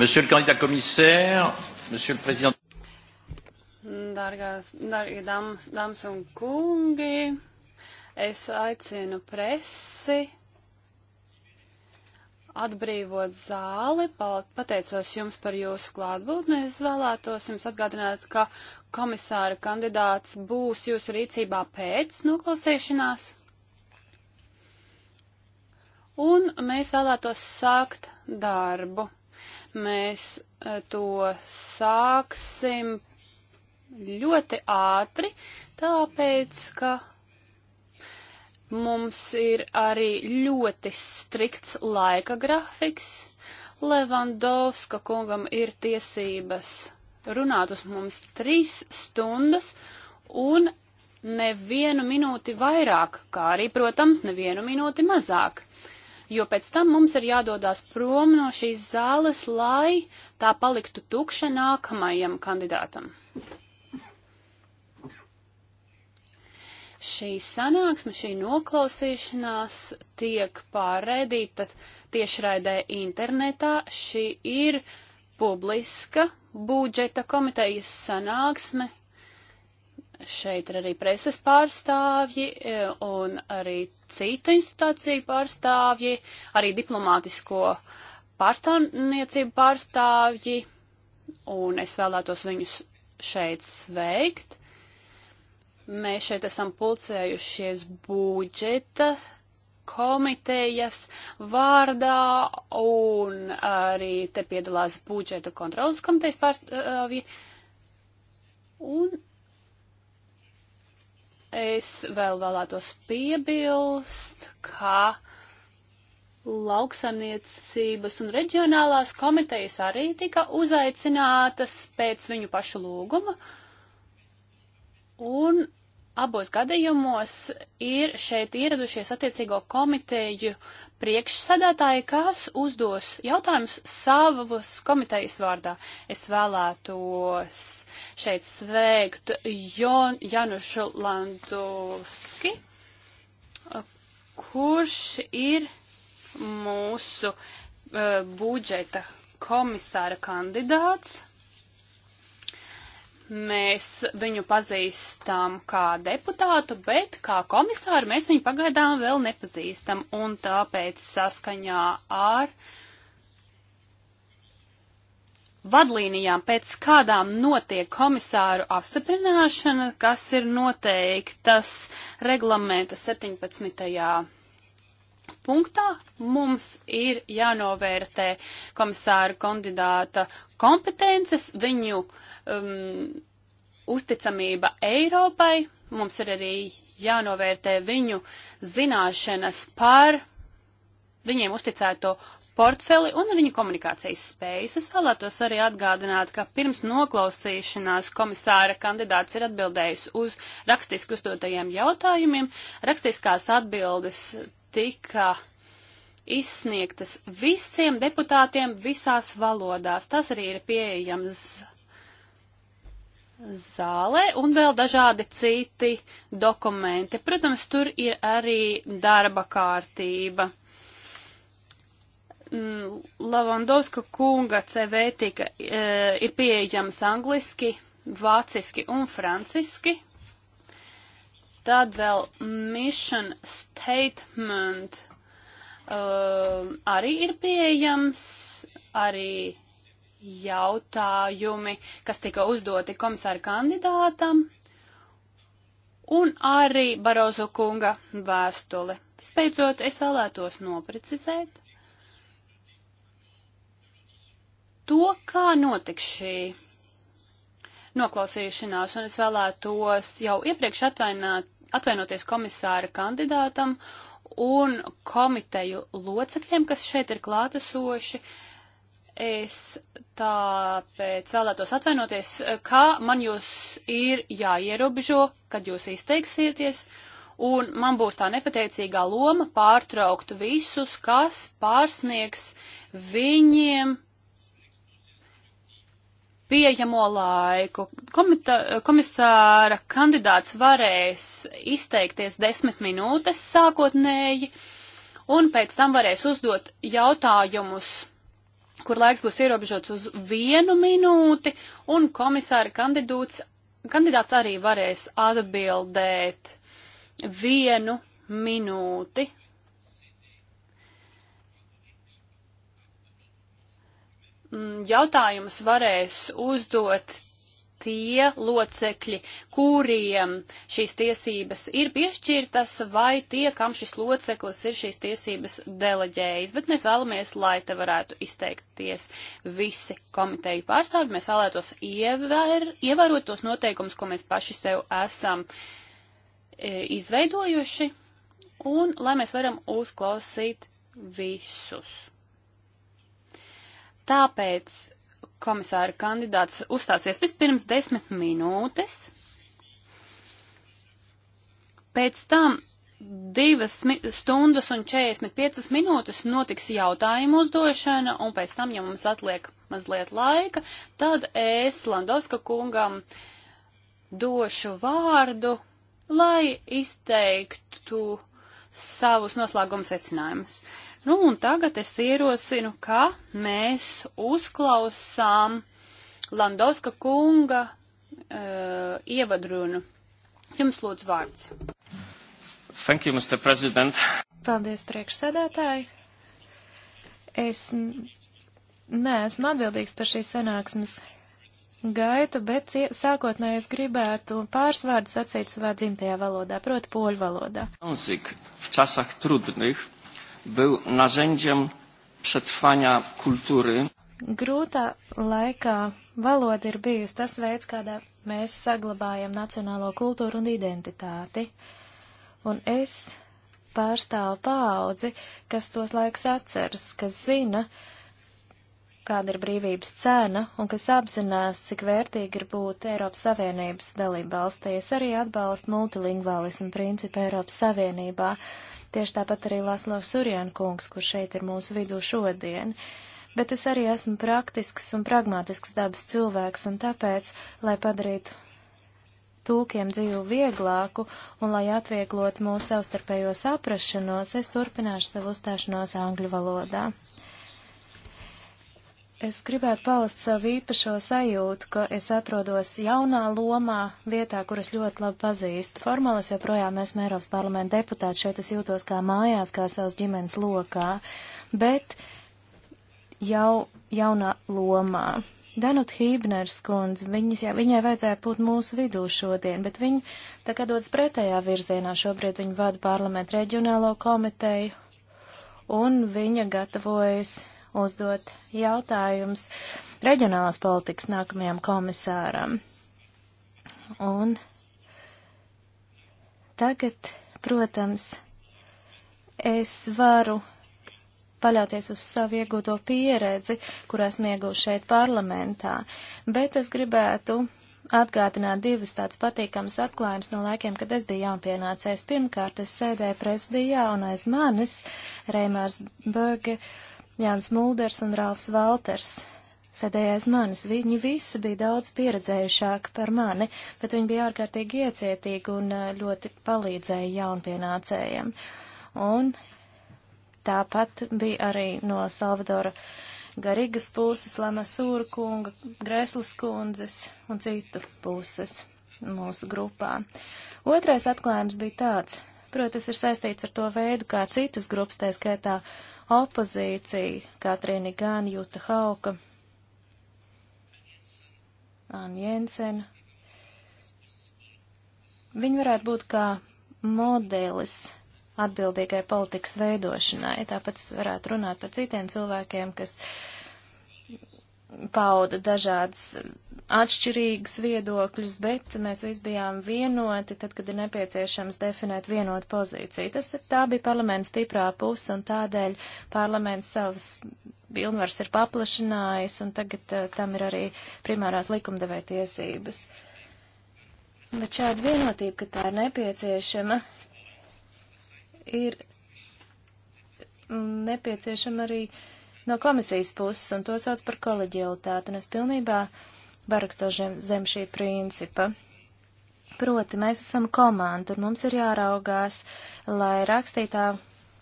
Monsieur le candidat commissaire, monsieur le président. Dārgās, dārgie dāmas, dāmas un kungi, es aicinu presi atbrīvot zāli. Pateicos jums par jūsu klātbūtni. Es vēlētos jums atgādināt, ka komisāra kandidāts būs jūsu rīcībā pēc noklausīšanās. Un mēs vēlētos sākt darbu. Mēs eh, to sāksim ļoti ātri, tāpēc, ka mums ir arī ļoti strikts laika grafiks. Levandovska kungam ir tiesības runāt uz mums trīs stundas un nevienu minūti vairāk, kā arī, protams, nevienu minūti mazāk. Uh, jo pēc tam mums ir jādodās prom no šīs zāles, lai tā paliktu tukša nākamajam kandidātam. Šī sanāksme, šī noklausīšanās tiek pārraidīta tiešraidē internetā. Šī ir publiska budžeta komitejas sanāksme, Šeit ir arī preses pārstāvji e, un arī citu institūciju pārstāvji, arī diplomātisko pārstāvniecību pārstāvji, un es vēlētos viņus šeit sveikt. Mēs šeit esam pulcējušies budžeta komitejas vārdā, un arī te piedalās budžeta kontrolas komitejas pārstāvji. Un es vēl vēlētos piebilst, ka lauksaimniecības un reģionālās komitejas arī tika uzaicinātas pēc viņu pašu lūguma. Un abos gadījumos ir šeit ieradušies attiecīgo komiteju priekšsēdētāji, kas uzdos jautājumus savas komitejas vārdā. Es vēlētos šeit sveikt Jon, Janušu Landovski, kurš ir mūsu uh, budžeta komisāra kandidāts. Mēs viņu pazīstam kā deputātu, bet kā komisāru mēs viņu pagaidām vēl nepazīstam, un tāpēc saskaņā ar uh, vadlīnijām, pēc kādām notiek komisāru apstiprināšana, kas ir noteiktas reglamenta 17. punktā, mums ir jānovērtē komisāru kandidāta kompetences, viņu um, uzticamība Eiropai, mums ir arī jānovērtē viņu zināšanas par viņiem uzticēto portfeli un viņa komunikācijas spējas. Es vēlētos arī atgādināt, ka pirms noklausīšanās komisāra kandidāts ir atbildējis uz rakstiski uzdotajiem jautājumiem. Rakstiskās atbildes tika izsniegtas visiem deputātiem visās valodās. Tas arī ir pieejams zālē un vēl dažādi citi dokumenti. Protams, tur ir arī darba kārtība. Mm, Lavandovska kunga CV tika, e, ir pieejams angliski, vāciski un franciski. Tad vēl mission statement e, arī ir pieejams, arī jautājumi, kas tika uzdoti komisāra kandidātam, un arī Barozo kunga vēstuli. Spēcot, es vēlētos noprecizēt, to, kā notiks šī noklausīšanās, un es vēlētos jau iepriekš atvaināt, atvainoties komisāra kandidātam un komiteju locekļiem, kas šeit ir klātesoši. Es tāpēc vēlētos atvainoties, kā man jūs ir jāierobežo, kad jūs izteiksieties, un man būs tā nepateicīgā loma pārtraukt visus, kas pārsniegs viņiem pieejamo laiku. Komita, komisāra kandidāts varēs izteikties desmit minūtes sākotnēji, un pēc tam varēs uzdot jautājumus, kur laiks būs ierobežots uz vienu minūti, un komisāra kandidāts, kandidāts arī varēs atbildēt vienu minūti Mm, jautājumus varēs uzdot tie locekļi, kuriem šīs tiesības ir piešķirtas, vai tie, kam šis loceklis ir šīs tiesības deleģējis. Bet mēs vēlamies, lai te varētu izteikties visi komiteju pārstāvji. Mēs vēlētos ievēr, ievērot tos noteikumus, ko mēs paši sev esam e, izveidojuši, un lai mēs varam uzklausīt visus. Tāpēc komisāra kandidāts uzstāsies vispirms desmit minūtes, pēc tam divas stundas un 45 minūtes notiks jautājumu uzdošana, un pēc tam, ja mums atliek mazliet laika, tad es Landovska kungam došu vārdu, lai izteiktu savus noslēguma secinājumus. Uh, Nu, un tagad es ierosinu, ka mēs uzklausām Landovska kunga uh, ievadrunu. Jums lūdzu vārds. Thank you, Mr. President. Paldies, priekšsēdētāji. Es neesmu atbildīgs par šīs sanāksmes gaitu, bet sākotnēji es gribētu pāris vārdus sacīt savā dzimtajā valodā, proti poļu valodā. Jāzik, v časach trudnych był narzędziem przetrwania kultury. Grūtā laikā valoda ir bijusi tas veids, kādā mēs saglabājam nacionālo kultūru un identitāti. Un es pārstāvu paudzi, kas tos laikus atceras, kas zina, kāda ir brīvības cena un kas apzinās, cik vērtīgi ir būt Eiropas Savienības dalība valstīs, arī atbalst multilingvālismu principu Eiropas Savienībā. Uh, Tieši tāpat arī Laslo Surjana kungs, kurš šeit ir mūsu vidū šodien. Bet es arī esmu praktisks un pragmatisks dabas cilvēks, un tāpēc, lai padarītu tūkiem dzīvu vieglāku un lai atvieglotu mūsu savstarpējo saprašanos, es turpināšu savu uzstāšanos angļu valodā. Es gribētu paust savu īpašo sajūtu, ka es atrodos jaunā lomā, vietā, kuras ļoti labi pazīstu. Formāli es joprojām esmu Eiropas parlamenta deputāts, šeit es jūtos kā mājās, kā savas ģimenes lokā, bet jau jaunā lomā. Danut Hībners kundze, viņas, jā, viņai vajadzētu būt mūsu vidū šodien, bet viņa tā kā dodas pretējā virzienā. Šobrīd viņa vada parlamentu reģionālo komiteju, un viņa gatavojas uzdot jautājums reģionālās politikas nākamajam komisāram. Un tagad, protams, es varu paļauties uz savu iegūto pieredzi, kur esmu iegūst šeit parlamentā, bet es gribētu atgādināt divus tāds patīkams atklājums no laikiem, kad es biju jaunpienācējs. Pirmkārt, es sēdēju prezidijā un aiz manis Reimārs Böge Jānis Mulders un Rāfs Valters sēdēja aiz manis. Viņi visi bija daudz pieredzējušāki par mani, bet viņi bija ārkārtīgi iecietīgi un eh, ļoti palīdzēja jaunpienācējiem. Un tāpat bija arī no Salvadora Garīgas puses, Lamasūra kunga, Greslas kundzes un citu puses mūsu grupā. Otrais atklājums bija tāds, protams, ir saistīts ar to veidu, kā citas grupas, tā skaitā opozīcija, Katrīna Gan, Juta Hauka, Anna Jensena, viņi varētu būt kā modelis atbildīgai politikas veidošanai. Tāpēc es varētu runāt par citiem cilvēkiem, kas pauda dažādas atšķirīgus viedokļus, bet mēs visi bijām vienoti, tad, kad ir nepieciešams definēt vienotu pozīciju. Tas ir, tā bija parlaments stiprā puse, un tādēļ parlaments savas pilnvars ir paplašinājis, un tagad uh, tam ir arī primārās likumdevēja tiesības. Bet šāda vienotība, ka tā ir nepieciešama, ir nepieciešama arī no komisijas puses, un to sauc par koleģialitāti, un es pilnībā uh, baraksto zem šī principa. Proti, mēs esam komanda, un mums ir jāraugās, lai rakstītā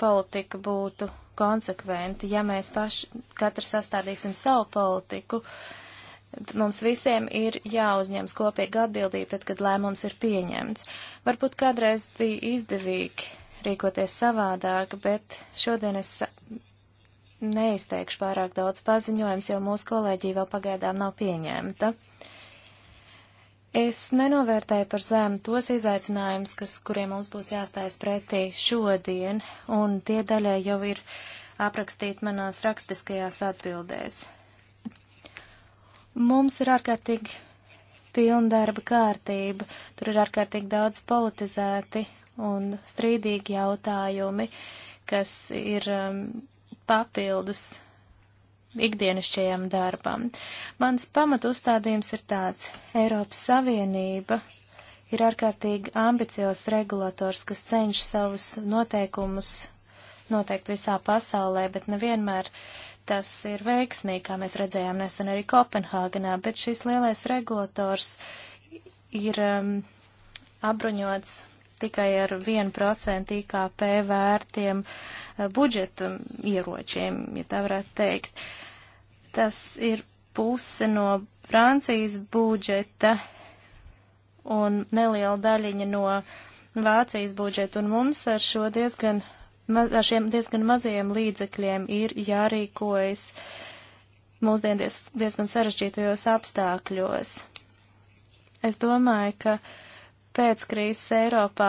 politika būtu konsekventi. Ja mēs paši katrs sastādīsim savu politiku, mums visiem ir jāuzņems kopīga atbildība, tad, kad lēmums ir pieņemts. Varbūt kādreiz bija izdevīgi rīkoties savādāk, bet šodien es neizteikšu pārāk daudz paziņojums, jo mūsu kolēģija vēl pagaidām nav pieņemta. Es nenovērtēju par zemu tos izaicinājumus, kas, kuriem mums būs jāstājas pretī šodien, un tie daļai jau ir aprakstīti manās rakstiskajās atbildēs. Mums ir ārkārtīgi pilna darba kārtība, tur ir ārkārtīgi daudz politizēti un strīdīgi jautājumi, kas ir um, papildus ikdienišķajam darbam. Mans pamatu uzstādījums ir tāds - Eiropas Savienība ir ārkārtīgi ambiciozs regulators, kas cenš savus noteikumus noteikt visā pasaulē, bet nevienmēr tas ir veiksmīgi, kā mēs redzējām nesen arī Kopenhāgenā, bet šis lielais regulators ir um, apbruņots tikai ar 1% IKP vērtiem eh, budžeta ieročiem, ja tā varētu teikt. Tas ir puse no Francijas budžeta un neliela daļiņa no Vācijas budžeta, un mums ar šo diezgan, ar šiem diezgan mazajiem līdzekļiem ir jārīkojas mūsdien diez, diezgan sarežģītajos apstākļos. Es domāju, ka uh, pēc krīzes Eiropā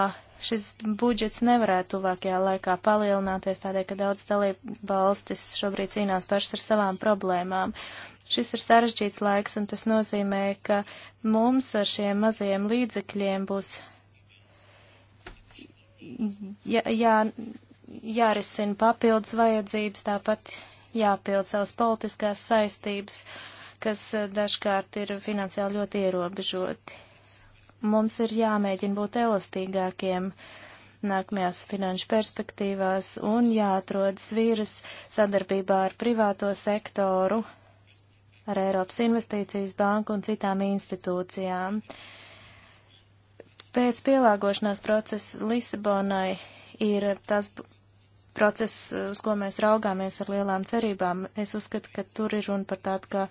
šis budžets nevarētu tuvākajā laikā palielināties, tādēļ, ka daudz dalību valstis šobrīd cīnās pašas ar savām problēmām. Šis ir sarežģīts laiks, un tas nozīmē, ka mums ar šiem mazajiem līdzekļiem būs jā, jā, jārisina papildus vajadzības, tāpat jāpild savas politiskās saistības, kas eh, dažkārt ir finansiāli ļoti ierobežoti mums ir jāmēģina būt elastīgākiem nākamajās finanšu perspektīvās un jāatrod svīras sadarbībā ar privāto sektoru, ar Eiropas investīcijas banku un citām institūcijām. Pēc pielāgošanās procesa Lisabonai ir tas process, uz ko mēs raugāmies ar lielām cerībām. Es uzskatu, ka tur ir runa par tādu kā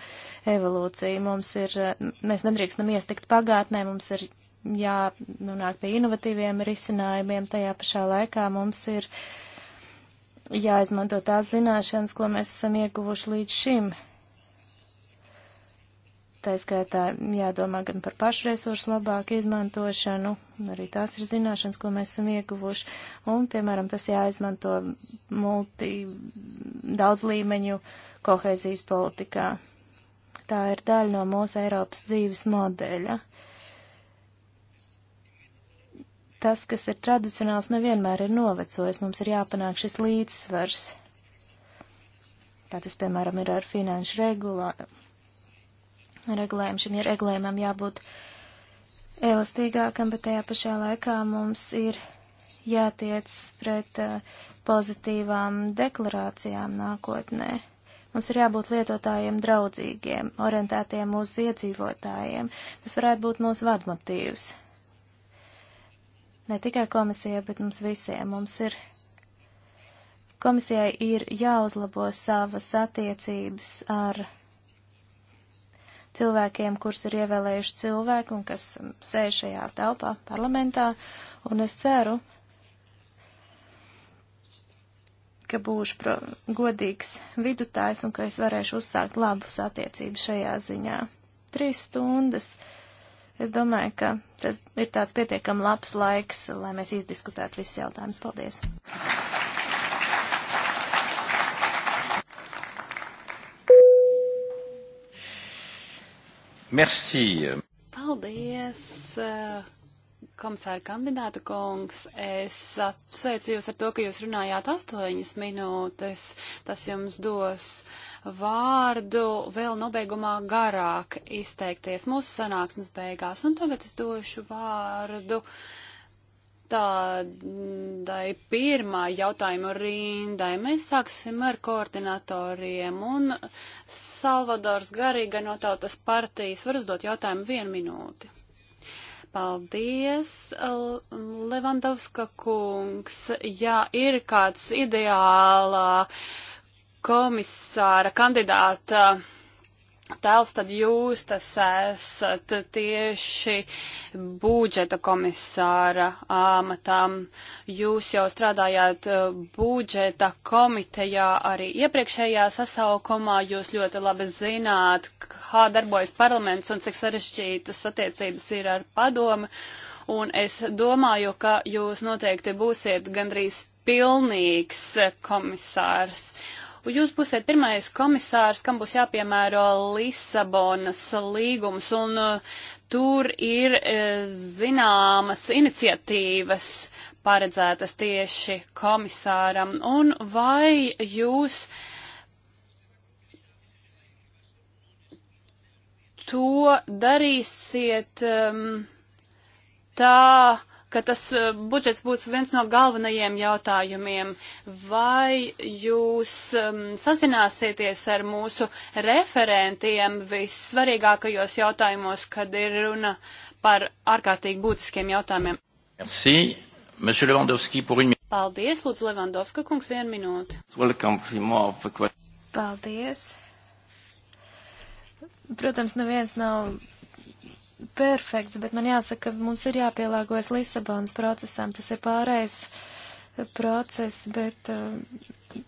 evolūciju. Mums ir, mēs nedrīkstam iestikt pagātnē, mums ir jānonāk pie inovatīviem risinājumiem. Tajā pašā laikā mums ir jāizmanto tās zināšanas, ko mēs esam ieguvuši līdz šim. Tā skaitā jādomā gan par pašresursu labāku izmantošanu, arī tās ir zināšanas, ko mēs esam ieguvuši, un, piemēram, tas jāizmanto multi daudz līmeņu kohēzijas politikā. Tā ir daļa no mūsu Eiropas dzīves modeļa. Uh, tas, kas ir tradicionāls, nevienmēr ir novecojis. Mums ir jāpanāk šis līdzsvars, kā tas, piemēram, ir ar finanšu regulā, regulējumu. Šim ir regulējumam jābūt elastīgākam, bet tajā pašā laikā mums ir jātiec pret uh, pozitīvām deklarācijām nākotnē. Mums ir jābūt lietotājiem draudzīgiem, orientētiem uz iedzīvotājiem. Tas varētu būt mūsu vadmotīvs ne tikai komisijai, bet mums visiem. Mums ir, komisijai ir jāuzlabo savas attiecības ar cilvēkiem, kurus ir ievēlējuši cilvēki un kas sēž šajā telpā parlamentā, un es ceru, ka būšu pro, godīgs vidutājs un ka es varēšu uzsākt labus attiecības šajā ziņā. Trīs stundas. Uh, Es domāju, ka tas ir tāds pietiekam labs laiks, lai mēs izdiskutētu visus jautājumus. Paldies! Merci. Paldies, eh, komisāra kandidāta kungs. Es apsveicu jūs ar to, ka jūs runājāt astoņas minūtes. Tas jums dos uh, vārdu vēl nobeigumā garāk izteikties mūsu sanāksmes beigās. Un tagad es došu vārdu tādai pirmā jautājuma rindai. Mēs sāksim ar koordinatoriem un Salvadors Garīga no Tautas partijas var uzdot jautājumu vienu minūti. Paldies, Levandovska kungs. Jā, ir kāds ideālā. Uh, komisāra kandidāta tēls, tad jūs tas esat tieši budžeta komisāra āmatām. Jūs jau strādājāt budžeta komitejā arī iepriekšējā sasaukumā. Jūs ļoti labi zināt, kā darbojas parlaments un cik sarežģītas attiecības ir ar padomu. Un es domāju, ka jūs noteikti būsiet gandrīz pilnīgs komisārs. Uh, Jūs būsiet pirmais komisārs, kam būs jāpiemēro Lisabonas līgums, un uh, tur ir uh, zināmas iniciatīvas paredzētas tieši komisāram. Un vai jūs to darīsiet um, tā, ka tas eh, budžets būs viens no galvenajiem jautājumiem. Vai jūs um, sazināsieties ar mūsu referentiem vissvarīgākajos jautājumos, kad ir runa par ārkārtīgi būtiskiem jautājumiem? Merci. Monsieur Lewandowski, pour une... Paldies, Lūdzu, Levandovska kungs, vienu minūti. Paldies. Protams, neviens nav perfekts, bet man jāsaka, ka mums ir jāpielāgojas Lisabonas procesam. Tas ir pārējais eh, process, bet eh,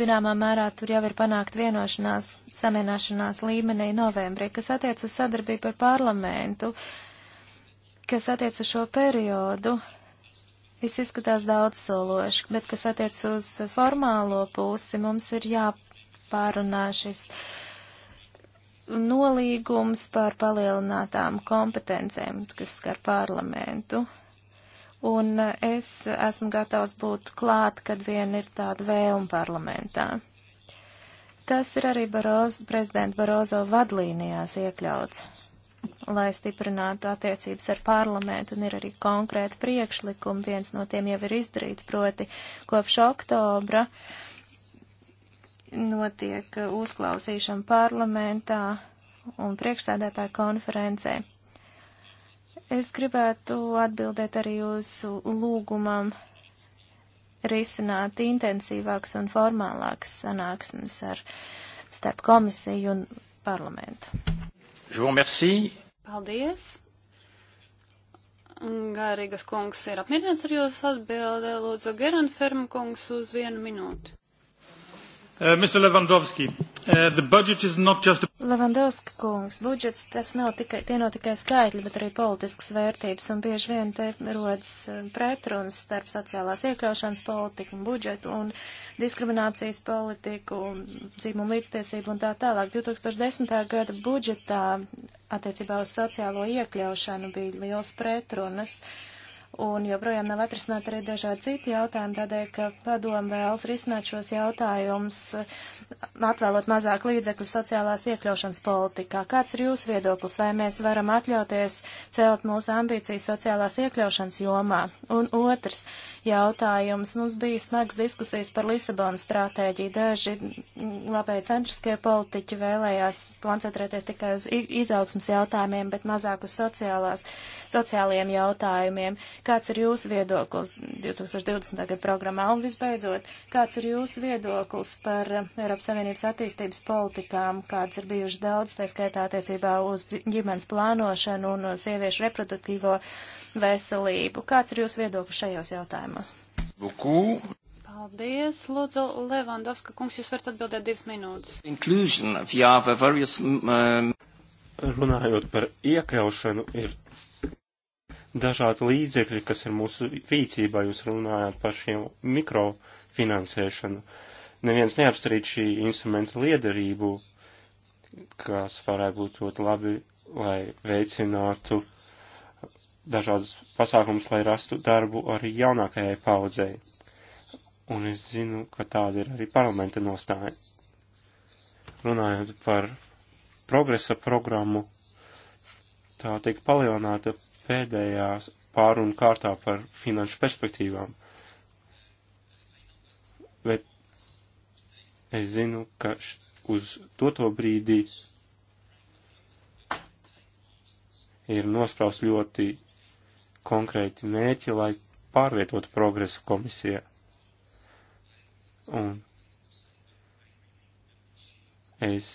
zināmā mērā tur jau ir panākt vienošanās, samienāšanās līmenī novembrī, kas attiec uz sadarbību ar parlamentu, kas attiec uz šo periodu. Viss izskatās daudz sološi, bet kas attiec uz formālo pusi, mums ir jāpārunā šis uh, nolīgums par palielinātām kompetencēm, kas skar parlamentu. Un eh, es esmu gatavs būt klāt, kad vien ir tāda vēlma parlamentā. Tas ir arī Baroz, prezidenta Barozo vadlīnijās iekļauts, lai stiprinātu attiecības ar parlamentu, un ir arī konkrēti priekšlikumi, viens no tiem jau ir izdarīts, proti kopš oktobra. Uh, notiek uzklausīšana parlamentā un priekšsēdētāja konferencē. Es gribētu atbildēt arī uz lūgumam risināt intensīvāks un formālāks sanāksmes ar starp komisiju un parlamentu. Paldies! Gārīgas kungs ir apmierināts ar jūsu atbildi. Lūdzu, Geran Ferma kungs uz vienu minūti. Uh, Mr. Levandovski, uh, the budget is not just... Levandovska kungs, budžets tas nav tikai, tie nav tikai skaitļi, bet arī politiskas vērtības, un bieži vien te rodas uh, pretrunas starp sociālās iekļaušanas politiku un budžetu un diskriminācijas politiku un dzīvumu līdztiesību un tā tālāk. 2010. gada budžetā attiecībā uz sociālo iekļaušanu bija liels pretrunas. Uh, un joprojām nav atrisināt arī dažādi citi jautājumi, tādēļ, ka padomu vēlas risināt šos jautājumus, atvēlot mazāk līdzekļu sociālās iekļaušanas politikā. Kāds ir jūsu viedoklis, vai mēs varam atļauties celt mūsu ambīcijas sociālās iekļaušanas jomā? Un otrs jautājums. Mums bija smags diskusijas par Lisabonas stratēģiju. Daži labēji centriskie politiķi vēlējās koncentrēties tikai uz izaugsmas jautājumiem, bet mazāk uz sociālās, sociālajiem jautājumiem Kāds ir jūsu viedoklis 2020. gada programmā? Un visbeidzot, kāds ir jūsu viedoklis par Eiropas Savienības attīstības politikām, kāds ir bijuši daudz, tā skaitā attiecībā uz ģimenes plānošanu un sieviešu reproduktīvo veselību? Kāds ir jūsu viedoklis šajos jautājumos? Buku. Paldies, Lūdzu, Levandovska kungs, jūs varat atbildēt divas minūtes. Um... Runājot par iekļaušanu, ir dažādi līdzekļi, kas ir mūsu rīcībā, jūs runājāt par šiem mikrofinansēšanu. Neviens neapstrīd šī instrumenta liederību, kas varētu būt ļoti labi, lai veicinātu dažādas pasākumus, lai rastu darbu arī jaunākajai paudzei. Un es zinu, ka tāda ir arī parlamenta nostāja. Runājot par progresa programmu, tā tika palielināta pēdējā pārunu kārtā par finanšu perspektīvām. Bet es zinu, ka uz doto brīdi ir nospraust ļoti konkrēti mēķi, lai pārvietotu progresu komisijā. Un es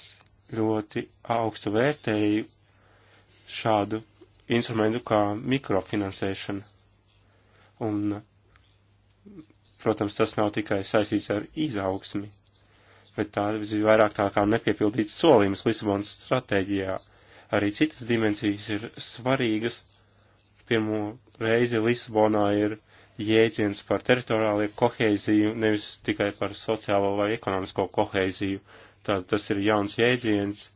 ļoti augstu vērtēju šādu instrumentu kā mikrofinansēšana. Un, protams, tas nav tikai saistīts ar izaugsmi, bet tā ir vairāk tā kā nepiepildīts solījums Lisabonas stratēģijā. Arī citas dimensijas ir svarīgas. Pirmo reizi Lisabonā ir jēdziens par teritoriālajiem koheiziju, nevis tikai par sociālo vai ekonomisko koheiziju. Tad tas ir jauns jēdziens,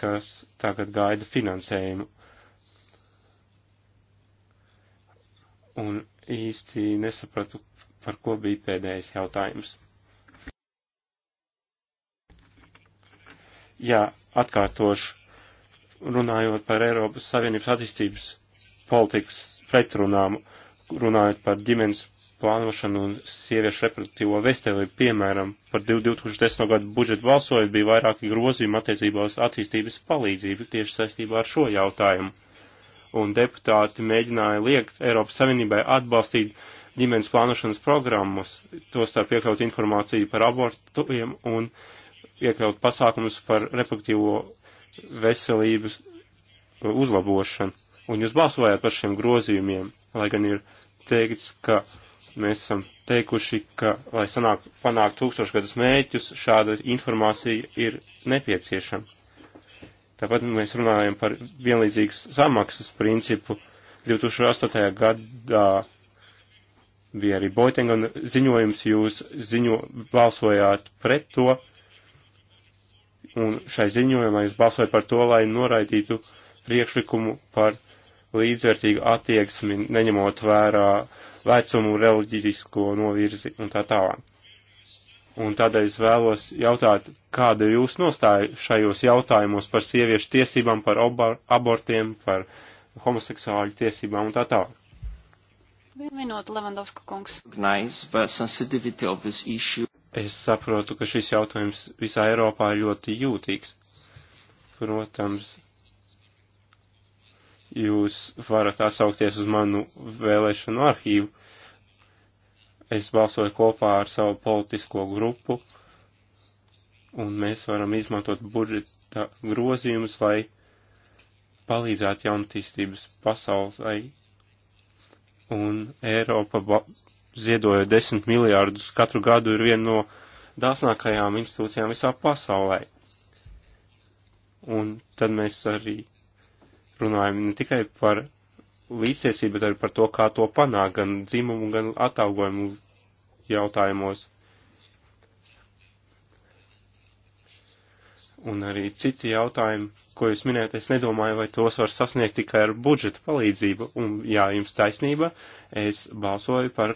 kas tagad gaida finansējumu. un īsti nesapratu, par ko bija pēdējais jautājums. Jā, atkārtošu, runājot par Eiropas Savienības attīstības politikas pretrunām, runājot par ģimenes plānošanu un sieviešu reproduktīvo veselību, piemēram, par 2010. gadu budžetu balsojot, bija vairāki grozījumi attiecībā uz attīstības palīdzību tieši saistībā ar šo jautājumu un deputāti mēģināja liekt Eiropas Savienībai atbalstīt ģimenes plānošanas programmas, tostarp iekļaut informāciju par abortiem un iekļaut pasākumus par reproduktīvo veselības uh, uzlabošanu. Un jūs balsojāt par šiem grozījumiem, lai gan ir teikts, ka mēs esam teikuši, ka, lai sanāk, panākt tūkstošgadus mēķus, šāda informācija ir nepieciešama. Tāpat mēs runājam par vienlīdzīgas samaksas principu. 2008. gadā bija arī Boitengan ziņojums, jūs ziņo, balsojāt pret to, un šai ziņojumā jūs balsojat par to, lai noraidītu priekšlikumu par līdzvērtīgu attieksmi, neņemot vērā vecumu, reliģisko novirzi un tā tālāk. Un tādēļ es vēlos jautāt, kāda ir jūsu nostāja šajos jautājumos par sieviešu tiesībām, par abortiem, par homoseksuāļu tiesībām un tā tālāk. Vienu minūti, Levandovska kungs. Es saprotu, ka šis jautājums visā Eiropā ir ļoti jūtīgs. Protams, jūs varat atsaukties uz manu vēlēšanu arhīvu, Es balsoju kopā ar savu politisko grupu, un mēs varam izmantot budžeta grozījumus, lai palīdzētu jaunatīstības pasaulē. Un Eiropa ziedoja 10 miljārdus katru gadu ir viena no dāsnākajām institūcijām visā pasaulē. Un tad mēs arī runājam ne tikai par līdztiesību, bet arī par to, kā to panākt gan dzimumu, gan atalgojumu jautājumos. Un arī citi jautājumi, ko jūs minējat, es nedomāju, vai tos var sasniegt tikai ar budžeta palīdzību. Un jā, jums taisnība, es balsoju par,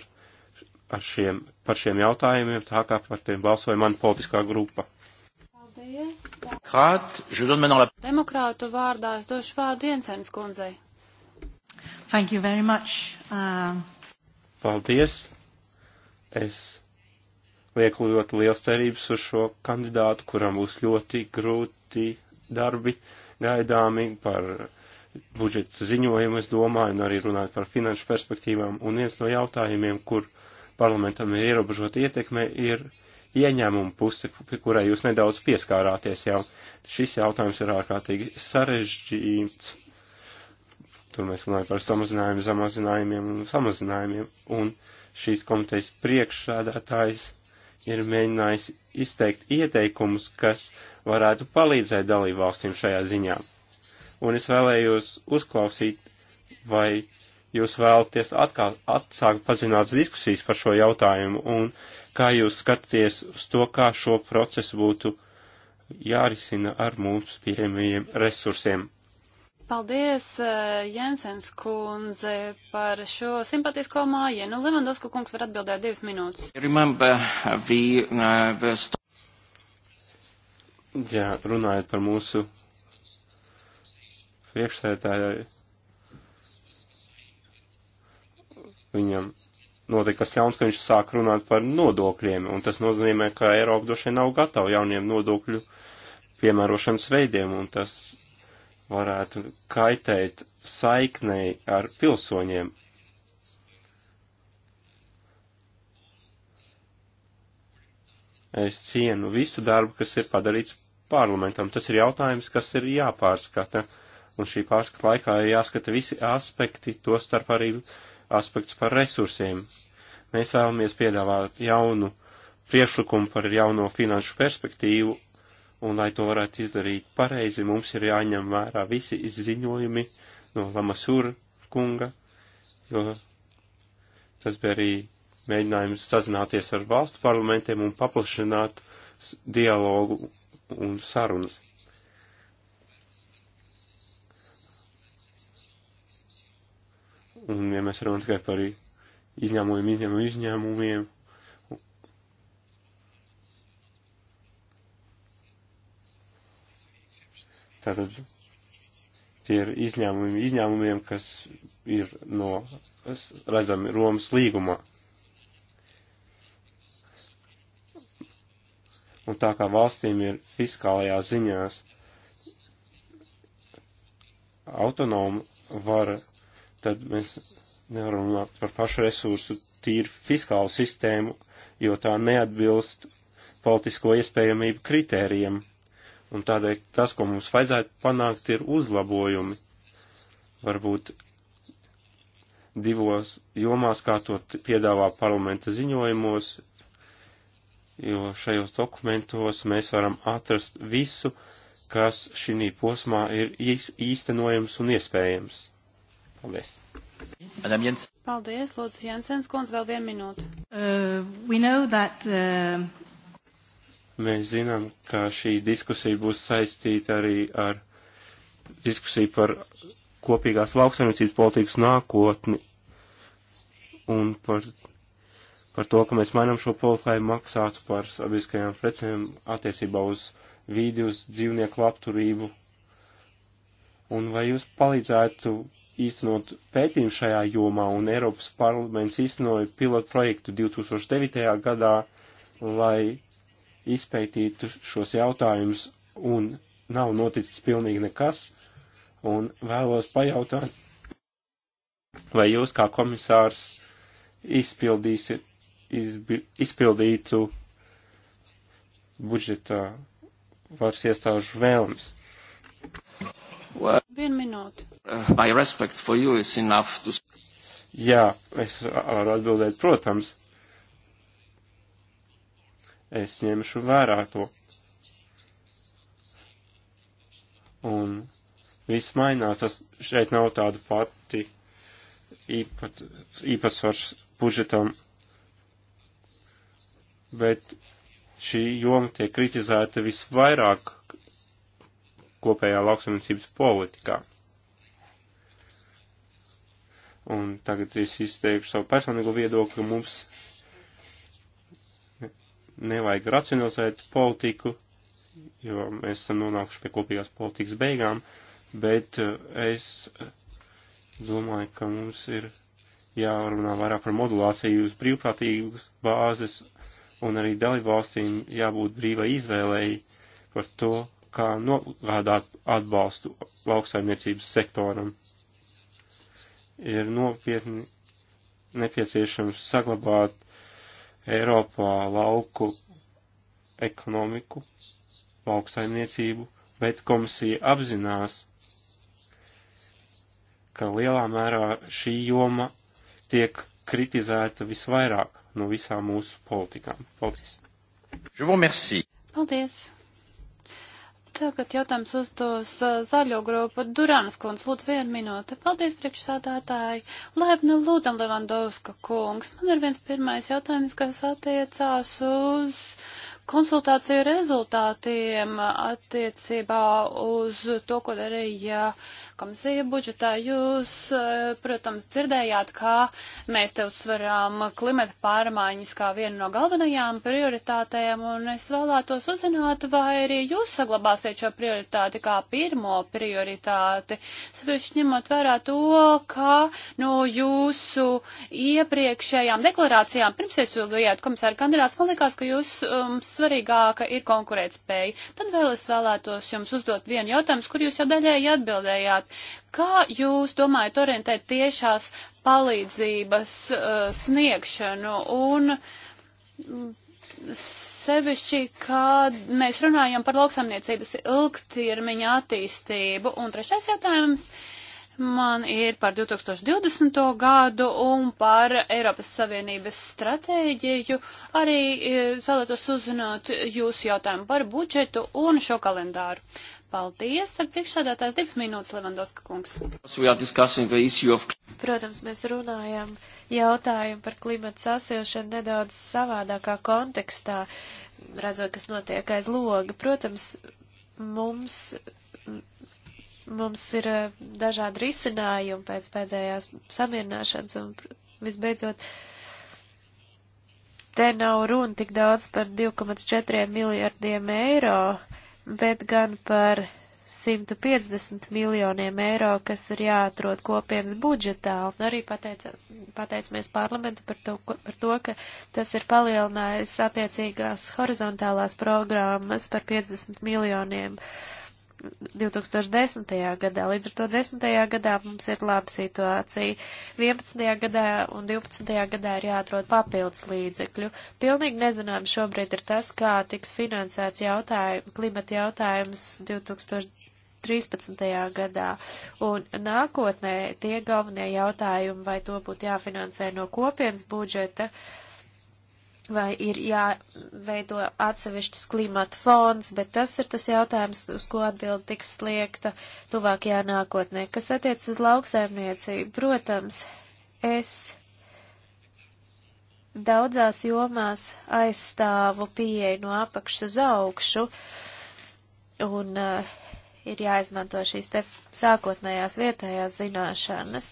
šiem, par šiem jautājumiem, tā kā par tiem balsoja man politiskā grupa. Paldies. Demokrātu vārdā es došu vārdu Jensens kundzei. Thank you very much. Uh... Paldies. Es lieku ļoti liels cerības uz šo kandidātu, kuram būs ļoti grūti darbi gaidāmi par budžeta ziņojumu, es domāju, un arī runājot par finanšu perspektīvām. Un viens no jautājumiem, kur parlamentam ir ierobežota ietekme, ir ieņēmuma puse, kurai jūs nedaudz pieskārāties jau. Šis jautājums ir ārkārtīgi sarežģīts Tur mēs runājam par samazinājumu, samazinājumiem un samazinājumiem. Un šīs komitejas priekšsādātājs ir mēģinājis izteikt ieteikumus, kas varētu palīdzēt dalībvalstīm šajā ziņā. Un es vēlējos uzklausīt, vai jūs vēlaties atkal atsākt padzināts diskusijas par šo jautājumu un kā jūs skatāties uz to, kā šo procesu būtu jārisina ar mums pieejamajiem resursiem. Paldies, eh, Jensens kundze, par šo simpatisko mājienu. Nu, Levandosku kungs var atbildēt divas minūtes. Remember, uh, we, uh, we Jā, runājot par mūsu priekšsētāju, viņam notika kas ļauns, ka viņš sāk runāt par nodokļiem, un tas nozīmē, ka Eiropa droši vien nav gatava jauniem nodokļu piemērošanas veidiem, un tas varētu kaitēt saiknei ar pilsoņiem. Es cienu visu darbu, kas ir padarīts parlamentam. Tas ir jautājums, kas ir jāpārskata, un šī pārskata laikā ir jāskata visi aspekti, to starp arī aspekts par resursiem. Mēs vēlamies piedāvāt jaunu priešlikumu par jauno finanšu perspektīvu Un, lai to varētu izdarīt pareizi, mums ir jāņem vērā visi izziņojumi no Lamasūra kunga, jo tas bija arī mēģinājums sazināties ar valstu parlamentiem un paplašināt dialogu un sarunas. Un, ja mēs runājam tikai par izņēmumiem, izņēmumiem, izņēmumiem, Tātad tie ir izņēmumi izņēmumiem, kas ir no, redzami, Romas līgumā. Un tā kā valstīm ir fiskālajā ziņās autonoma vara, tad mēs nevaram runāt par pašu resursu tīru fiskālu sistēmu, jo tā neatbilst politisko iespējamību kritērijiem. Un tādēļ tas, ko mums vajadzētu panākt, ir uzlabojumi. Varbūt divos jomās, kā to piedāvā parlamenta ziņojumos, jo šajos dokumentos mēs varam atrast visu, kas šī posmā ir īstenojams un iespējams. Paldies! Paldies, Lūdzu, Jensens, kundz, vēl vienu minūtu. Uh, that, uh... Mēs zinām, ka šī diskusija būs saistīta arī ar diskusiju par kopīgās lauksaimniecības politikas nākotni un par, par to, ka mēs mainām šo politiku, lai maksātu par sabiedriskajām precēm attiecībā uz vīdi, uz dzīvnieku labturību. Un vai jūs palīdzētu īstenot pētījumu šajā jomā, un Eiropas parlaments īstenoja pilotu projektu 2009. gadā, lai izpētītu šos jautājumus un nav noticis pilnīgi nekas, un vēlos pajautāt, vai jūs kā komisārs izpildīsiet, izbi, izpildītu budžetā varas iestāžu vēlmes. Well, Vienu minūti. Uh, my respect for you is enough to... Jā, es varu atbildēt, protams, es ņemšu vērā to. Un viss mainās, tas šeit nav tāda pati īpat, īpatsvars budžetam, bet šī joma tiek kritizēta visvairāk kopējā lauksamniecības politikā. Un tagad es izteikšu savu personīgo viedokli, ka mums nevajag racionalizēt politiku, jo mēs esam nonākuši pie kopīgās politikas beigām, bet eh, es domāju, ka mums ir jārunā vairāk par modulāciju uz brīvprātīgas bāzes un arī dalībvalstīm jābūt brīvai izvēlēji par to, kā nogādāt atbalstu lauksaimniecības sektoram. Ir nopietni nepieciešams saglabāt Eiropā lauku ekonomiku, lauksaimniecību, bet komisija apzinās, ka lielā mērā šī joma tiek kritizēta visvairāk no visām mūsu politikām. Paldies! Paldies! Tagad jautājums uzdos zaļo grupu Duranas kundz. Lūdzu, vienu minūti. Paldies, priekšsādātāji. Laipni lūdzam, Levandovska kungs. Man ir viens pirmais jautājums, kas attiecās uz konsultāciju rezultātiem attiecībā uz to, ko darīja komisija budžetā. Jūs, eh, protams, dzirdējāt, kā mēs te uzsveram klimata pārmaiņas kā vienu no galvenajām prioritātēm, un es vēlētos uzzināt, vai arī jūs saglabāsiet šo prioritāti kā pirmo prioritāti, sevišķi ņemot vērā to, ka no jūsu iepriekšējām deklarācijām, pirms jūs bijāt komisāra kandidāts, man liekas, ka jūs mums svarīgāka ir konkurētspēja. Tad vēl es vēlētos jums uzdot vienu jautājumu, kur jūs jau daļēji atbildējāt. Kā jūs domājat orientēt tiešās palīdzības uh, sniegšanu un mm, sevišķi, kad mēs runājam par lauksamniecības ilgtermiņa attīstību? Un trešais jautājums. Uh, man ir par 2020. gadu un par Eiropas Savienības stratēģiju. Arī e, vēlētos uzzināt jūsu jautājumu par budžetu un šo kalendāru. Paldies, ar priekšsādātājs divas minūtes, Levandovska kungs. Of... Protams, mēs runājam jautājumu par klimatu sasilšanu nedaudz savādākā kontekstā, redzot, kas notiek aiz loga. Protams, mums Mums ir eh, dažādi risinājumi pēc pēdējās samierināšanas un visbeidzot, te nav runa tik daudz par 2,4 miljardiem eiro, bet gan par 150 miljoniem eiro, kas ir jāatrod kopienas budžetā. Un arī pateica, pateicamies parlamentu par to, par to, ka tas ir palielinājis attiecīgās horizontālās programmas par 50 miljoniem eiro 2010. gadā. Līdz ar to 10. gadā mums ir laba situācija. 11. gadā un 12. gadā ir jāatrod papildus līdzekļu. Pilnīgi nezinām šobrīd ir tas, kā tiks finansēts jautājum, klimata jautājums 2013. gadā. Un nākotnē tie galvenie jautājumi, vai to būtu jāfinansē no kopienas budžeta, uh, vai ir jāveido atsevišķs klimata fonds, bet tas ir tas jautājums, uz ko atbildi tiks sliegta tuvākajā nākotnē. Kas attiec uz lauksaimniecību, protams, es daudzās jomās aizstāvu pieeju no apakšas uz augšu, un uh, ir jāizmanto šīs te sākotnējās vietējās zināšanas,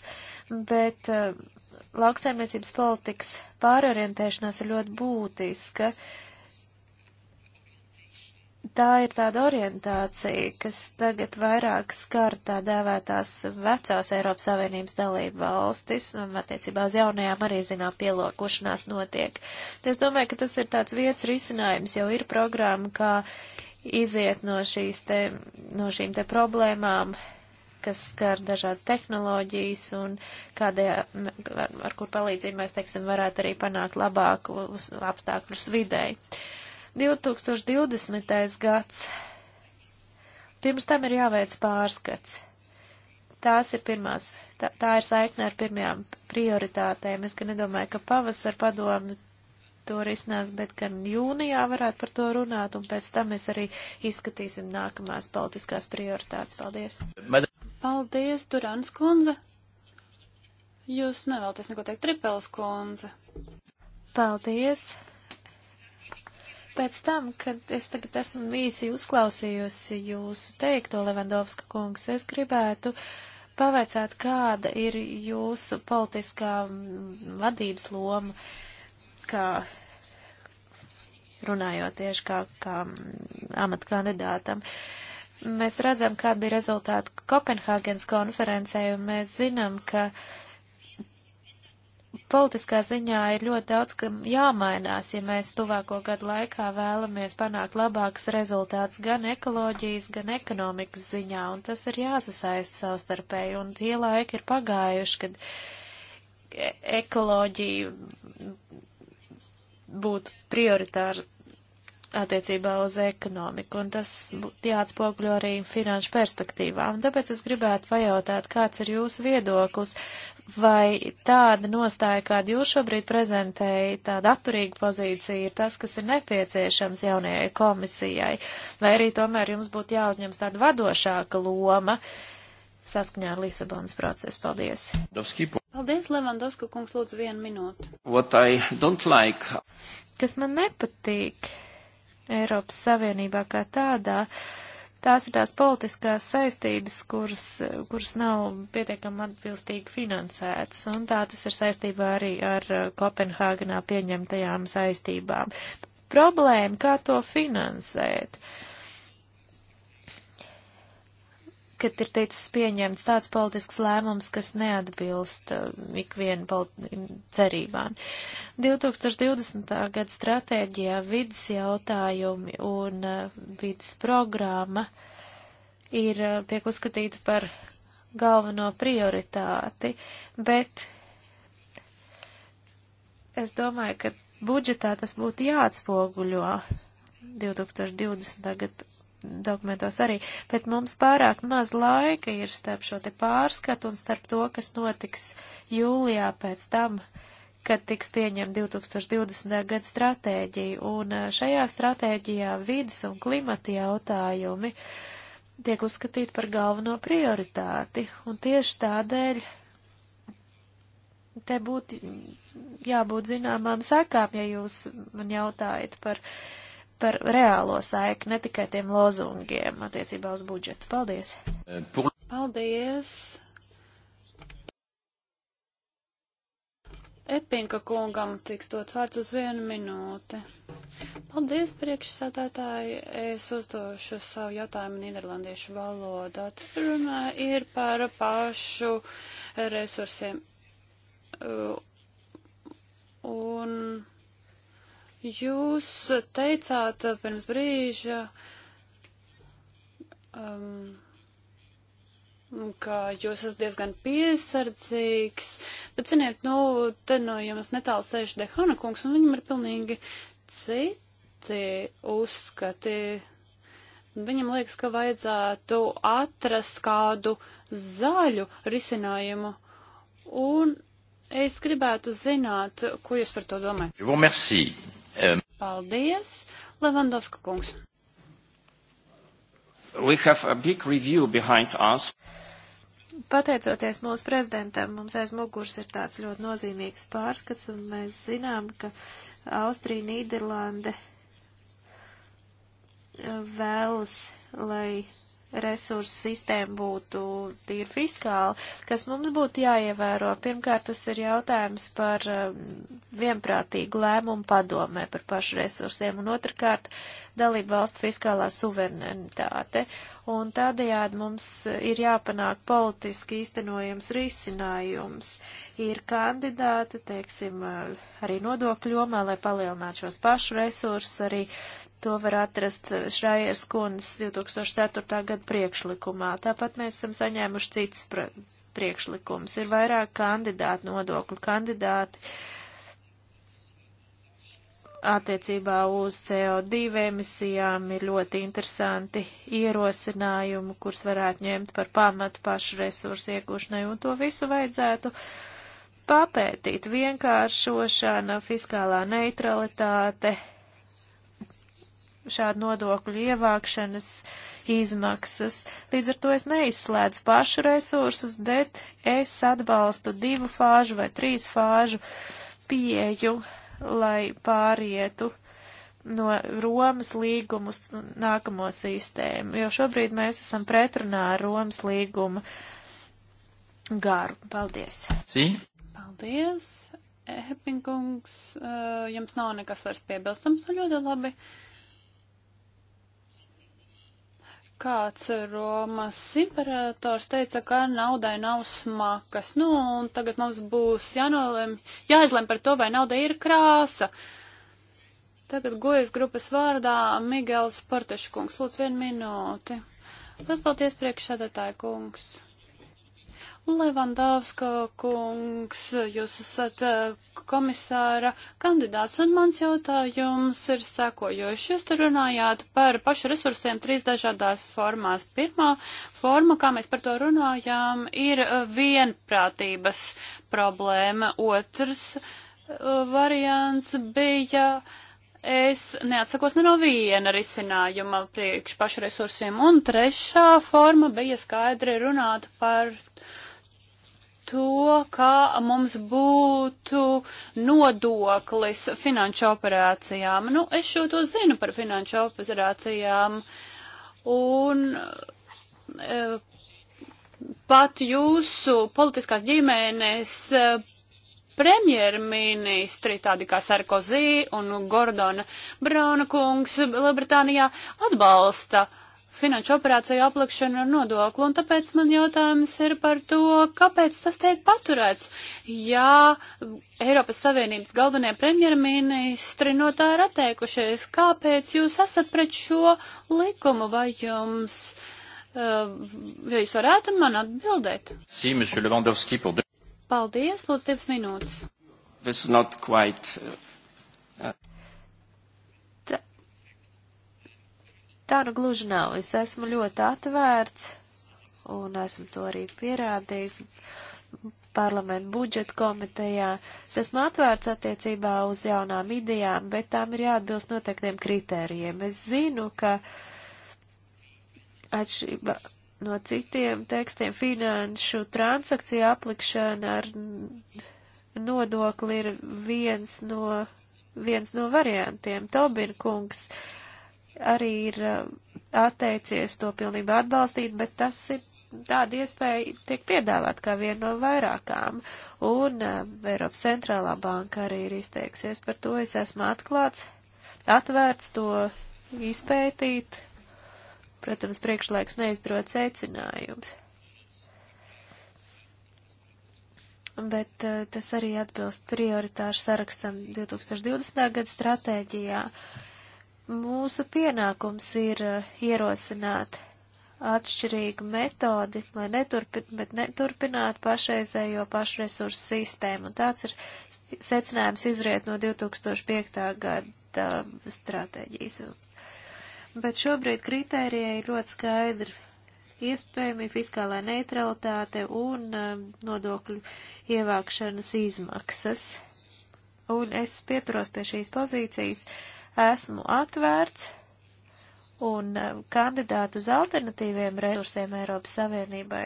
bet uh, lauksaimniecības politikas pārorientēšanās ir ļoti būtiska. Tā ir tāda orientācija, kas tagad vairāk skar tā dēvētās vecās Eiropas Savienības dalību valstis, un attiecībā uz jaunajām arī zinām pielāgošanās notiek. Es domāju, ka tas ir tāds vietas risinājums, jau ir programma, kā iziet no, šīs te, no šīm te problēmām, kas skar dažādas tehnoloģijas un kādējā, ar, ar kur palīdzību mēs, teiksim, varētu arī panākt labāku apstākļus videi. 2020. gads. Pirms tam ir jāveic pārskats. Tās ir pirmās, tā, tā ir saikne ar pirmajām prioritātēm. Es gan nedomāju, ka pavasar padomi to risinās, bet gan jūnijā varētu par to runāt, un pēc tam mēs arī izskatīsim nākamās politiskās prioritātes. Paldies! Paldies, Durans kundze. Jūs nevēlaties neko teikt, Tripels kundze. Paldies. Pēc tam, kad es tagad esmu īsi uzklausījusi jūsu teikto, Levandovska kungs, es gribētu pavaicāt, kāda ir jūsu politiskā vadības loma, kā runājot tieši kā, kā amatu kandidātam. Uh, Mēs redzam, kāda bija rezultāta Kopenhāgenes konferencē, un mēs zinām, ka politiskā ziņā ir ļoti daudz, kam jāmainās, ja mēs tuvāko gadu laikā vēlamies panākt labāks rezultāts gan ekoloģijas, gan ekonomikas ziņā, un tas ir jāsasaist savstarpēji, un tie laiki ir pagājuši, kad ekoloģija būtu prioritāra attiecībā uz ekonomiku, un tas jāatspogļo arī finanšu perspektīvā. Un tāpēc es gribētu pajautāt, kāds ir jūsu viedoklis, vai tāda nostāja, kādu jūs šobrīd prezentējat, tāda atturīga pozīcija ir tas, kas ir nepieciešams jaunajai komisijai, vai arī tomēr jums būtu jāuzņems tāda vadošāka loma saskaņā ar Lisabonas procesu. Paldies! Paldies, Levandovska kungs, lūdzu vienu minūtu. What I don't like. Kas man nepatīk Eiropas Savienībā kā tādā. Tās ir tās politiskās saistības, kuras, kuras nav pietiekami atbilstīgi finansētas, un tā tas ir saistībā arī ar uh, Kopenhāgenā pieņemtajām saistībām. Problēma, kā to finansēt? Uh, kad ir teicis pieņemts tāds politisks lēmums, kas neatbilst uh, ikvienu cerībām. 2020. gada stratēģijā vidas jautājumi un uh, vidas programma ir, uh, tiek uzskatīta par galveno prioritāti, bet es domāju, ka budžetā tas būtu jāatspoguļo 2020. gada dokumentos arī, bet mums pārāk maz laika ir starp šo te pārskatu un starp to, kas notiks jūlijā pēc tam, kad tiks pieņemta 2020. gada stratēģija. Un šajā stratēģijā vidas un klimata jautājumi tiek uzskatīti par galveno prioritāti. Un tieši tādēļ te būtu jābūt zināmām sekām, ja jūs man jautājat par uh, par reālo saikni, ne tikai tiem lozungiem attiecībā uz budžetu. Paldies! Paldies! Epinka kungam tiks dots vārds uz vienu minūti. Paldies, priekšsādātāji. Es uzdošu savu jautājumu Nīderlandiešu valodā. Runa ir par pašu resursiem. Un Jūs teicāt uh, pirms brīža, um, ka jūs esat diezgan piesardzīgs, bet ziniet, nu, te no jums netālu sēž Dehana kungs, un viņam ir pilnīgi citi uzskati. Viņam liekas, ka vajadzētu atrast kādu zaļu risinājumu, un es gribētu zināt, ko jūs par to domājat. Paldies, Levandovska kungs. Pateicoties mūsu prezidentam, mums aiz muguras ir tāds ļoti nozīmīgs pārskats, un mēs zinām, ka Austrija, Nīderlande uh, vēlas, lai resursu sistēma būtu tīri fiskāla, kas mums būtu jāievēro. Pirmkārt, tas ir jautājums par um, vienprātīgu lēmumu padomē par pašu resursiem, un otrkārt, dalību valstu fiskālā suverenitāte. Un tādējādi mums ir jāpanāk politiski īstenojams risinājums. Ir kandidāti, teiksim, uh, arī nodokļu jomā, lai palielinātu šos pašu resursus, arī To var atrast Šrājers kundas 2004. gada priekšlikumā. Tāpat mēs esam saņēmuši citus priekšlikumus. Ir vairāk kandidātu nodokļu kandidāti attiecībā uz CO2 emisijām ir ļoti interesanti ierosinājumi, kurus varētu ņemt par pamatu pašu resursu iegūšanai, un to visu vajadzētu papētīt. Vienkāršošana, fiskālā neutralitāte, šādu nodokļu ievākšanas izmaksas. Līdz ar to es neizslēdzu pašu resursus, bet es atbalstu divu fāžu vai trīs fāžu pieju, lai pārietu no Romas līgumu nākamo sistēmu, jo šobrīd mēs esam pretrunā ar Romas līguma garu. Paldies! Sí. Paldies! Hepinkungs, eh, jums nav nekas vairs piebilstams, nu ļoti labi. Uh, kāds Romas imperators teica, ka naudai nav smakas. Nu, un tagad mums būs jānolem, jāizlem par to, vai nauda ir krāsa. Tagad gojas grupas vārdā Migels Parteškungs. Lūdzu, vienu minūti. Pats paldies priekšsēdētāji kungs. Levandovska kungs, jūs esat eh, komisāra kandidāts, un mans jautājums ir sekojoši. Jūs tur runājāt par pašu resursiem trīs dažādās formās. Pirmā forma, kā mēs par to runājām, ir eh, vienprātības problēma. Otrs eh, variants bija. Es neatsakos ne no viena risinājuma priekš pašu resursiem, un trešā forma bija skaidri runāt par uh, to, kā mums būtu nodoklis finanšu operācijām. Nu, es šo to zinu par finanšu operācijām. Un e, pat jūsu politiskās ģimenes e, premjerministri, tādi kā Sarkozy un Gordona Brauna kungs Lielbritānijā, atbalsta uh, finanšu operāciju aplikšanu ar nodokli, un tāpēc man jautājums ir par to, kāpēc tas tiek paturēts, ja Eiropas Savienības galvenie premjerministri no tā ir atteikušies. Kāpēc jūs esat pret šo likumu, vai jums, uh, vai jūs varētu man atbildēt? Si, Paldies, lūdzu, divas minūtes. That's not quite. Uh, uh. Tā nu gluži nav. Es esmu ļoti atvērts un esmu to arī pierādījis parlamentu budžeta komitejā. Es esmu atvērts attiecībā uz jaunām idejām, bet tām ir jāatbilst noteiktiem kritērijiem. Es zinu, ka atšķirība no citiem tekstiem finanšu transakciju aplikšana ar nodokli ir viens no, viens no variantiem. Tobin kungs arī ir eh, atteicies to pilnībā atbalstīt, bet tas ir tāda iespēja tiek piedāvāt kā viena no vairākām, un eh, Eiropas centrālā banka arī ir izteiksies par to. Es esmu atklāts, atvērts to izpētīt. Protams, priekšlaiks neizdarot secinājums. Bet eh, tas arī atbilst prioritāšu sarakstam 2020. gada stratēģijā. Uh, Mūsu pienākums ir eh, ierosināt atšķirīgu metodi, lai neturpi, neturpinātu pašreizējo pašresursu sistēmu. Un tāds ir secinājums izriet no 2005. gada um, stratēģijas. Bet šobrīd kritērijai ir ļoti skaidri iespējami fiskālā neutralitāte un um, nodokļu ievākšanas izmaksas. Un es pieturos pie šīs pozīcijas. Uh, esmu atvērts un eh, kandidātu uz alternatīviem resursiem Eiropas Savienībai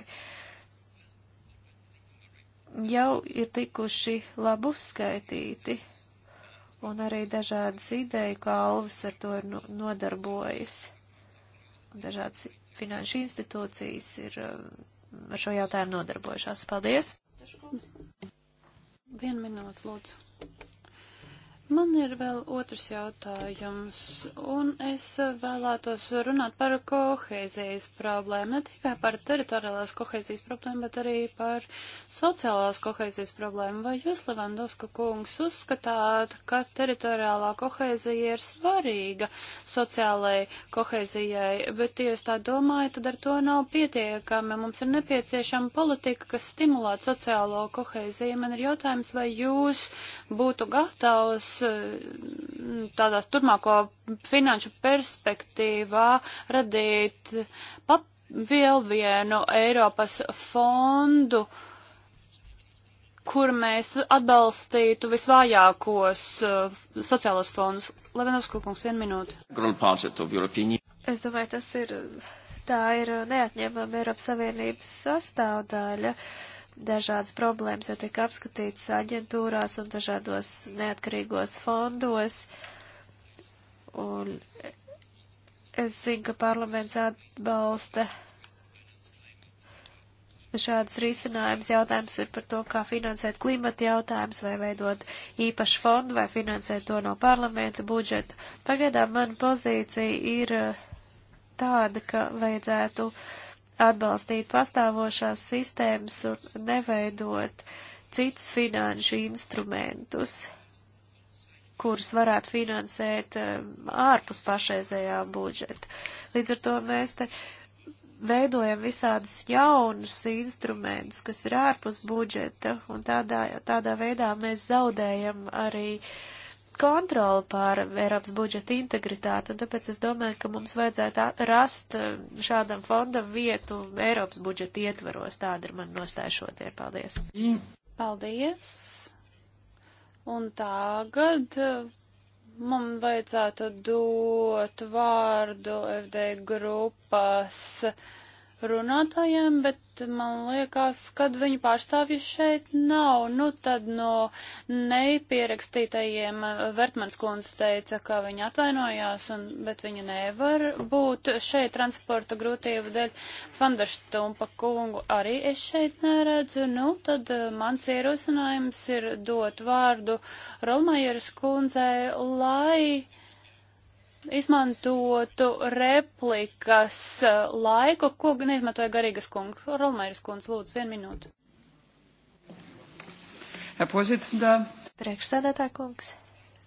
jau ir tikuši labi uzskaitīti, un arī dažādas ideju kalvas ar to ir nodarbojas. Un dažādas finanšu institūcijas ir eh, ar šo jautājumu nodarbojušās. Paldies! Vienu minūti, lūdzu. Man ir vēl otrs jautājums, un es vēlētos runāt par kohēzijas problēmu, ne tikai par teritoriālās kohēzijas problēmu, bet arī par sociālās kohēzijas problēmu. Vai jūs, Levandovska kungs, uzskatāt, ka teritoriālā kohēzija ir svarīga sociālai kohēzijai, bet, ja jūs tā domājat, tad ar to nav pietiekami. Mums ir nepieciešama politika, kas stimulētu sociālo kohēziju. Man ir jautājums, vai jūs būtu gatavs Eh, tādās turmāko finanšu perspektīvā radīt pap, vēl vienu Eiropas fondu, kur mēs atbalstītu visvājākos uh, sociālos fondus. Levenos Kukungs, vienu minūti. Es domāju, tas ir, tā ir neatņemama Eiropas Savienības sastāvdaļa. Uh, dažādas problēmas jau tiek apskatītas aģentūrās un dažādos neatkarīgos fondos. Un es zinu, ka parlaments atbalsta šādas risinājumas. Jautājums ir par to, kā finansēt klimata jautājumus, vai veidot īpašu fondu, vai finansēt to no parlamenta budžeta. Pagaidām mana pozīcija ir eh, tāda, ka vajadzētu uh, atbalstīt pastāvošās sistēmas un neveidot citus finanšu instrumentus, kurus varētu finansēt um, ārpus pašreizējā budžeta. Līdz ar to mēs te veidojam visādus jaunus instrumentus, kas ir ārpus budžeta, un tādā, tādā veidā mēs zaudējam arī uh, kontroli pār Eiropas budžeta integritāti, un tāpēc es domāju, ka mums vajadzētu rast e, šādam fondam vietu Eiropas budžeta ietvaros. Tāda ir man nostāja šodien. Paldies! Paldies! Un tagad e, man vajadzētu dot vārdu FD grupas uh, runātājiem, bet man liekas, kad viņu pārstāvju šeit nav, nu tad no nepierakstītajiem eh, Vertmans kundze teica, ka viņa atvainojās, un, bet viņa nevar būt šeit transporta grūtību dēļ. Fandaštumpa kungu arī es šeit neredzu, nu tad eh, mans ierosinājums ir dot vārdu Rolmajeras kundzei, lai izmantotu replikas eh, laiku, ko neizmantoja Garīgas kungs. Rolmairas kungs, lūdzu, vienu minūtu. Priekšsēdētā kungs,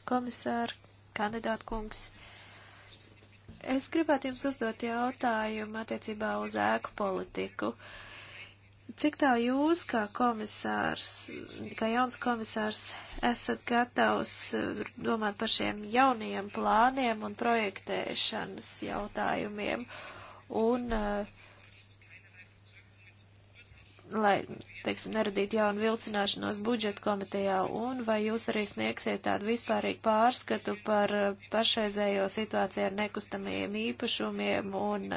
komisāra, kandidāta kungs. Es gribētu jums uzdot jautājumu attiecībā uz ēku politiku. Uh, Cik tā jūs, kā komisārs, kā jauns komisārs, esat gatavs eh, domāt par šiem jaunajiem plāniem un projektēšanas jautājumiem? Un, eh, lai, teiksim, neradītu jaunu vilcināšanos budžeta komitejā, un vai jūs arī sniegsiet tādu vispārīgu pārskatu par eh, pašreizējo situāciju ar nekustamajiem īpašumiem un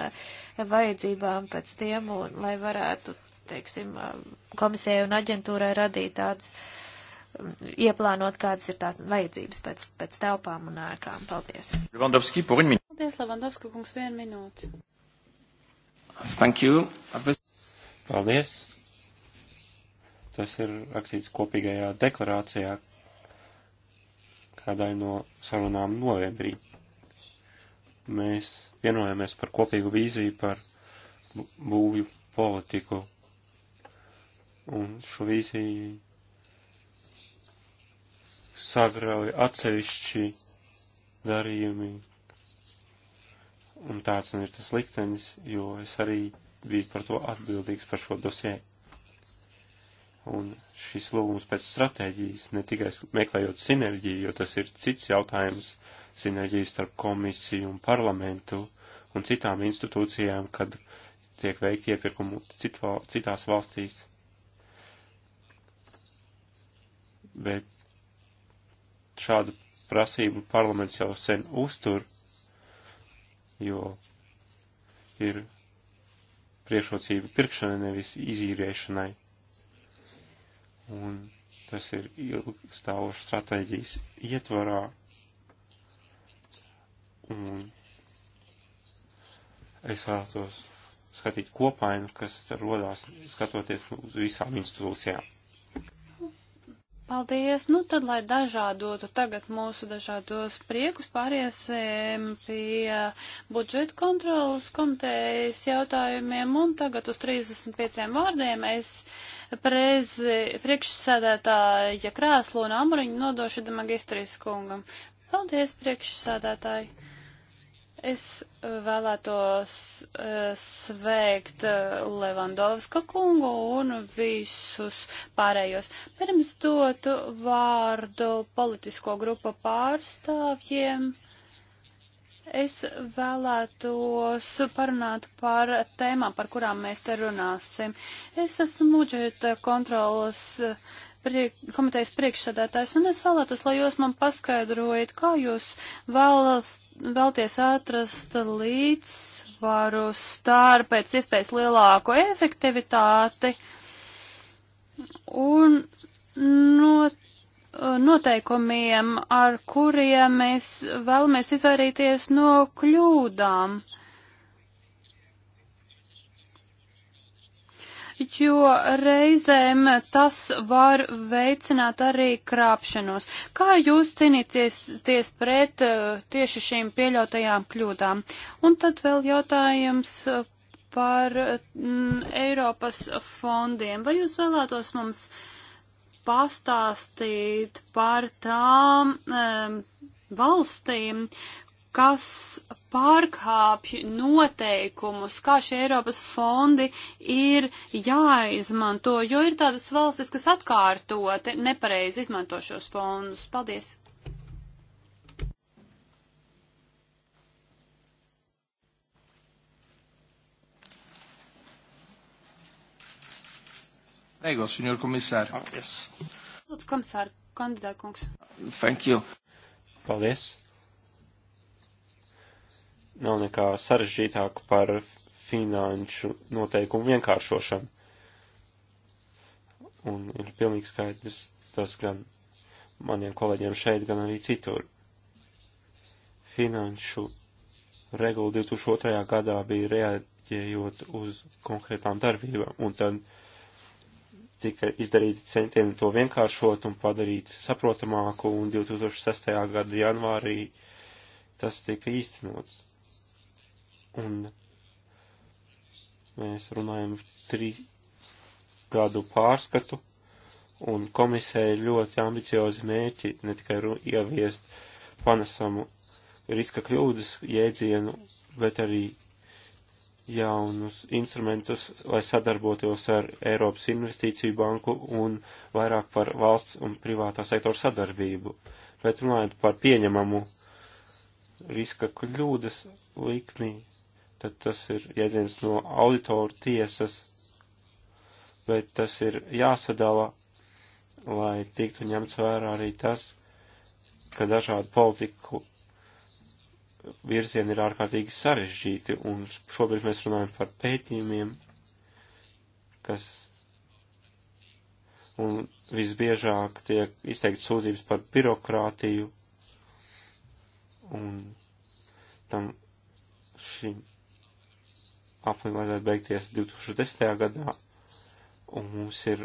vajadzībām pēc tiem, un lai varētu teiksim, eh, komisijai un aģentūrai radīt tādus, mm, ieplānot, kādas ir tās vajadzības pēc, pēc telpām un ēkām. Paldies. Levandovski, Paldies, Levandovska kungs, vienu minūti. Thank you. Paldies. Tas ir rakstīts kopīgajā deklarācijā, kādai no sarunām novembrī. Mēs vienojāmies par kopīgu vīziju par būvju politiku un šo vīziju sagrauj atsevišķi darījumi, un tāds un ir tas liktenis, jo es arī biju par to atbildīgs par šo dosē. Un šis lūgums pēc stratēģijas, ne tikai meklējot sinerģiju, jo tas ir cits jautājums, sinerģijas starp komisiju un parlamentu un citām institūcijām, kad tiek veikti iepirkumu citā, citās valstīs. bet šādu prasību parlaments jau sen uztur, jo ir priešrocība pirkšanai, nevis izīriešanai. Un tas ir ilgstāvošs stratēģijas ietvarā. Un es vēlētos skatīt kopainu, kas rodās skatoties uz visām institūcijām. Paldies! Nu tad, lai dažādotu tagad mūsu dažādos priekus, pāriesim pie budžeta kontrolas komitejas jautājumiem. Un tagad uz 35 vārdiem es prezi, priekšsēdētāja krēslu un amuriņu nodošu Demagistris kungam. Paldies, priekšsēdētāji! Es eh, vēlētos eh, sveikt eh, Levandovska kungu un visus pārējos. Pirms dotu vārdu politisko grupu pārstāvjiem, es vēlētos parunāt par tēmām, par kurām mēs te runāsim. Es esmu budžeta kontrolas priek, komitejas priekšsēdētājs, un es vēlētos, lai jūs man paskaidrojat, kā jūs vēlas vēlties atrast līdzsvaru starp pēc iespējas lielāku efektivitāti un not, noteikumiem, ar kuriem mēs vēlamies izvairīties no kļūdām. Uh, jo reizēm tas var veicināt arī krāpšanos. Kā jūs cīnīties pret eh, tieši šīm pieļautajām kļūdām? Un tad vēl jautājums eh, par m, mm, Eiropas fondiem. Vai jūs vēlētos mums pastāstīt par tām m, eh, valstīm, kas pārkāpj noteikumus, kā šie Eiropas fondi ir jāizmanto, jo ir tādas valstis, kas atkārtoti nepareizi izmanto šos fondus. Paldies! Prego, signor komisār. Oh, yes. Lūdzu, komisār, kandidākungs. Thank you. Paldies nav nekā sarežģītāk par finanšu noteikumu vienkāršošanu. Un ir pilnīgi skaidrs tas gan maniem kolēģiem šeit, gan arī citur. Finanšu regula 2002. gadā bija reaģējot uz konkrētām darbībām, un tad tika izdarīti centieni to vienkāršot un padarīt saprotamāku, un 2006. gada janvārī tas tika īstenots. Un mēs runājam trīs gadu pārskatu, un komisēja ļoti ambiciozi mērķi ne tikai ieviest panesamu riska kļūdas jēdzienu, bet arī jaunus instrumentus, lai sadarbotos ar Eiropas investīciju banku un vairāk par valsts un privātā sektora sadarbību. Bet runājot par pieņemamu riska kļūdas likmi, tad tas ir jēdziens no auditoru tiesas, bet tas ir jāsadala, lai tiktu ņemts vērā arī tas, ka dažādu politiku virzieni ir ārkārtīgi sarežģīti, un šobrīd mēs runājam par pētījumiem, kas un visbiežāk tiek izteikt sūdzības par birokrātiju un tam šim aplim vajadzētu beigties 2010. gadā, un mums ir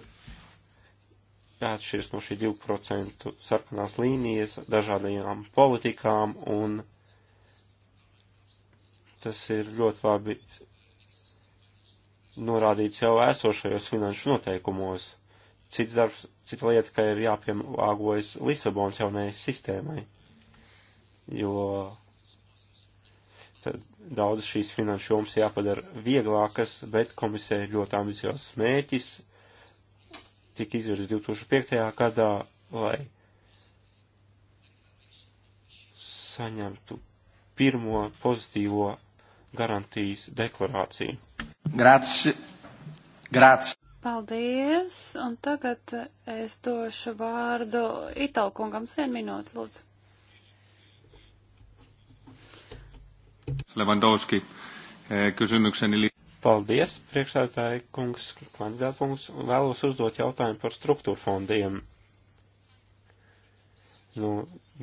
jāatšķiras no šī 2% sarkanās līnijas dažādajām politikām, un tas ir ļoti labi norādīts jau esošajos finanšu noteikumos. Cits darbs, cita lieta, ka ir jāpielāgojas Lisabonas jaunajai sistēmai, jo Tad daudz šīs finanšu jomas jāpadara vieglākas, bet komisē ļoti ambiciozs mērķis tika izvirzīts 2005. gadā, lai saņemtu pirmo pozitīvo garantijas deklarāciju. Grāts. Grāts. Paldies, un tagad es došu vārdu Italkungam. Vienu minūti, lūdzu. Levandovski, eh, kysymykseni. Paldies, priekšsētāji kungs, kandidāts kungs. Vēlos uzdot jautājumu par struktūra fondiem. Nu,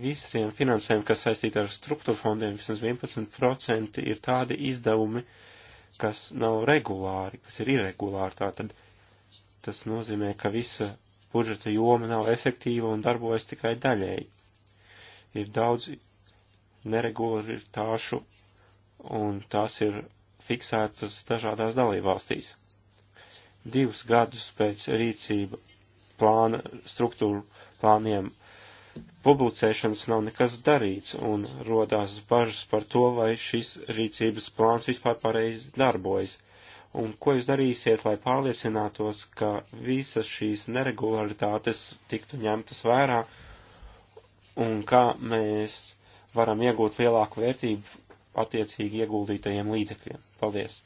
visiem finansēm, kas saistīti ar struktūra fondiem, vismaz 11% ir tādi izdevumi, kas nav regulāri, kas ir irregulāri. Tātad tas nozīmē, ka visa budžeta joma nav efektīva un darbojas tikai daļēji. Ir daudz neregularitāšu un tās ir fiksētas dažādās dalībvalstīs. Divus gadus pēc rīcība plāna, struktūru plāniem publicēšanas nav nekas darīts, un rodās bažas par to, vai šis rīcības plāns vispār pareizi darbojas. Un ko jūs darīsiet, lai pārliecinātos, ka visas šīs neregularitātes tiktu ņemtas vērā, un kā mēs varam iegūt lielāku vērtību attiecīgi ieguldītajiem līdzekļiem. Paldies!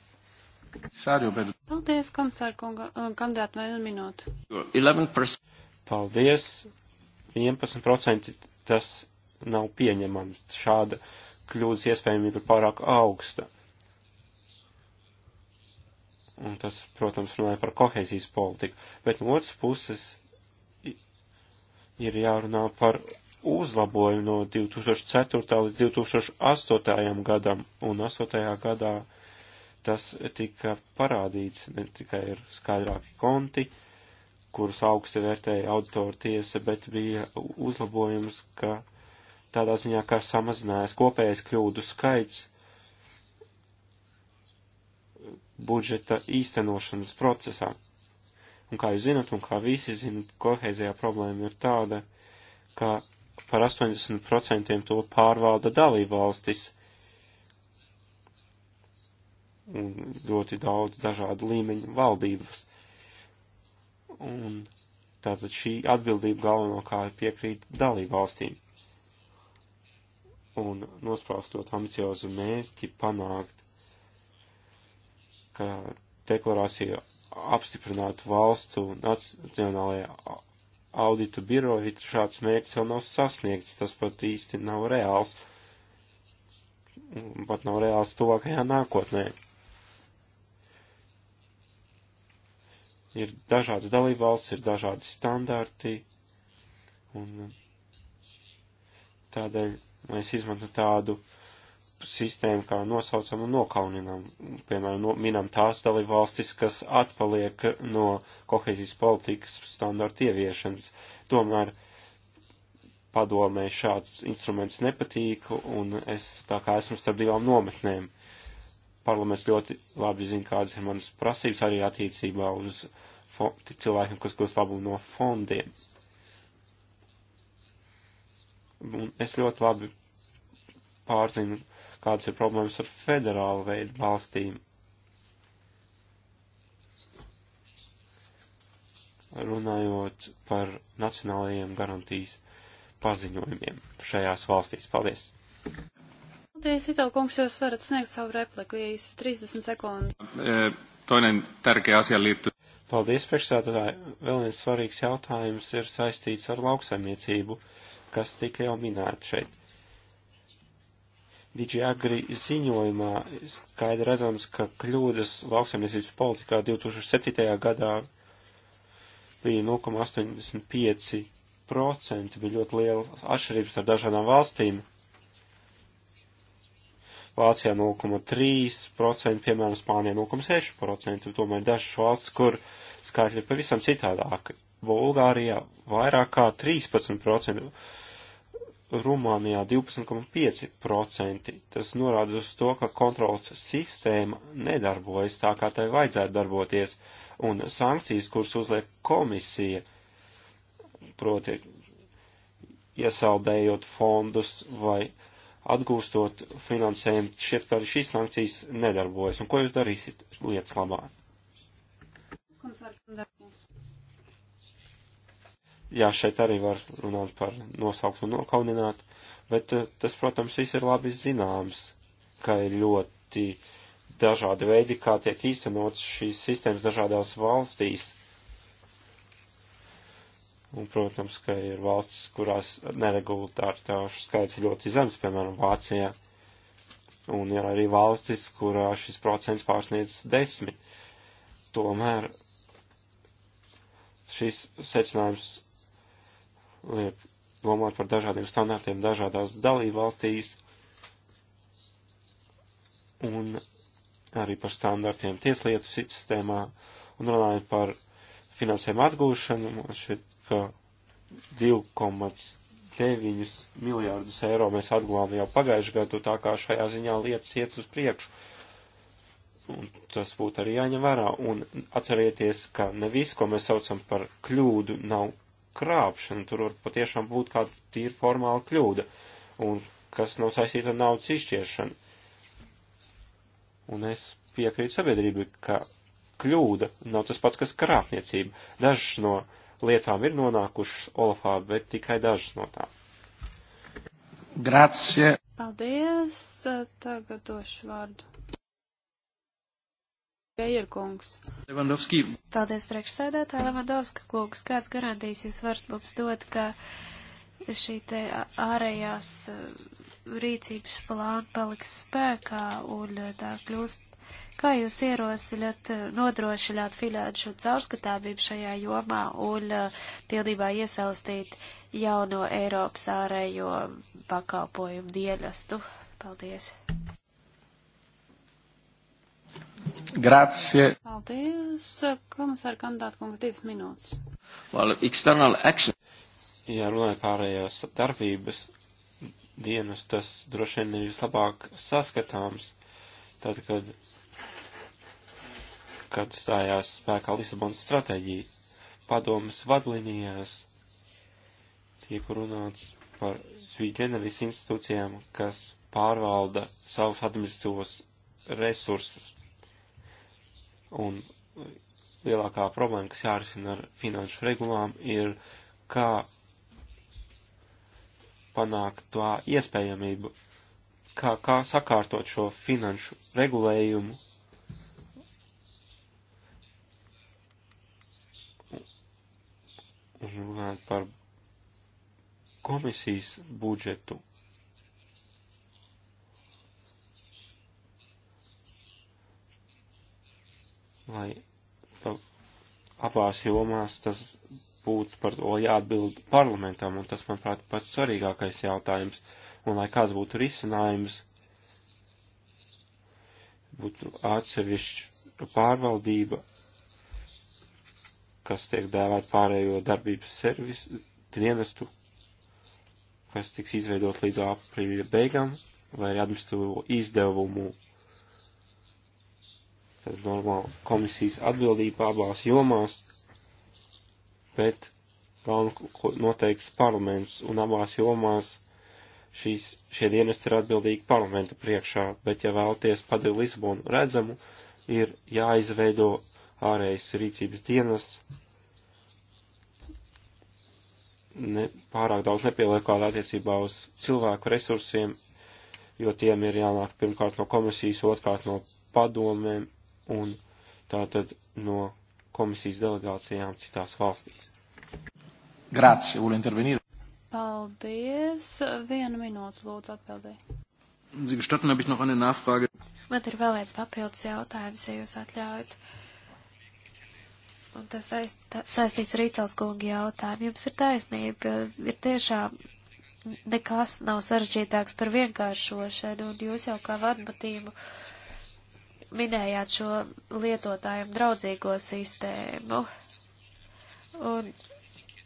Paldies, komisāra kunga, eh, kandidāti, vēl minūtu. 11%. Paldies! 11% tas nav pieņemams. Šāda kļūdas iespējamība ir pārāk augsta. Un tas, protams, runāja par kohēzijas politiku. Bet no otras puses ir jārunā par uzlabojumi no 2004. līdz 2008. gadam, un 8. gadā tas tika parādīts, ne tikai ir skaidrāki konti, kurus augsti vērtēja auditora tiesa, bet bija uzlabojums, ka tādā ziņā, kā samazinājās kopējais kļūdu skaits budžeta īstenošanas procesā. Un kā jūs zinat, un kā visi zina, kohēzijā problēma ir tāda, ka par 80% to pārvalda dalībvalstis. Un ļoti daudz dažādu līmeņu valdības. Un tātad šī atbildība galvenokārt piekrīt dalībvalstīm. Un nosprāstot ambiciozu mērķi panākt, ka deklarācija apstiprinātu valstu nacionālajā audita biroja šāds mērķis vēl nav sasniegts, tas pat īsti nav reāls, pat nav reāls tuvākajā nākotnē. Ir dažādas dalībvalsts, ir dažādi standarti, un tādēļ mēs izmantojam tādu uh, sistēmu kā nosaucam un nokauninam. Piemēram, no, minam tās dalībvalstis, kas atpaliek no kohēzijas politikas standarta ieviešanas. Tomēr padomē šāds instruments nepatīk, un es tā kā esmu starp divām nometnēm. Parlaments ļoti labi zina, kādas ir manas prasības arī attiecībā uz cilvēkiem, kas gūst labumu no fondiem. Un es ļoti labi pārzina, kādas ir problēmas ar federālu veidu valstīm. Runājot par nacionālajiem garantijas paziņojumiem šajās valstīs. Paldies! Paldies, Ito kungs, jūs varat sniegt savu repliku, ja jūs 30 sekundes. E, toinen tärkeä asia liittyy. Paldies, priekšsēdētāji. Vēl viens svarīgs jautājums ir saistīts ar lauksaimniecību, kas tik jau minēta šeit Digiagri ziņojumā skaidri redzams, ka kļūdas lauksaimniecības politikā 2007. gadā bija 0,85%, bija ļoti liela atšķirības ar dažādām valstīm. Vācijā 0,3%, piemēram, Spānijā 0,6%, tomēr dažas valsts, kur skaitļi ir pavisam citādāki. Bulgārijā vairāk kā 13%, Rumānijā 12,5%. Tas norāda uz to, ka kontrols sistēma nedarbojas tā, kā tai vajadzētu darboties, un sankcijas, kuras uzliek komisija, proti iesaldējot fondus vai atgūstot finansējumu, šķiet, ka arī šīs sankcijas nedarbojas. Un ko jūs darīsiet lietas labā? Komisār, jā, šeit arī var runāt par nosaukt un nokaunināt, bet eh, tas, protams, viss ir labi zināms, ka ir ļoti dažādi veidi, kā tiek īstenots šīs sistēmas dažādās valstīs. Un, protams, ka ir valstis, kurās neregulātāšu skaits ir ļoti zems, piemēram, Vācijā. Un ir arī valstis, kurā šis procents pārsniedz desmit. Tomēr šis secinājums liek domāt par dažādiem standartiem dažādās dalībvalstīs un arī par standartiem tieslietu sistēmā un runājot par finansēm atgūšanu, man šķiet, ka 2,9 miljārdus eiro mēs atguvām jau pagājušajā gadu, tā kā šajā ziņā lietas iet uz priekšu. Un tas būtu arī jāņem vērā. Un atcerieties, ka ne viss, ko mēs saucam par kļūdu, nav krāpšana, tur var patiešām būt kāda tīra formāla kļūda, un kas nav saistīta ar naudas izšķiešanu. Un es piekrītu sabiedrībai, ka kļūda nav tas pats, kas krāpniecība. Dažas no lietām ir nonākušas Olafā, bet tikai dažas no tām. Grazie. Paldies. Tagad došu vārdu Geier kungs. Levandovski. Paldies priekšsēdētāji Levandovska kungs. Kāds garantīs jūs varat mums dot, ka šī te ārējās rīcības plāna paliks spēkā un tā kļūs? Kā jūs ierosināt nodrošināt finanšu caurskatāvību šajā jomā un pildībā iesaustīt jauno Eiropas ārējo pakalpojumu dienestu? Paldies! Grazie. Paldies, komisāra kandidāta kungs, divas minūtes. Well, external action. Jā, runāju pārējās darbības dienas, tas droši vien ir vislabāk saskatāms, tad, kad, kad stājās spēkā Lisabonas stratēģija. Padomas vadlinijās tiek runāts par sviģeneris institūcijām, kas pārvalda savus administratīvos resursus. Un lielākā problēma, kas jārisina ar finanšu regulām, ir, kā panākt tā iespējamību, kā, kā sakārtot šo finanšu regulējumu. Un runāt par komisijas budžetu lai abās jomās tas būtu par to jāatbild parlamentam, un tas, manuprāt, pats svarīgākais jautājums, un lai kāds būtu risinājums, būtu atsevišķa pārvaldība, kas tiek dēvēta pārējo darbības servisu dienestu, kas tiks izveidot līdz aprīļa beigām, lai arī administrīvo izdevumu tad normāli komisijas atbildība abās jomās, bet galvenu noteikts parlaments un abās jomās šīs, šie dienesti ir atbildīgi parlamenta priekšā, bet ja vēlties padarīt Lisabonu redzamu, ir jāizveido ārējais rīcības dienas. Ne, pārāk daudz nepieliekāt attiecībā uz cilvēku resursiem, jo tiem ir jānāk pirmkārt no komisijas, otrkārt no padomēm, un tātad no komisijas delegācijām citās valstīs. Grāci, Ulu intervenīra. Paldies. Vienu minūtu lūdzu atbildēju. Sie gestatten, habe ich noch eine Nachfrage. Man ir vēl viens papildus jautājums, ja jūs atļaujat. Un tas saist, saistīts ar Rītals kunga jautājumu. Jums ir taisnība, ir tiešām nekas nav sarežģītāks par vienkāršošanu, un jūs jau kā vadmatību minējāt šo lietotājiem draudzīgo sistēmu. Un,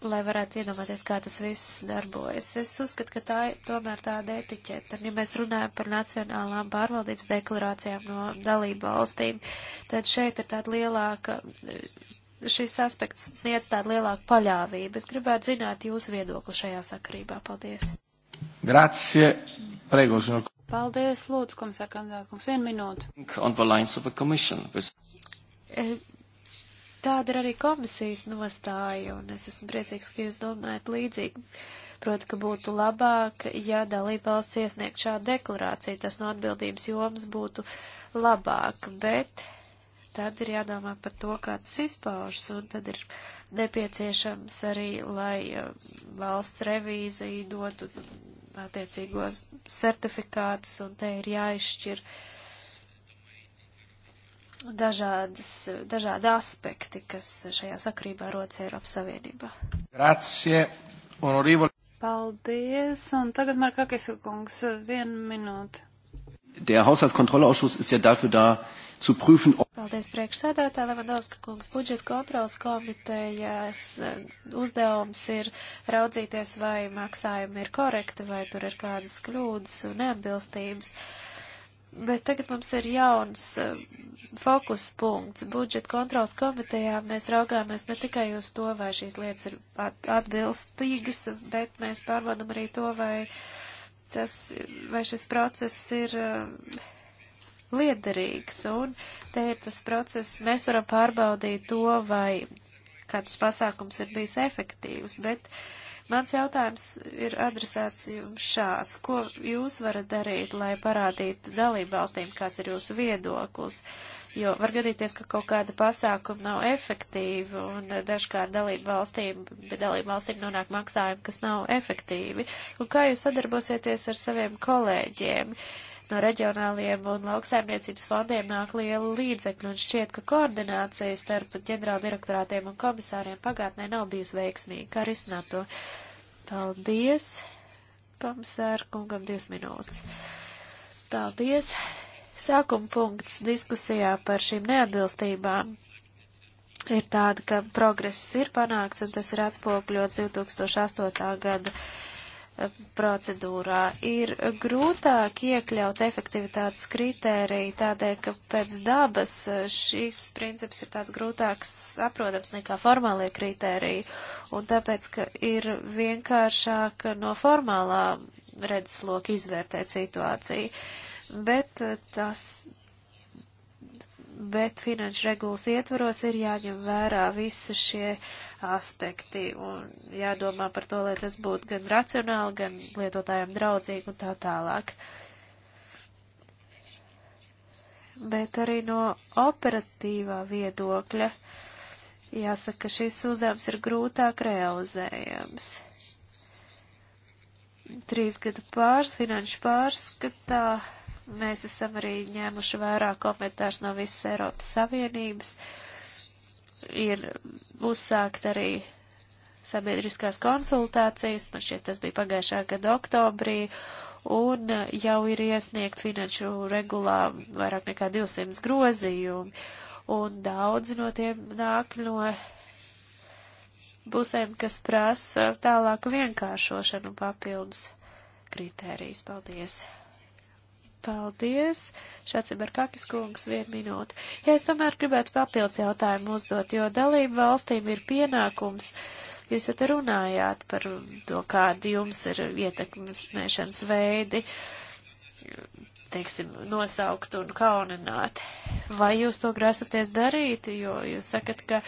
lai varētu iedomāties, kā tas viss darbojas. Es uzskatu, ka tā ir tomēr tāda etiķeta. Un, ja mēs runājam par nacionālām pārvaldības deklarācijām no dalību valstīm, tad šeit ir tāda lielāka, šis aspekts sniedz tādu lielāku paļāvību. Es gribētu zināt jūsu viedokli šajā sakarībā. Paldies. Grazie. Prego, signor Paldies, lūdzu, komisāra kandidātums, vienu minūtu. E, tāda ir arī komisijas nostāja, un es esmu priecīgs, ka jūs domājat līdzīgi. Proti, ka būtu labāk, ja dalībvalsts iesniegt šādu deklarāciju, tas no atbildības jomas būtu labāk, bet tad ir jādomā par to, kā tas izpaužas, un tad ir nepieciešams arī, lai e, valsts revīzija dotu attiecīgos certifikātus, un te ir jāizšķir dažādas, dažādi aspekti, kas šajā sakrībā rodas Eiropas Savienībā. Grazie, honorīvo. Paldies, un tagad Markakis kungs, vienu minūti. Der Haushaltskontrollausschuss ist ja dafür da, zu prüfen, ob. Paldies priekšsēdētā Levandovska kungs. Budžeta kontrolas komitejas eh, uzdevums ir raudzīties, vai maksājumi ir korekti, vai tur ir kādas kļūdas un neatbilstības. Bet tagad mums ir jauns eh, fokus punkts. Budžeta kontrolas komitejā mēs raugāmies ne tikai uz to, vai šīs lietas ir atbilstīgas, bet mēs pārbaudam arī to, vai, tas, vai šis process ir. Uh, liederīgs, un te ir tas process, mēs varam pārbaudīt to, vai kāds pasākums ir bijis efektīvs, bet mans jautājums ir adresēts jums šāds. Ko jūs varat darīt, lai parādītu dalību valstīm, kāds ir jūsu viedoklis? Jo var gadīties, ka kaut kāda pasākuma nav efektīva un dažkārt dalību valstīm, bet dalību valstīm nonāk maksājumi, kas nav efektīvi. Un kā jūs sadarbosieties ar saviem kolēģiem? Uh, no reģionāliem un lauksaimniecības fondiem nāk lielu līdzekļu, un šķiet, ka koordinācija starp ģenerāldirektorātiem un komisāriem pagātnē nav bijusi veiksmīga. Kā risināt to? Paldies, komisāra kungam, divas minūtes. Paldies. Sākuma punkts diskusijā par šīm neatbilstībām ir tāda, ka progress ir panākts, un tas ir atspokļots 2008. gada procedūrā. Ir grūtāk iekļaut efektivitātes kritēriju tādēļ, ka pēc dabas e, šis princips ir tāds grūtāks saprotams nekā formālie kritēriji, un tāpēc, ka ir vienkāršāk no formālā redzesloka izvērtēt situāciju. Bet e, tas bet finanšu regulas ietvaros ir jāņem vērā visi šie aspekti un jādomā par to, lai tas būtu gan racionāli, gan lietotājiem draudzīgi un tā tālāk. Bet arī no operatīvā viedokļa jāsaka, ka šis uzdevums ir grūtāk realizējams. Trīs gadu pār finanšu pārskatā Mēs esam arī ņēmuši vērā komentārs no visas Eiropas Savienības. Ir uzsākt arī sabiedriskās konsultācijas, man šķiet tas bija pagājušā gada oktobrī, un uh, jau ir iesniegt finanšu regulā vairāk nekā 200 grozījumi, un daudz no tiem nāk no pusēm, kas prasa tālāku vienkāršošanu papildus kritērijas. Paldies! Paldies. Šāds ir Barkakis kungs, vienu minūti. Ja es tomēr gribētu papildus jautājumu uzdot, jo dalību valstīm ir pienākums. Jūs jau te runājāt par to, kādi jums ir ietekmesmēšanas veidi, teiksim, nosaukt un kaunināt. Vai jūs to grasaties darīt, jo jūs sakat, ka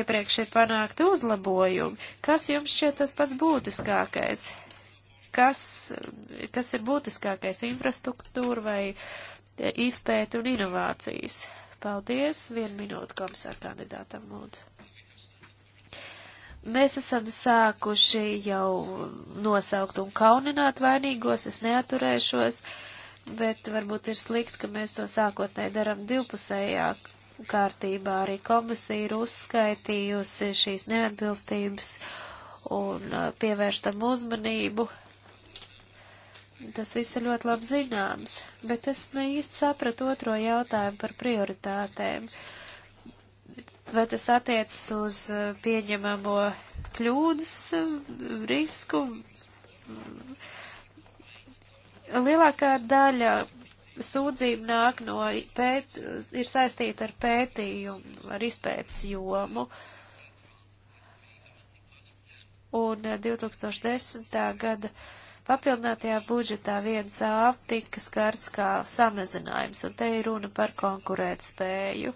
iepriekš ir panākti uzlabojumi? Kas jums šķiet tas pats būtiskākais? kas, kas ir būtiskākais - infrastruktūra vai e, izpēta un inovācijas. Paldies! Vienu minūtu komisāra kandidātam lūdzu. Mēs esam sākuši jau nosaukt un kaunināt vainīgos, es neaturēšos, bet varbūt ir slikti, ka mēs to sākotnēji daram divpusējā kārtībā. Arī komisija ir uzskaitījusi šīs neatbilstības un e, pievērš tam uzmanību, Tas viss ir ļoti labi zināms, bet es neīsti sapratu otro jautājumu par prioritātēm. Vai tas attiecas uz eh, pieņemamo kļūdas eh, risku? Lielākā daļa sūdzība nāk no pēt, ir saistīta ar pētījumu, ar izpētes jomu. Un 2010. Eh, gada Papildinātajā budžetā viens A tika skarts kā samazinājums, un te ir runa par konkurēt spēju.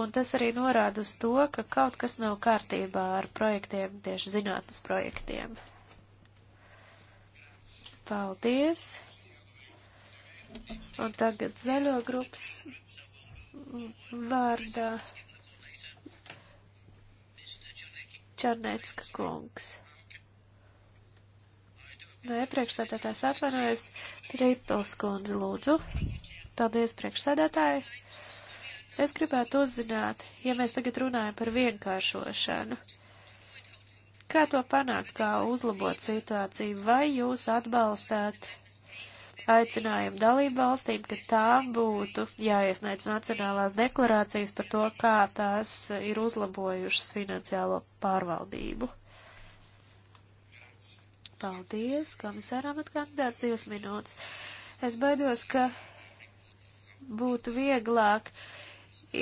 Un tas arī norāda uz to, ka kaut kas nav kārtībā ar projektiem, tieši zinātnes projektiem. Paldies! Un tagad zaļo grupas vārdā Čarnecka kungs. Nē, nu, priekšsēdētājs atvainojas. Nu Trīpelskundze, lūdzu. Paldies, priekšsēdētāji. Es gribētu uzzināt, ja mēs tagad runājam par vienkāršošanu, kā to panākt, kā uzlabot situāciju, vai jūs atbalstāt aicinājumu dalību valstīm, ka tām būtu jāiesniedz nacionālās deklarācijas par to, kā tās ir uzlabojušas finansiālo pārvaldību. Paldies, komisāram atkandidāts divas minūtes. Es baidos, ka būtu vieglāk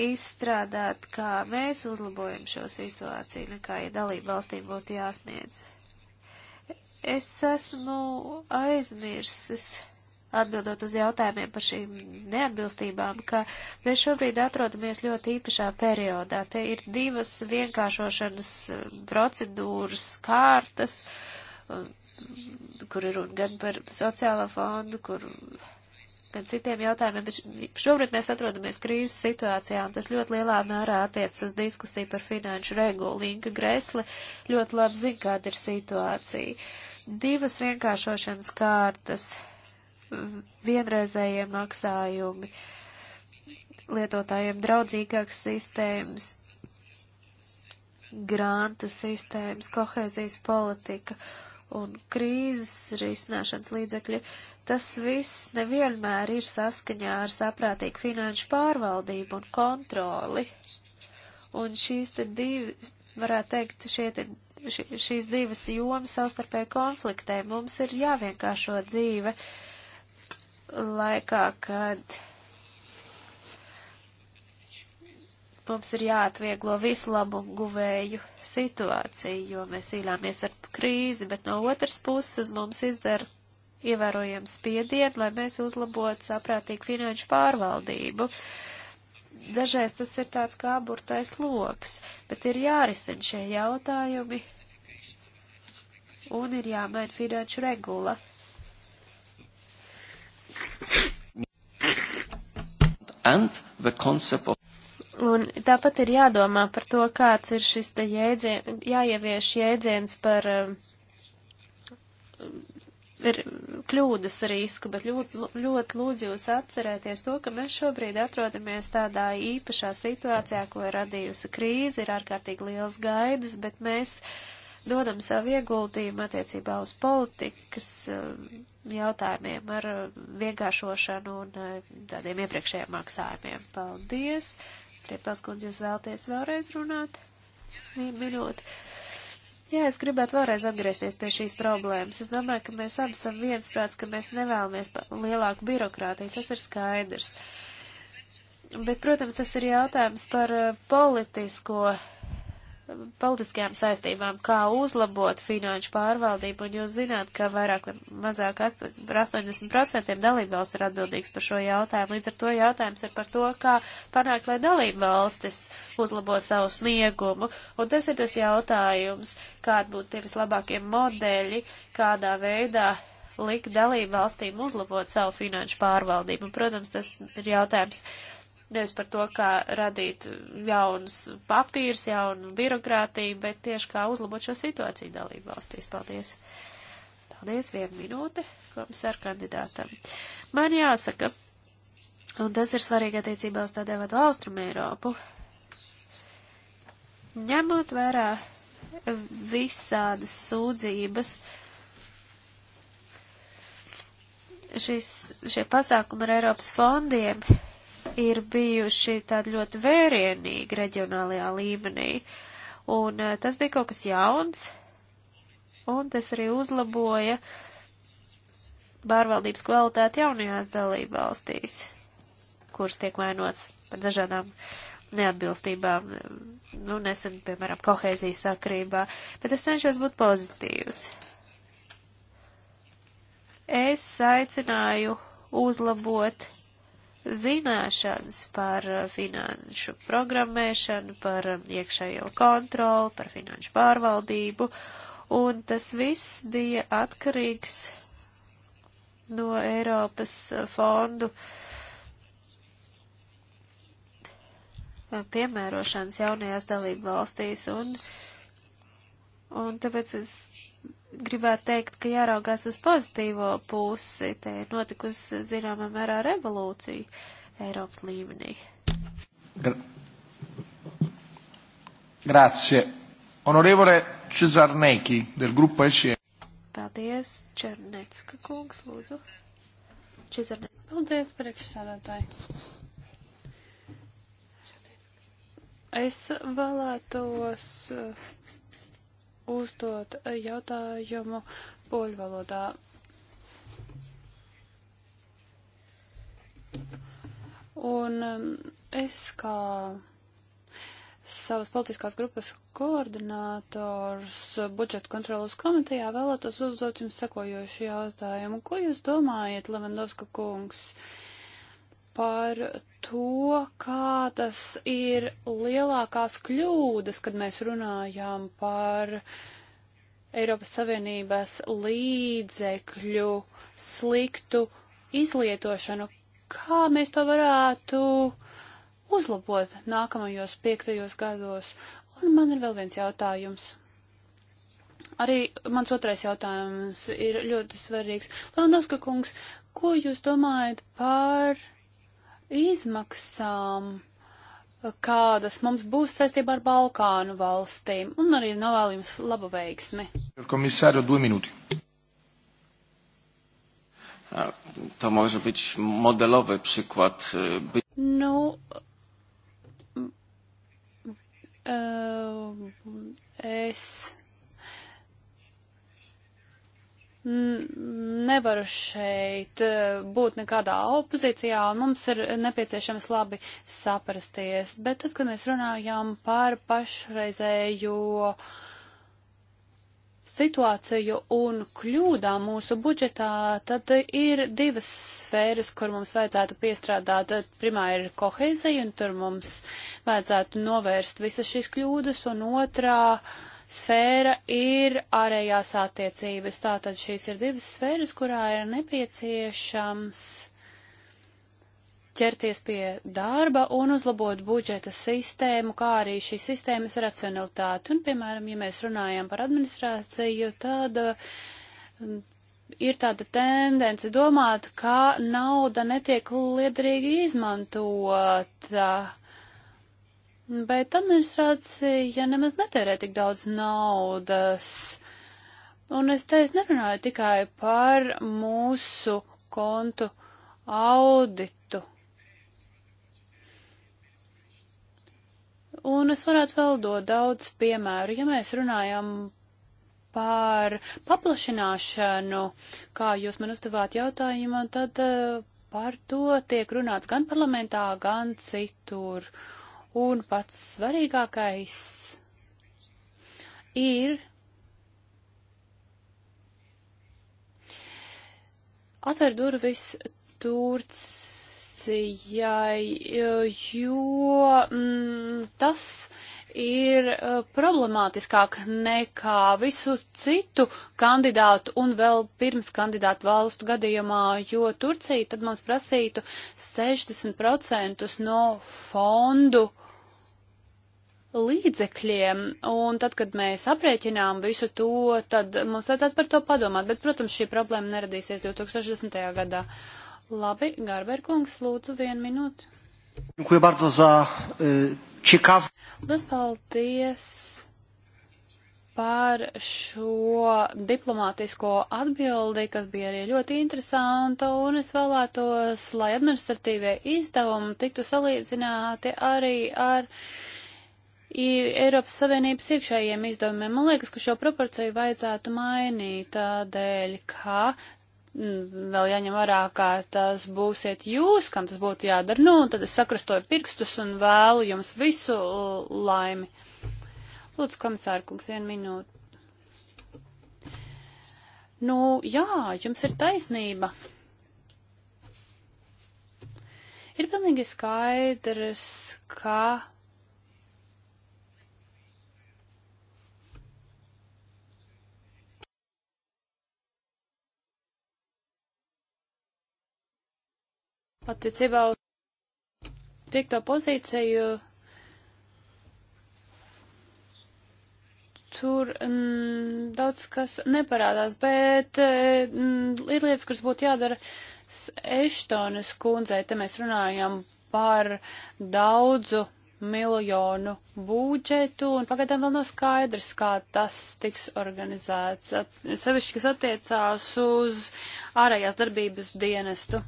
izstrādāt, kā mēs uzlabojam šo situāciju, nekā, ja dalību valstīm būtu jāsniedz. Es esmu aizmirsis, atbildot uz jautājumiem par šīm neatbilstībām, ka mēs šobrīd atrodamies ļoti īpašā periodā. Te ir divas vienkāršošanas procedūras kārtas, kur ir runa gan par sociālo fondu, kur gan citiem jautājumiem, bet šobrīd mēs atrodamies krīzes situācijā, un tas ļoti lielā mērā attiecas uz diskusiju par finanšu regulu. Inga Gresle ļoti labi zina, kāda ir situācija. Divas vienkāršošanas kārtas, vienreizējie maksājumi, lietotājiem draudzīgāks sistēmas, grantu sistēmas, kohēzijas politika un krīzes risināšanas līdzekļi, tas viss nevienmēr ir saskaņā ar saprātīgu finanšu pārvaldību un kontroli. Un šīs te divi, varētu teikt, šie te, ši, šīs divas jomas savstarpēji konfliktē. Mums ir jāvienkāršo dzīve laikā, kad mums ir jāatvieglo visu labu guvēju situāciju, jo mēs cīnāmies ar krīzi, bet no otras puses uz mums izdara ievērojams spiedienu, lai mēs uzlabotu saprātīgu finanšu pārvaldību. Dažreiz tas ir tāds kā burtais loks, bet ir jārisina šie jautājumi un ir jāmaina finanšu regula. And the concept of Un tāpat ir jādomā par to, kāds ir šis te jēdzien, jāievieš jēdziens par eh, ir kļūdas risku, bet ļoti, ļoti lūdzu jūs atcerēties to, ka mēs šobrīd atrodamies tādā īpašā situācijā, ko ir radījusi krīze, ir ārkārtīgi liels gaidas, bet mēs dodam savu ieguldījumu attiecībā uz politikas eh, jautājumiem ar eh, vienkāršošanu un tādiem iepriekšējiem maksājumiem. Paldies! Priepelskundze, jūs vēlties vēlreiz runāt? Minūte. Jā, es gribētu vēlreiz atgriezties pie šīs problēmas. Es domāju, ka mēs abi esam viensprāts, ka mēs nevēlamies lielāku birokrātiju. Tas ir skaidrs. Bet, protams, tas ir jautājums par eh, politisko uh, politiskajām saistībām, kā uzlabot finanšu pārvaldību, un jūs zināt, ka vairāk vai mazāk par 80% dalībvalsts ir atbildīgs par šo jautājumu. Līdz ar to jautājums ir par to, kā panākt, lai dalībvalstis uzlabo savu sniegumu, un tas ir tas jautājums, kādi būtu tie vislabākie modeļi, kādā veidā likt dalībvalstīm uzlabot savu finanšu pārvaldību. Un, protams, tas ir jautājums nevis par to, kā radīt jaunus papīrus, jaunu birokrātiju, bet tieši kā uzlabot šo situāciju dalību valstīs. Paldies! Paldies, viena minūte komisāra kandidātam. Man jāsaka, un tas ir svarīgi attiecībā uz tādēļ vadu Austrum Eiropu, ņemot vērā visādas sūdzības, šis, šie pasākumi ar Eiropas fondiem ir bijuši tādi ļoti vērienīgi reģionālajā līmenī. Un eh, tas bija kaut kas jauns, un tas arī uzlaboja pārvaldības kvalitāti jaunajās dalībvalstīs, kuras tiek vainots par dažādām neatbilstībām, nu, nesen, piemēram, kohēzijas sakrībā, bet es cenšos būt pozitīvs. Es aicināju uzlabot zināšanas par eh, finanšu programmēšanu, par eh, iekšējo kontroli, par finanšu pārvaldību, un tas viss bija atkarīgs no Eiropas eh, fondu piemērošanas jaunajās dalību valstīs, un, un tāpēc es gribētu teikt, ka jāraugās uz pozitīvo pusi. Te ir notikusi zināmā mērā revolūcija Eiropas līmenī. Gra Grazie. Onorevole Cesarneki, del gruppo ECE. E. Paldies, Černecka kungs, lūdzu. Čezarnecka. Paldies, priekšsādātāji. Es vēlētos. Uh, uzdot jautājumu poļu valodā. Un um, es kā savas politiskās grupas koordinators budžeta kontrolas komitejā vēlētos uzdot jums sekojošu jautājumu. Ko jūs domājat, Levandovska kungs? Uh, par to, kādas ir lielākās kļūdas, kad mēs runājām par Eiropas Savienības līdzekļu sliktu izlietošanu, kā mēs to varētu uzlabot nākamajos piektajos gados. Un man ir vēl viens jautājums. Arī mans otrais jautājums ir ļoti svarīgs. Landauska kungs, ko jūs domājat par izmaksām, kādas mums būs saistībā ar Balkānu valstīm, un arī novēlu jums labu veiksmi. Komisāru, divi minūti. To może być modelowy przykład. E, no, nu, e, es nevaru šeit e, būt nekādā opozīcijā, un mums ir nepieciešams labi saprasties. Bet tad, kad mēs runājām par pašreizējo situāciju un kļūdām mūsu budžetā, tad ir divas sfēras, kur mums vajadzētu piestrādāt. Tad pirmā ir kohēzija, un tur mums vajadzētu novērst visas šīs kļūdas, un otrā uh, sfēra ir ārējās attiecības. Tātad šīs ir divas sfēras, kurā ir nepieciešams ķerties pie darba un uzlabot budžeta sistēmu, kā arī šīs sistēmas racionalitāti. Un, piemēram, ja mēs runājam par administrāciju, tad mm, ir tāda tendence domāt, ka nauda netiek liederīgi izmantota. Bet administrācija nemaz netērē tik daudz naudas. Un es te es nerunāju tikai par mūsu kontu auditu. Un es varētu vēl dot daudz piemēru, ja mēs runājam par paplašināšanu, kā jūs man uzdevāt jautājumu, tad eh, par to tiek runāts gan parlamentā, gan citur. Uh, Un pats svarīgākais ir atver durvis Turcijai, jo mm, tas ir eh, problemātiskāk nekā visu citu kandidātu un vēl pirms kandidātu valstu gadījumā, jo Turcija tad mums prasītu 60% no fondu uh, līdzekļiem, un tad, kad mēs aprēķinām visu to, tad mums vajadzētu par to padomāt, bet, protams, šī problēma neradīsies 2010. gadā. Labi, Garberkungs, lūdzu, vienu minūti. Liels paldies par šo diplomātisko atbildi, kas bija arī ļoti interesanta, un es vēlētos, lai administratīvie izdevumi tiktu salīdzināti arī ar uh, Eiropas Savienības iekšējiem izdevumiem. Man liekas, ka šo proporciju vajadzētu mainīt tādēļ, ka mm, vēl jāņem vērā, kā tas būsiet jūs, kam tas būtu jādara. Nu, un tad es sakrastoju pirkstus un vēlu jums visu laimi. Lūdzu, komisārkungs, vienu minūti. Nu, jā, jums ir taisnība. Ir pilnīgi skaidrs, ka Attiecībā uz piekto pozīciju tur mm, daudz kas neparādās, bet mm, ir lietas, kuras būtu jādara Eštonas kundzei. Te mēs runājam par daudzu miljonu būdžetu, un pagaidām vēl nav skaidrs, kā tas tiks organizēts. Sevišķi, kas attiecās uz ārējās darbības dienestu.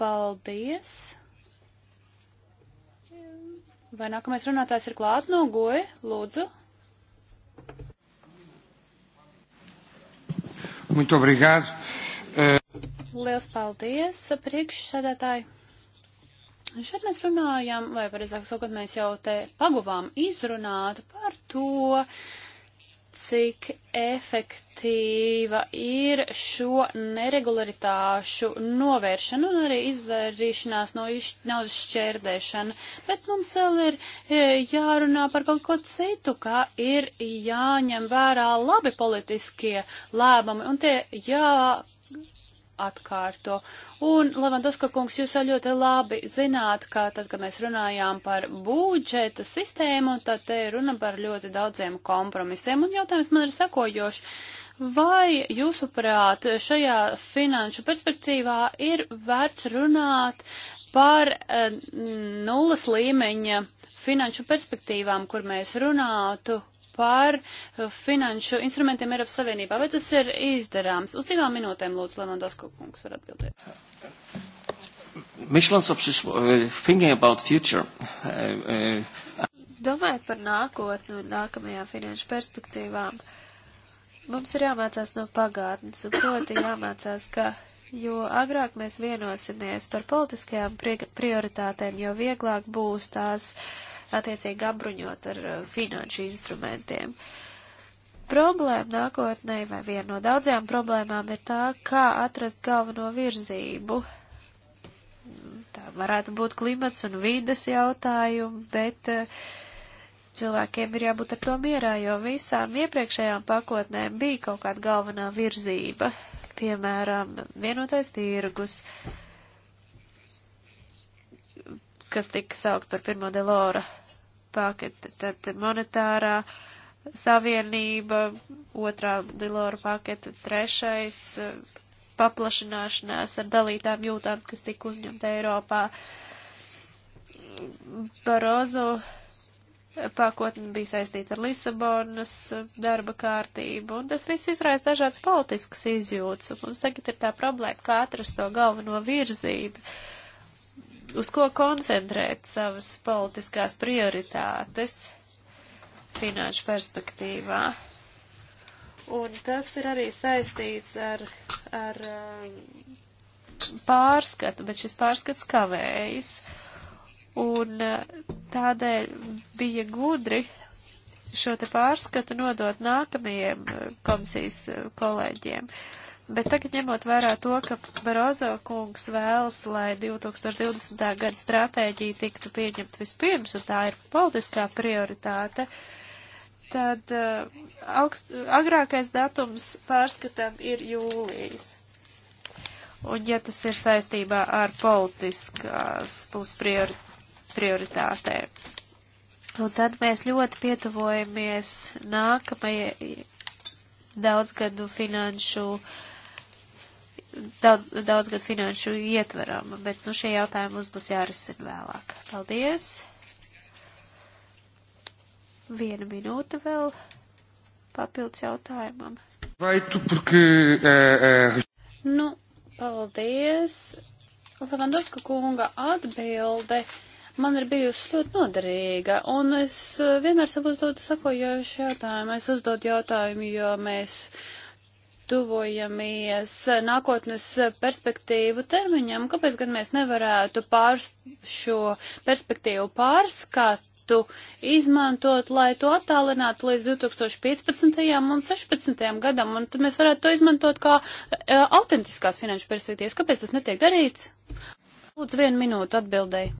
Paldies! Vai nākamais runātājs ir klāt no goja? Lūdzu. Muito obrigado. Liels paldies, priekšsēdētāji. Šeit mēs runājam, vai pareizāk sakot, mēs jau te paguvām izrunāt par to, uh, cik efektīva ir šo neregularitāšu novēršana un arī izvairīšanās no naudas šķērdēšana. Bet mums vēl ir e, jārunā par kaut ko citu, kā ir jāņem vērā labi politiskie lēmumi un tie jā atkārto. Un, Levandoska kungs, jūs jau ļoti labi zināt, ka tad, kad mēs runājām par budžeta sistēmu, tad te runa par ļoti daudziem kompromisiem. Un jautājums man ir sekojošs. Vai jūsuprāt šajā finanšu perspektīvā ir vērts runāt par eh, nulles līmeņa finanšu perspektīvām, kur mēs runātu par eh, finanšu instrumentiem Eiropas Savienībā. Vai tas ir izdarāms? Uz divām minūtēm lūdzu, Levandovska kungs var atbildēt. Mišlans op šis eh, thinking about future. Uh, eh, uh, Domājot par nākotnu un nākamajām finanšu perspektīvām, mums ir jāmācās no pagātnes, un proti jāmācās, ka jo agrāk mēs vienosimies par politiskajām pri prioritātēm, jo vieglāk būs tās uh, attiecīgi apbruņot ar eh, finanšu instrumentiem. Problēma nākotnē, vai viena no daudzajām problēmām, ir tā, kā atrast galveno virzību. Tā varētu būt klimats un vides jautājumi, bet uh, cilvēkiem ir jābūt ar to mierā, jo visām iepriekšējām pakotnēm bija kaut kāda galvenā virzība, piemēram, vienotais tirgus, kas tika saukt par pirmo Delora pakete, tad monetārā savienība, otrā Dilora pakete, trešais eh, paplašināšanās ar dalītām jūtām, kas tika uzņemta Eiropā. Barozo eh, pakotne bija saistīta ar Lisabonas eh, darba kārtību, un tas viss izraisa dažādas politiskas izjūtas, un mums tagad ir tā problēma, kā atrast to galveno virzību. Uh, uz ko koncentrēt savas politiskās prioritātes finanšu perspektīvā. Un tas ir arī saistīts ar, ar um, pārskatu, bet šis pārskats kavējas. Un uh, tādēļ bija gudri šo te pārskatu nodot nākamajiem uh, komisijas uh, kolēģiem. Uh, Bet tagad ņemot vērā to, ka Barozo kungs vēlas, lai 2020. gada stratēģija tiktu pieņemta vispirms, un tā ir politiskā prioritāte, tad uh, augst, agrākais datums pārskatām ir jūlijas. Un ja tas ir saistībā ar politiskās puses priori, prioritātēm. Un tad mēs ļoti pietuvojamies nākamajai daudzgadu finanšu uh, daudz, daudz gadu finanšu ietveram, bet nu, šie jautājumi mums būs jārisina vēlāk. Paldies! Viena minūte vēl papildus jautājumam. Vai tu, porque, uh, uh... Nu, paldies. Lavandovska kunga atbilde man ir bijusi ļoti noderīga, un es eh, vienmēr savus dodu sakojošu jautājumu. Es uzdodu jautājumu, jo mēs tuvojamies nākotnes perspektīvu termiņam, kāpēc gan mēs nevarētu pārs, šo perspektīvu pārskatu izmantot, lai to attālinātu līdz 2015. un 16. gadam, un tad mēs varētu to izmantot kā e, autentiskās finanšu perspektīvas. Kāpēc tas netiek darīts? Lūdzu, vienu minūtu atbildēji.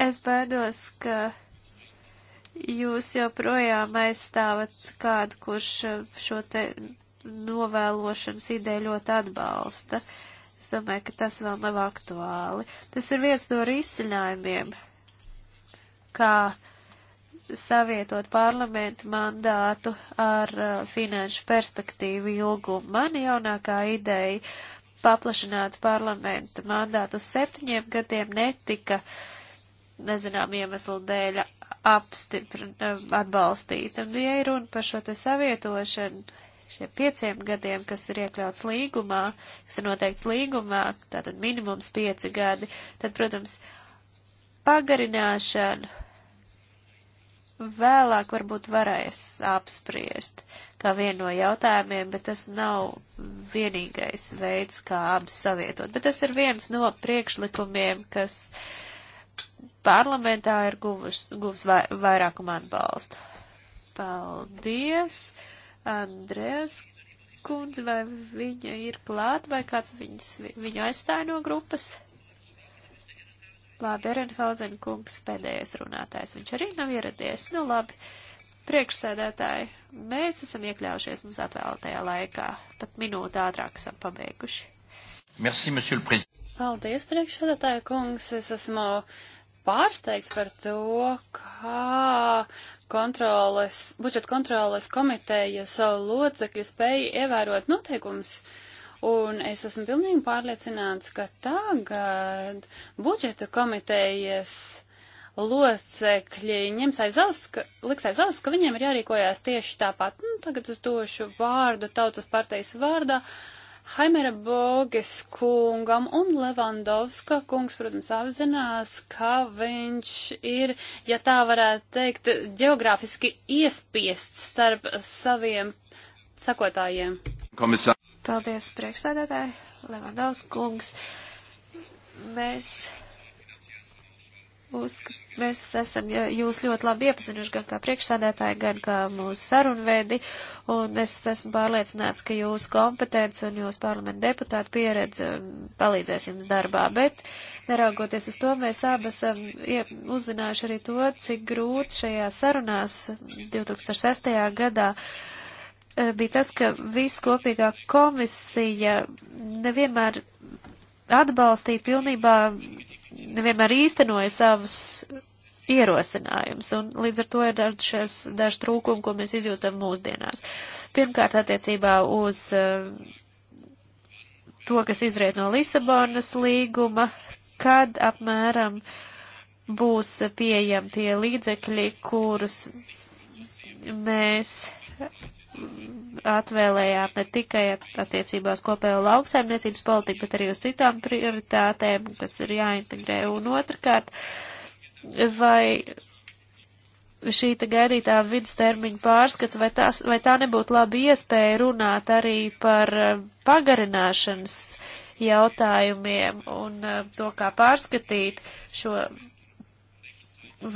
Es baidos, ka jūs joprojām aizstāvat kādu, kurš eh, šo te novēlošanas ideju ļoti atbalsta. Es domāju, ka tas vēl nav aktuāli. Tas ir viens no risinājumiem, kā savietot parlamentu mandātu ar uh, finanšu perspektīvu ilgumu. Man jaunākā ideja paplašināt parlamenta mandātu uz septiņiem gadiem netika, nezinām, iemeslu dēļ apstiprin, atbalstīta. Un, ja ir runa par šo te savietošanu, šiem pieciem gadiem, kas ir iekļauts līgumā, kas ir noteikts līgumā, tātad minimums pieci gadi, tad, protams, pagarināšanu vēlāk varbūt varēs apspriest kā vienu no jautājumiem, bet tas nav vienīgais veids, kā abus savietot. Bet tas ir viens no priekšlikumiem, kas parlamentā ir guvis, guvis vai, vairākumu atbalstu. Paldies, Andrēs kundze, vai viņa ir klāt, vai kāds viņas, viņu aizstāja no grupas? Labi, Erenhausen kungs pēdējais runātājs, viņš arī nav ieradies. Nu labi, priekšsēdētāji, mēs esam iekļaujušies mums atvēlētajā laikā, pat minūti ātrāk esam pabeiguši. Merci, Paldies, priekšsēdētāja kungs, es esmu. Uh, pārsteigts par to, kā kontroles, budžeta kontroles komitejas locekļi spēja ievērot noteikumus. Un es esmu pilnīgi pārliecināts, ka tagad budžeta komitejas locekļi ņems aiz auss, ka, liks aiz auss, ka viņiem ir jārīkojās tieši tāpat. Nu, tagad es došu vārdu tautas partijas vārdā. Uh, Haimera Boges kungam un Levandovska kungs, protams, apzinās, ka viņš ir, ja tā varētu teikt, geogrāfiski iespiests starp saviem sakotājiem. Komisār. Paldies, priekšsēdētāji, Levandovska kungs. Mēs Uzsk mēs esam jūs ļoti labi iepazinuši gan kā priekšsādētāji, gan kā mūsu sarunvedi, un es esmu pārliecināts, ka jūsu kompetence un jūsu parlamenta deputāta pieredze um, palīdzēs jums darbā, bet neraugoties uz to, mēs abi esam um, uzzinājuši arī to, cik grūti šajā sarunās 2006. gadā uh, bija tas, ka viss kopīgā komisija nevienmēr atbalstīja pilnībā nevienmēr īstenoja savas ierosinājums, un līdz ar to ir dažas, daži trūkumi, ko mēs izjūtam mūsdienās. Pirmkārt, attiecībā uz eh, to, kas izriet no Lisabonas līguma, kad apmēram būs pieejami tie līdzekļi, kurus mēs atvēlējām ne tikai attiecībās kopējo lauksaimniecības politiku, bet arī uz citām prioritātēm, kas ir jāintegrē. Un otrkārt, vai šī te gaidītā vidustermiņa pārskats, vai, tās, vai tā nebūtu laba iespēja runāt arī par eh, pagarināšanas jautājumiem un eh, to, kā pārskatīt šo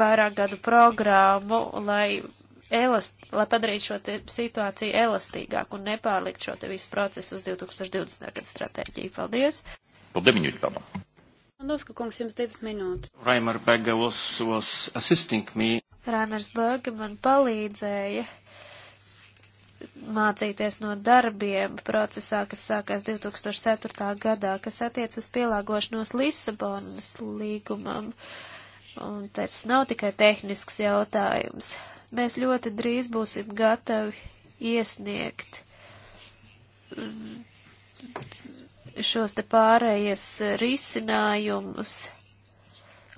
vairāk gadu programmu, lai elast, lai padarītu šo situāciju elastīgāku un nepārlikt šo te visu procesu uz 2020. gadu stratēģiju. Paldies! Paldies, pamā! Lūdzu, kungs, jums divas minūtes. Raimers Bega was, was assisting me. Raimers Bega man palīdzēja mācīties no darbiem procesā, kas sākās 2004. gadā, kas attiec uz pielāgošanos Lisabonas līgumam. Un tas nav tikai tehnisks jautājums mēs ļoti drīz būsim gatavi iesniegt mm, šos te pārējais eh, risinājumus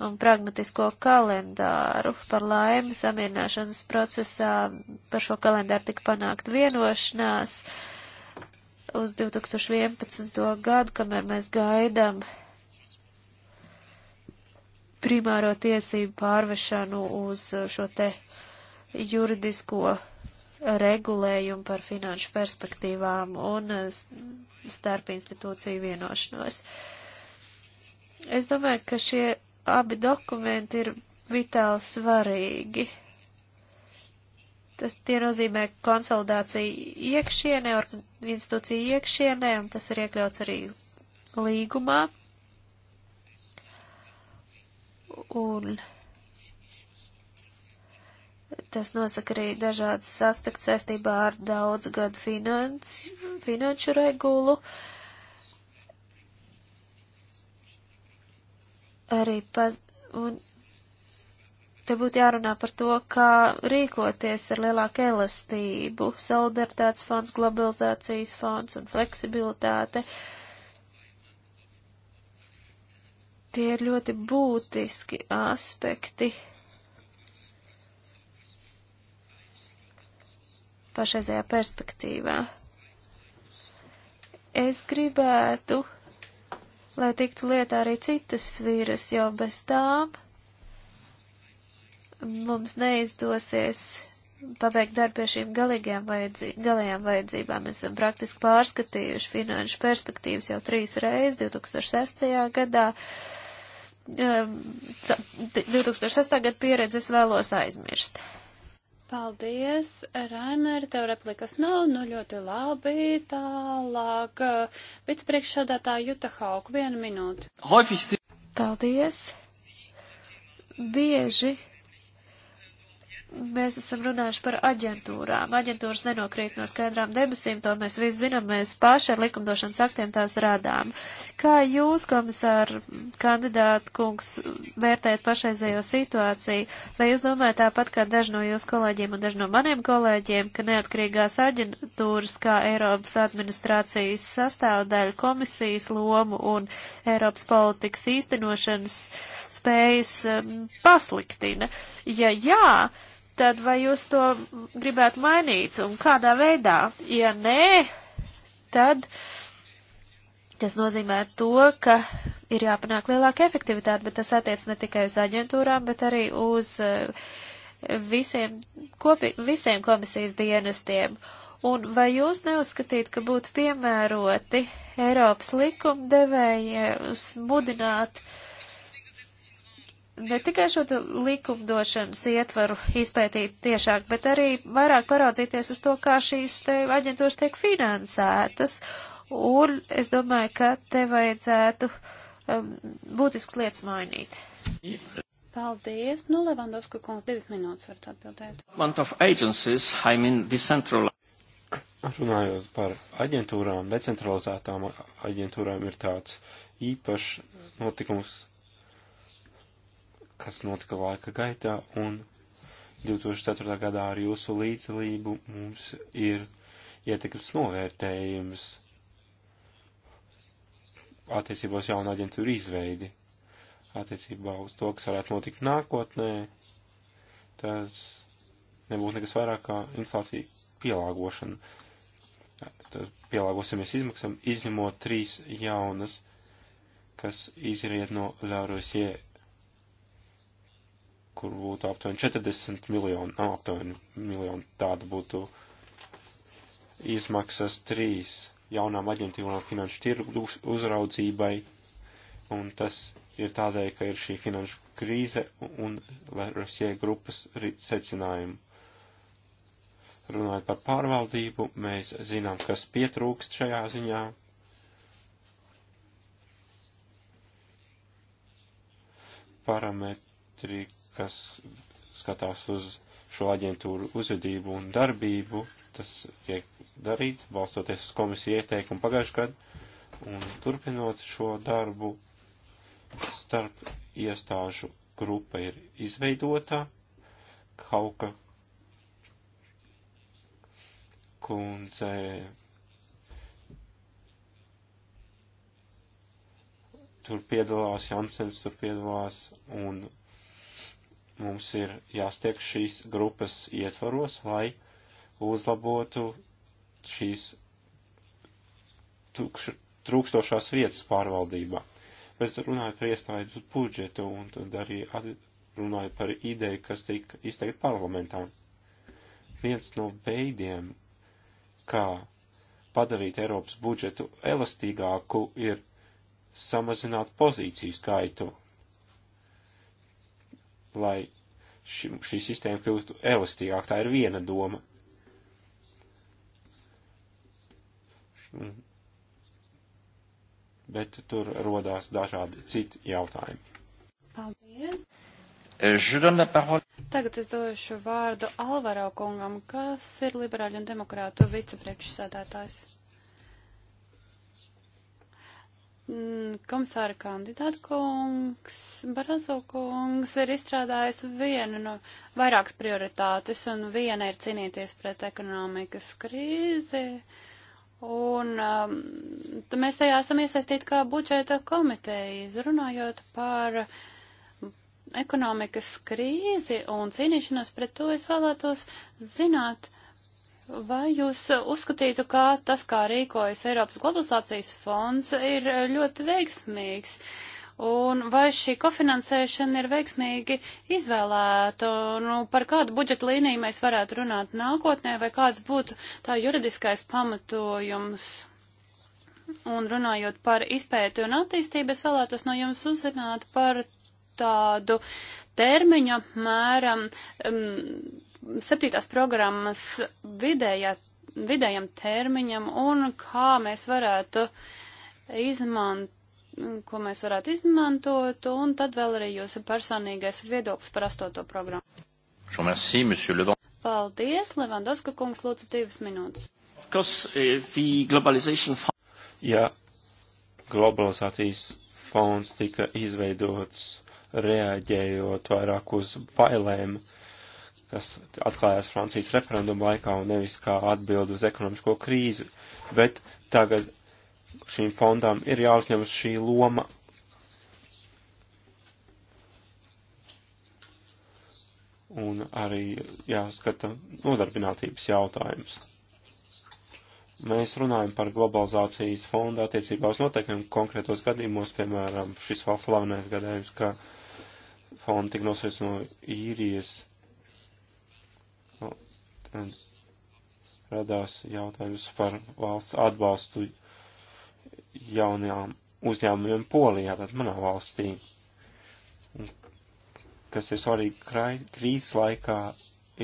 un pragmatisko kalendāru. Par laimi samierināšanas procesā par šo kalendāru tika panākt vienošanās uz 2011. gadu, kamēr mēs gaidām primāro tiesību pārvešanu uz eh, šo te juridisko regulējumu par finanšu perspektīvām un eh, starp institūciju vienošanos. Es domāju, ka šie abi dokumenti ir vitāli svarīgi. Tas tie nozīmē konsolidāciju iekšienē, institūciju iekšienē, un tas ir iekļauts arī līgumā. Un Tas nosaka arī dažādas aspekts saistībā ar daudz gadu financi, finanšu regulu. Arī paz, un te būtu jārunā par to, kā rīkoties ar lielāku elastību, solidaritātes fonds, globalizācijas fonds un fleksibilitāte. Tie ir ļoti būtiski aspekti, pašreizējā perspektīvā. Es gribētu, lai tiktu lietā arī citas vīras, jo bez tām mums neizdosies pabeigt darbu pie šīm galīgajām vajadzī galējām vajadzībām. Mēs esam praktiski pārskatījuši finanšu perspektīvas jau trīs reizes 2006. gadā. 2006. Um, gada pieredzes vēlos aizmirst. Paldies, Raimēri, tev replikas nav, nu ļoti labi, tālāk. Vicepriekšsādātā Juta Hauk, viena minūte. Paldies. Bieži mēs esam runājuši par aģentūrām. Aģentūras nenokrīt no skaidrām debesīm, to mēs visi zinām, mēs paši ar likumdošanas aktiem tās rādām. Kā jūs, komisāra kandidāta kungs, vērtējat pašreizējo situāciju? Vai jūs domājat tāpat kā daži no jūsu kolēģiem un daži no maniem kolēģiem, ka neatkarīgās aģentūras kā Eiropas administrācijas sastāvdaļa, komisijas lomu un Eiropas politikas īstenošanas spējas um, pasliktina? Ja jā, tad vai jūs to gribētu mainīt un kādā veidā? Ja nē, tad tas nozīmē to, ka ir jāpanāk lielāka efektivitāte, bet tas attiec ne tikai uz aģentūrām, bet arī uz eh, visiem, kopi, visiem komisijas dienestiem. Un vai jūs neuzskatīt, ka būtu piemēroti Eiropas likumdevējus mudināt uh, ne tikai šo likumdošanas ietvaru izpētīt tiešāk, bet arī vairāk paraudzīties uz to, kā šīs te aģentūras tiek finansētas. Un es domāju, ka te vajadzētu um, būtisks lietas mainīt. Paldies. Nu, Levandovska kungs, divas minūtes varat atbildēt. One of agencies, I mean decentralized. Runājot par aģentūrām, decentralizētām aģentūrām ir tāds īpašs notikums kas notika laika gaitā, un 2004. gadā ar jūsu līdzdalību mums ir ietekmes novērtējums attiecībā uz jaunu aģentūru izveidi, attiecībā uz to, kas varētu notikt nākotnē, tas nebūtu nekas vairāk kā inflācija pielāgošana. Tas pielāgosimies izmaksām, izņemot trīs jaunas, kas izriet no Lārosie kur būtu aptuveni 40 miljoni, nav aptuveni miljoni, tāda būtu izmaksas trīs jaunām aģentūrām finanšu tirgu uzraudzībai, un tas ir tādēļ, ka ir šī finanšu krīze un Rusija grupas secinājumi. Runājot par pārvaldību, mēs zinām, kas pietrūkst šajā ziņā. Parametri, kas skatās uz šo aģentūru uzvedību un darbību. Tas tiek darīts, balstoties uz komisiju ieteikumu pagājušajā gadā. Un turpinot šo darbu, starp iestāžu grupa ir izveidota. Hauka kundze tur piedalās, Jansens tur piedalās, un Mums ir jāstiek šīs grupas ietvaros, lai uzlabotu šīs tukš, trūkstošās vietas pārvaldībā. Mēs runājam par iestādes budžetu un tad arī runāju par ideju, kas tika izteikta parlamentā. Viens no veidiem, kā padarīt Eiropas budžetu elastīgāku, ir samazināt pozīciju skaitu lai šī, šī sistēma kļūtu elastīgāk. Tā ir viena doma. Bet tur rodās dažādi citi jautājumi. Paldies! Eh, Tagad es došu vārdu Alvaro kungam, kas ir liberāļu un demokrātu vicepriekšsēdētājs. Mm, komisāra kandidāta kungs, Barazo kungs ir izstrādājis vienu no vairākas prioritātes, un viena ir cīnīties pret ekonomikas krīzi, un um, mēs tajā esam iesaistīti kā budžeta komitejas, runājot par ekonomikas krīzi un cīnīšanos pret to, es vēlētos zināt, Vai jūs uzskatītu, ka tas, kā rīkojas Eiropas globalizācijas fonds, ir ļoti veiksmīgs? Un vai šī kofinansēšana ir veiksmīgi izvēlēta? Nu, par kādu budžeta līniju mēs varētu runāt nākotnē, vai kāds būtu tā juridiskais pamatojums? Un runājot par izpēti un attīstību, es vēlētos no jums uzzināt par tādu termiņa mēram. Um, septītās programmas vidējā, vidējam termiņam un kā mēs varētu izmantot ko mēs varētu izmantot, un tad vēl arī jūsu personīgais viedoklis par astoto programmu. Merci, Paldies, Levandoska kungs, lūdzu divas minūtes. Kas eh, globalization fund? Ja globalizācijas fonds tika izveidots reaģējot vairāk uz bailēm, uh, kas atklājās Francijas referendumu laikā un nevis kā atbildi uz ekonomisko krīzi, bet tagad šīm fondām ir jāuzņemas šī loma. Un arī jāskata nodarbinātības jautājums. Mēs runājam par globalizācijas fondu attiecībā uz noteikumiem konkrētos gadījumos, piemēram, šis vēl slavenais gadījums, ka fonda tik nosveic no īrijas Tad radās jautājums par valsts atbalstu jaunajām uzņēmumiem Polijā, tad manā valstī, kas ir svarīgi krīzes laikā,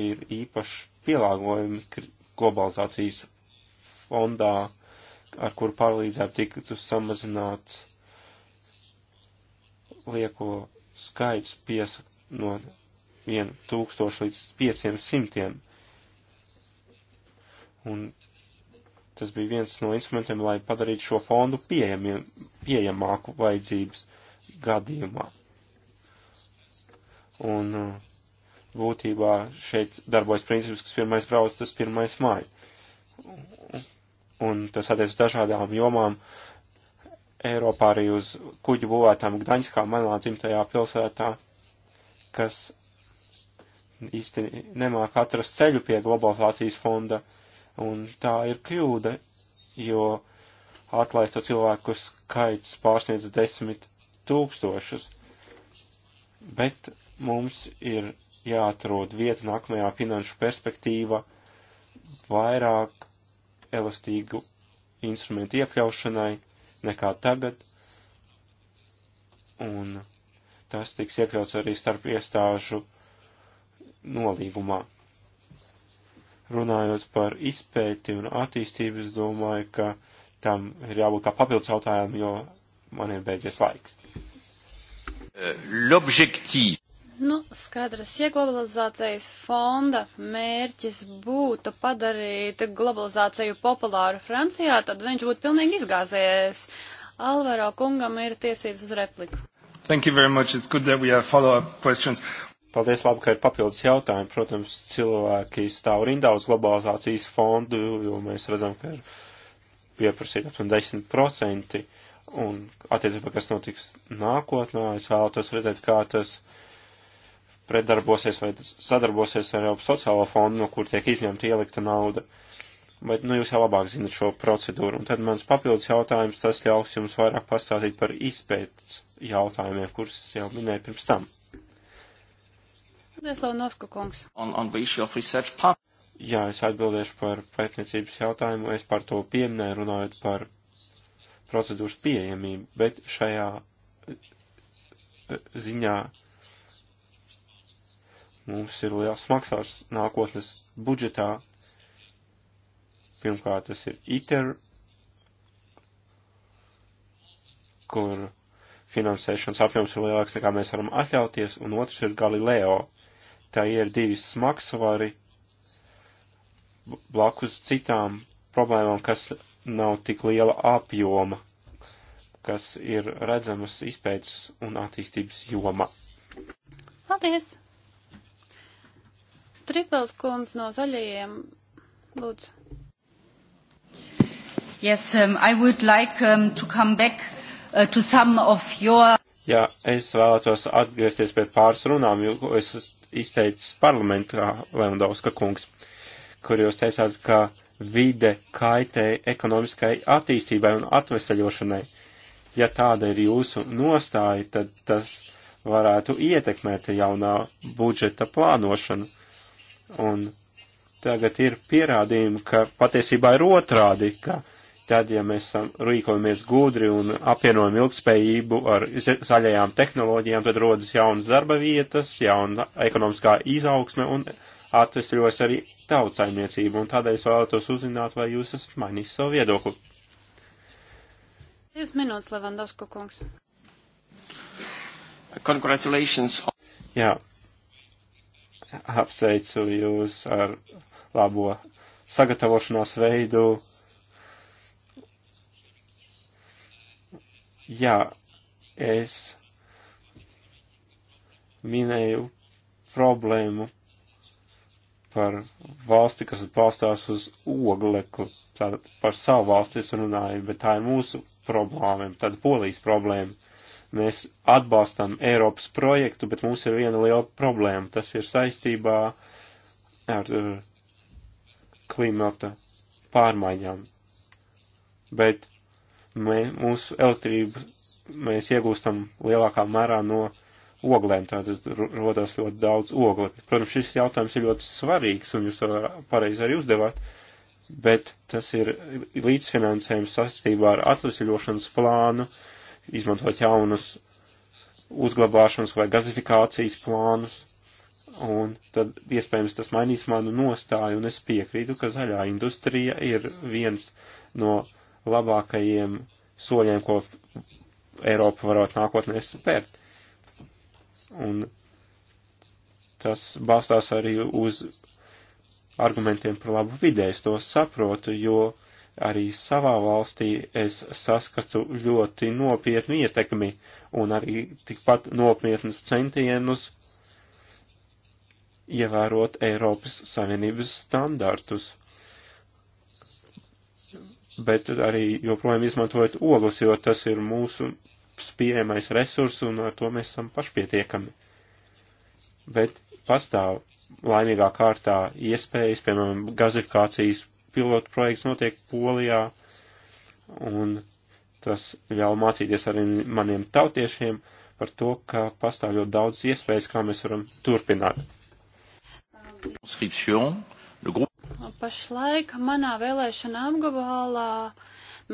ir īpaši pielāgojumi globalizācijas fondā, ar kuru palīdzētu tiktu samazināts lieko skaits piesa no 1000 līdz 500. Un tas bija viens no instrumentiem, lai padarītu šo fondu pieejamie, pieejamāku vajadzības gadījumā. Un uh, būtībā šeit darbojas princips, kas pirmais brauc, tas pirmais māja. Un tas attiecas dažādām jomām Eiropā arī uz kuģu būvētām Gdaņskā, manā dzimtajā pilsētā, kas īsti nemāk atrast ceļu pie globalizācijas fonda uh, Un tā ir kļūda, jo atlaisto cilvēku skaits pārsniedz desmit tūkstošus. Bet mums ir jāatrod vieta nākamajā finanšu perspektīva vairāk elastīgu instrumentu iekļaušanai nekā tagad. Un tas tiks iekļauts arī starp iestāžu nolīgumā. Runājot par izpēti un attīstību, es domāju, ka tam ir jābūt kā papildus jautājumam, jo man ir beidzies laiks. Euh, L'objektīv. Nu, skaidrs, ja globalizācijas fonda mērķis būtu padarīt globalizāciju populāru Francijā, tad viņš būtu pilnīgi izgāzējies. Alvaro kungam ir tiesības uz repliku. Thank you very much. It's good that we have follow-up questions. Paldies, labi, ka ir papildus jautājumi. Protams, cilvēki stāv rindā uz globalizācijas fondu, jo mēs redzam, ka ir pieprasīta apmēram 10%. Un attiecībā, kas notiks nākotnē, es vēlētos redzēt, kā tas pretdarbosies vai sadarbosies ar Eiropas sociālo fondu, no kur tiek izņemta ielikta nauda. Bet, nu, jūs jau labāk zinat šo procedūru. Un tad mans papildus jautājums, tas ļaus jums vairāk pastāstīt par izpētes jautājumiem, kurus jau minēju pirms tam. Paldies, Launoska kungs. On, on Jā, es atbildēšu par pētniecības jautājumu. Es par to pieminēju, runājot par procedūras pieejamību, bet šajā eh, ziņā mums ir liels maksās nākotnes budžetā. Pirmkārt, tas ir ITER, kur finansēšanas apjoms ir lielāks nekā mēs varam atļauties, un otrs ir Galileo, tā ir divi smagsvari blakus citām problēmām, kas nav tik liela apjoma, kas ir redzamas izpētes un attīstības joma. Paldies! Tripels kundz no zaļajiem, lūdzu. Yes, um, I would like um, to come back uh, to some of your. Jā, es vēlētos atgriezties pie pāris runām, jo es izteicis parlamentā Levandovska kungs, kur jūs teicāt, ka vide kaitē ekonomiskai attīstībai un atveseļošanai. Ja tāda ir jūsu nostāja, tad tas varētu ietekmēt jaunā budžeta plānošanu. Un tagad ir pierādījumi, ka patiesībā ir otrādi, ka Tad, ja mēs um, rīkojamies gudri un apvienojam ilgspējību ar zaļajām tehnoloģijām, tad rodas jaunas darba vietas, jauna ekonomiskā izaugsme un atvesļos arī tautsaimniecību, un tādēļ es vēlētos uzzināt, vai jūs esat mainījis savu viedokli. 5 minūtes, Levandovska kungs. Congratulations. Jā, apsveicu jūs ar labo sagatavošanās veidu Jā, es minēju problēmu par valsti, kas balstās uz oglekli. Tātad par savu valsti es runāju, bet tā ir mūsu problēma, tāda polijas problēma. Mēs atbalstam Eiropas projektu, bet mums ir viena liela problēma. Tas ir saistībā ar uh, klimata pārmaiņām. Bet mē, mūsu elektrību mēs iegūstam lielākā mērā no oglēm, tātad rodas ļoti daudz ogli. Protams, šis jautājums ir ļoti svarīgs, un jūs to pareizi arī uzdevāt, bet tas ir līdzfinansējums sastībā ar atvesļošanas plānu, izmantot jaunus uzglabāšanas vai gazifikācijas plānus, un tad iespējams tas mainīs manu nostāju, un es piekrītu, ka zaļā industrija ir viens no labākajiem soļiem, ko Eiropa varētu nākotnē spērt. Un tas balstās arī uz argumentiem par labu vidē, es to saprotu, jo arī savā valstī es saskatu ļoti nopietnu ietekmi un arī tikpat nopietnus centienus ievērot Eiropas Savienības standartus bet arī joprojām izmantojot olas, jo tas ir mūsu pieejamais resurs un ar to mēs esam pašpietiekami. Bet pastāv laimīgā kārtā iespējas, piemēram, gazifikācijas pilotu projekts notiek Polijā, un tas ļauj mācīties arī maniem tautiešiem par to, ka pastāv ļoti daudz iespējas, kā mēs varam turpināt pašlaik manā vēlēšana apgabalā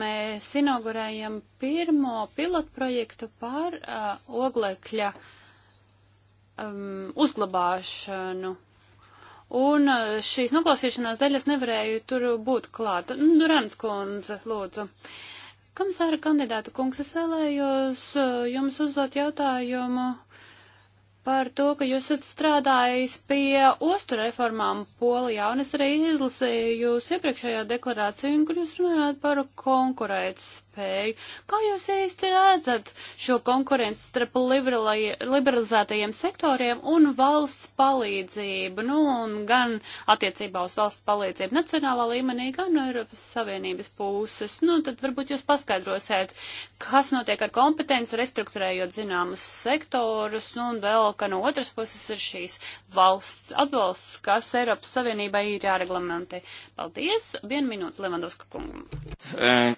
mēs inaugurējam pirmo pilotprojektu par uh, oglekļa um, uzglabāšanu. Un uh, šīs noklausīšanās dēļ es nevarēju tur būt klāt. Durans nu, kundze, lūdzu. Komisāra kandidāta kungs, es vēlējos uh, jums uzdot jautājumu. Uh, par to, ka jūs esat strādājis pie ostu reformām Polijā, un es arī izlasīju jūsu iepriekšējo deklarāciju, un kur jūs runājāt par konkurētas spēju. Kā jūs īsti redzat šo konkurenci starp liberalizētajiem sektoriem un valsts palīdzību? Nu, un gan attiecībā uz valsts palīdzību nacionālā līmenī, gan no Eiropas Savienības puses. Nu, tad varbūt jūs paskaidrosiet, kas notiek ar kompetenci, restruktūrējot zināmus sektorus, nu, un vēl, ka no otras puses ir šīs valsts atbalsts, kas Eiropas Savienībai ir jāreglamentē. Paldies! Vienu minūti Levandovska kungam. Eh.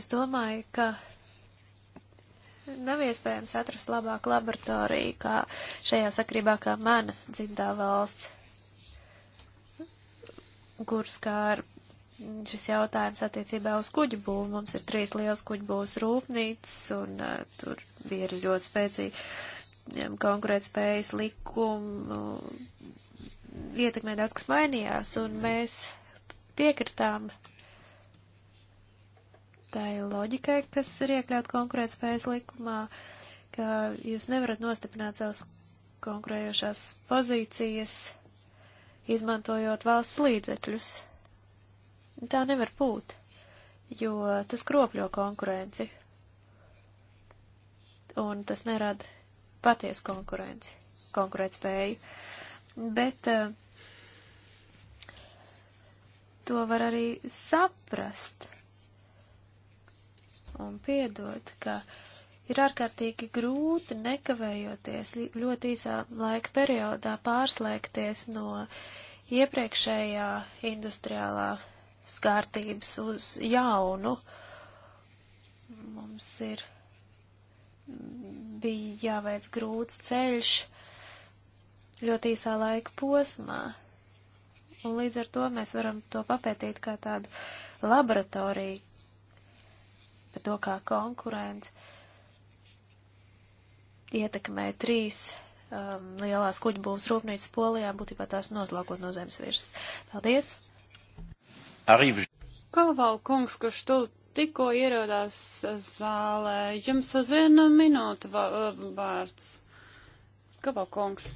Es domāju, ka nav iespējams atrast labāku laboratoriju, kā šajā sakrībā, kā mana dzimtā valsts, kuras kā ar šis jautājums attiecībā uz kuģu būvu. Mums ir trīs liels kuģu būvs rūpnīcas, un uh, tur bija arī ļoti spēcīgi konkurētspējas likumu. Ietekmē daudz, kas mainījās, un mēs piekritām tai loģikai, kas ir iekļaut konkurētspējas likumā, ka jūs nevarat nostiprināt savas konkurējošās pozīcijas, izmantojot valsts līdzekļus. Tā nevar būt, jo tas kropļo konkurenci, un tas nerada patiesu konkurenci, konkurētspēju. Bet uh, to var arī saprast un piedod, ka ir ārkārtīgi grūti nekavējoties ļoti īsā laika periodā pārslēgties no iepriekšējā industriālā skārtības uz jaunu. Mums ir bija jāveic grūts ceļš ļoti īsā laika posmā. Un līdz ar to mēs varam to papētīt kā tādu laboratoriju, par to, kā konkurence ietekmē trīs um, lielās kuģu būvs rūpnīcas polijā, būtībā tās nozlākot no zemes virsmas. Paldies! Arīvi. Kalval kungs, kurš tu tikko ierodās zālē, jums uz vienu minūtu uh, vārds. Kalval kungs.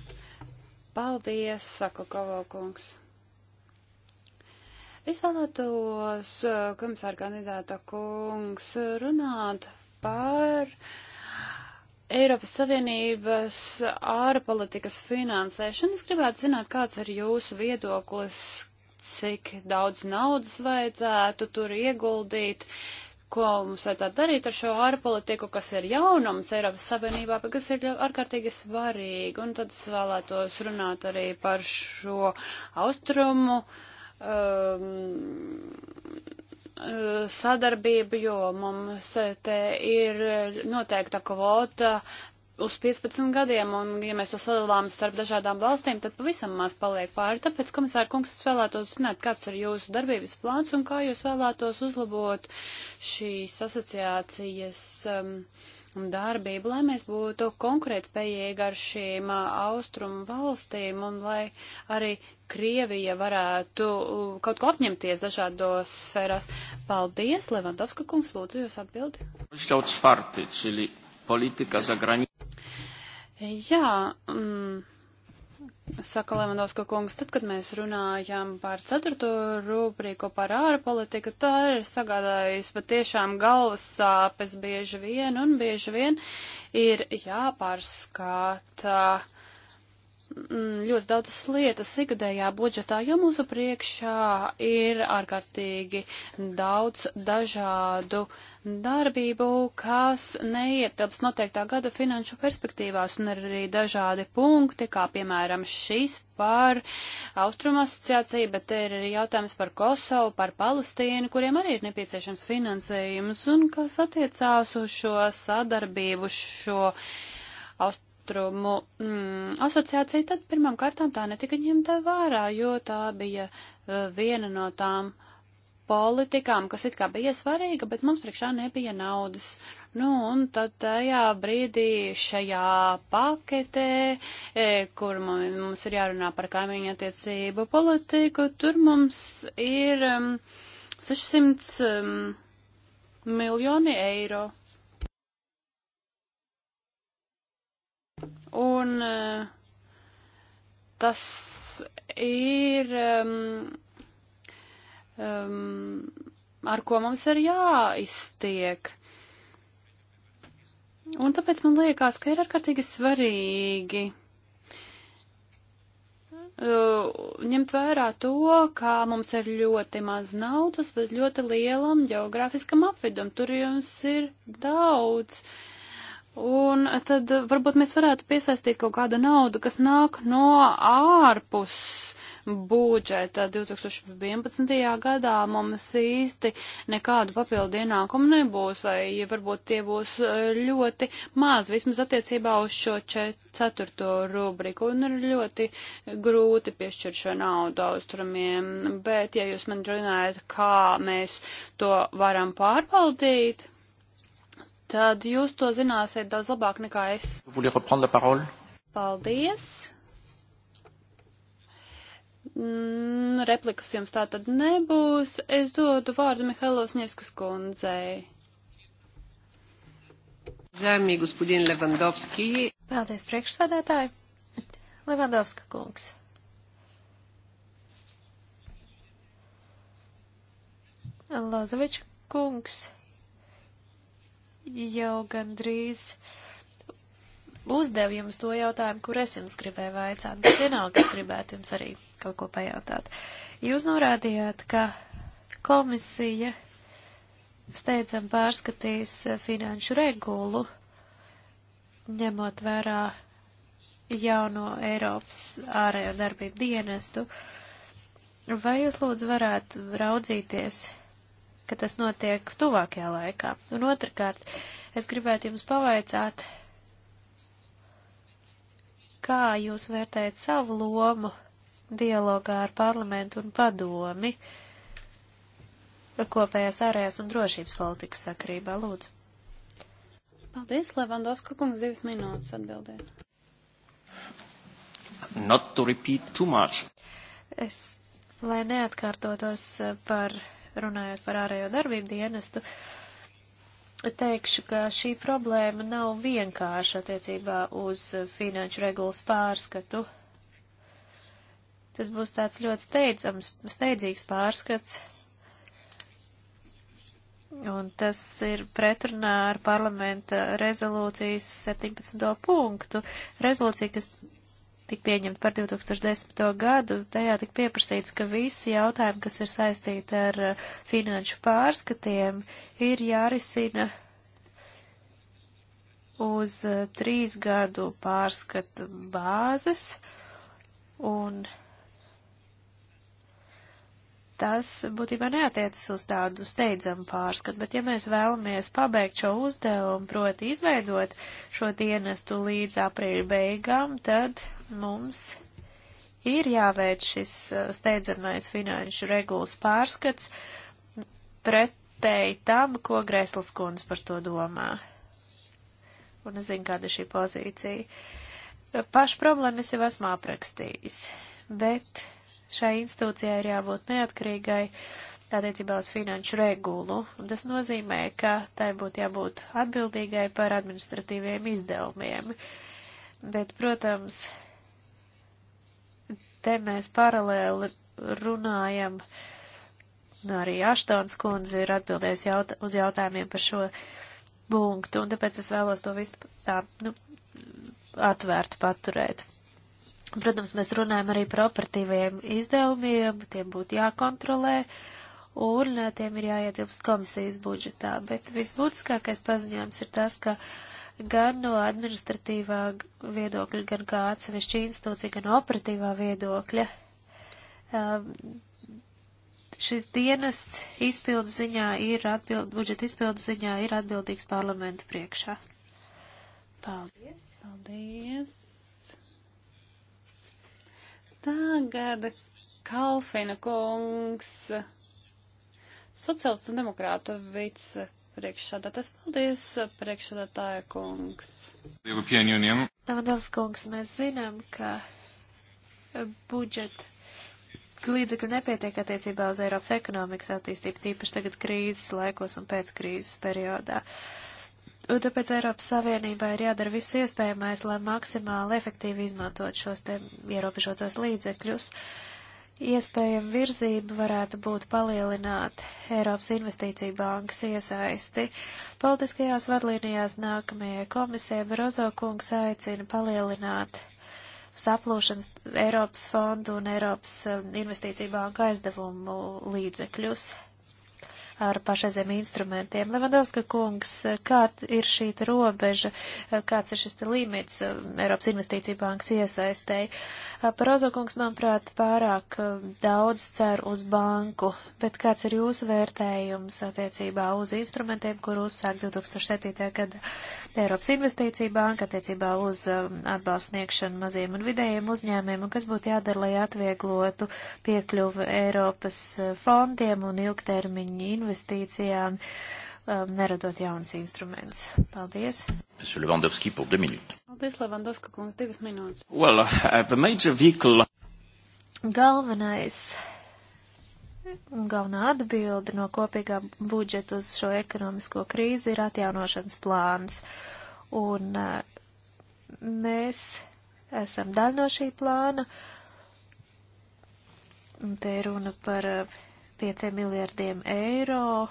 Paldies, saka Kalval kungs. Es vēlētos, eh, komisāra kandidāta kungs, runāt par Eiropas Savienības ārpolitikas finansēšanu. Es gribētu zināt, kāds ir jūsu viedoklis, cik daudz naudas vajadzētu tur ieguldīt, ko mums vajadzētu darīt ar šo ārpolitiku, kas ir jaunums Eiropas Savienībā, bet kas ir ārkārtīgi svarīgi. Un tad es vēlētos runāt arī par šo austrumu um, sadarbību, jo mums te ir noteikta kvota uz 15 gadiem, un ja mēs to sadalām starp dažādām valstīm, tad pavisam maz paliek pāri. Tāpēc, komisāra kungs, es vēlētos zināt, kāds ir jūsu darbības plāns un kā jūs vēlētos uzlabot šīs asociācijas um, un darbību, lai mēs būtu konkurētspējīgi ar šīm austrumu valstīm un lai arī Krievija varētu kaut ko apņemties dažādos sfērās. Paldies, Levandovska kungs, lūdzu jūs atbildi. Jā, mm, Saka Levandovska kungs, tad, kad mēs runājam par ceturto rūprīko par ārpolitiku, tā ir sagādājusi patiešām galvas sāpes bieži vien un bieži vien ir jāpārskata. Uh, Mm, ļoti daudzas lietas ikgadējā budžetā, jo mūsu priekšā ir ārkārtīgi daudz dažādu darbību, kas neietilps noteiktā gada finanšu perspektīvās, un ir arī dažādi punkti, kā piemēram šis par Austrum asociāciju, bet te ir arī jautājums par Kosovu, par Palestīnu, kuriem arī ir nepieciešams finansējums, un kas attiecās uz šo sadarbību, šo. Aust ātrumu mm, asociācija, tad pirmām kārtām tā netika ņemta vērā, jo tā bija uh, viena no tām politikām, kas it kā bija svarīga, bet mums priekšā nebija naudas. Nu, un tad tajā brīdī šajā paketē, e, kur mums ir jārunā par kaimiņu attiecību politiku, tur mums ir um, 600 um, miljoni eiro. Un e, tas ir, um, um, ar ko mums ir jāiztiek. Un tāpēc man liekas, ka ir ārkārtīgi svarīgi uh, ņemt vērā to, ka mums ir ļoti maz naudas, bet ļoti lielam geogrāfiskam apvidam. Tur jums ir daudz uh, Un tad varbūt mēs varētu piesaistīt kaut kādu naudu, kas nāk no ārpus budžeta. 2011. gadā mums īsti nekādu papildu ienākumu nebūs, vai varbūt tie būs e, ļoti maz, vismaz attiecībā uz šo čet, ceturto rubriku, un ir ļoti grūti piešķirt šo naudu austrumiem. Bet, ja jūs man runājat, kā mēs to varam pārvaldīt, tad jūs to zināsiet daudz labāk nekā es. Paldies! Mm, replikas jums tā tad nebūs. Es dodu vārdu Mihailos Ņevskas kundzei. Žēmī, gospodin Levandovski. Paldies, priekšsādātāji. Levandovska kungs. Lozovičs kungs jau gandrīz uzdevu jums to jautājumu, kur es jums gribēju vaicāt, bet vienalga es gribētu jums arī kaut ko pajautāt. Jūs norādījāt, ka komisija steidzam pārskatīs finanšu regulu, ņemot vērā jauno Eiropas ārējo darbību dienestu. Vai jūs lūdzu varētu raudzīties ka tas notiek tuvākajā laikā. Un otrkārt, es gribētu jums pavaicāt, kā jūs vērtējat savu lomu dialogā ar parlamentu un padomi kopējās ārējās un drošības politikas sakrībā. Lūdzu. Paldies, Levandovska kungs, divas minūtes atbildēt. Not to repeat too much. Es, lai neatkārtotos par runājot par ārējo darbību dienestu, teikšu, ka šī problēma nav vienkārša attiecībā uz finanšu regulas pārskatu. Tas būs tāds ļoti steidzams, steidzīgs pārskats, un tas ir pretrunā ar parlamenta rezolūcijas 17. punktu. Rezolūcija, kas tika pieņemta par 2010. gadu, tajā tika pieprasīts, ka visi jautājumi, kas ir saistīti ar uh, finanšu pārskatiem, ir jārisina uz uh, trīs gadu pārskatu bāzes, un tas būtībā neatiecas uz tādu steidzamu pārskatu, bet ja mēs vēlamies pabeigt šo uzdevumu, proti izveidot šo dienestu līdz aprīļa beigām, tad mums ir jāveic šis uh, steidzamais finanšu regulas pārskats pretēji tam, ko Grēslas kundze par to domā. Un es zinu, kāda ir šī pozīcija. Pašu problēmu es jau esmu aprakstījis, bet šai institūcijai ir jābūt neatkarīgai attiecībā uz finanšu regulu, un tas nozīmē, ka tai būtu jābūt atbildīgai par administratīviem izdevumiem. Bet, protams, te mēs paralēli runājam, arī Aštons kundze ir atbildējusi jaut uz jautājumiem par šo punktu, un tāpēc es vēlos to visu tā, nu, atvērtu paturēt. Protams, mēs runājam arī par operatīviem izdevumiem, tiem būtu jākontrolē, un tiem ir jāietilpst komisijas budžetā, bet visbūtiskākais paziņojums ir tas, ka uh, gan no administratīvā viedokļa, gan kā atsevišķa institūcija, gan no operatīvā viedokļa. Um, šis dienests izpildu ziņā ir atbild, budžeta izpildu ziņā ir atbildīgs parlamenta priekšā. Paldies. Paldies. Tagad Kalfina kungs, sociālistu demokrātu vice Priekšsādātājs, paldies, priekšsādātāja kungs. Tavadavs kungs, mēs zinām, ka budžeta līdzekļu nepietiek attiecībā uz Eiropas ekonomikas attīstību, tīpaši tagad krīzes laikos un pēc krīzes periodā. Un tāpēc Eiropas Savienībā ir jādara viss iespējamais, lai maksimāli efektīvi izmantot šos te ierobežotos līdzekļus. Uh, iespējama virzība varētu būt palielināt Eiropas investīciju bankas iesaisti. Politiskajās vadlīnijās nākamajai komisijai Barozo kungs aicina palielināt saplūšanas Eiropas fondu un Eiropas um, investīciju banku aizdevumu līdzekļus ar pašreiziem instrumentiem. Levandovska kungs, kā ir šī robeža, kāds ir šis līmenis uh, Eiropas investīcija bankas iesaistēji? Parozo uh, kungs, manuprāt, pārāk uh, daudz cer uz banku, bet kāds ir jūsu vērtējums attiecībā uz instrumentiem, kur uzsāk 2007. gada Eiropas investīcija banka attiecībā uz um, atbalstniekšanu maziem un vidējiem uzņēmiem un kas būtu jādara, lai atvieglotu piekļuvu Eiropas fondiem un ilgtermiņu investīciju? investīcijām, um, neradot jaunas instruments. Paldies. Monsieur Lewandowski, pour deux minutes. Paldies, Lewandowska kungs, divas minūtes. Well, uh, the major vehicle... Galvenais Galvenā atbilde no kopīgā budžeta uz šo ekonomisko krīzi ir atjaunošanas plāns. Un uh, mēs esam daļa no šī plāna. Un te ir runa par uh, 5 miljardiem eiro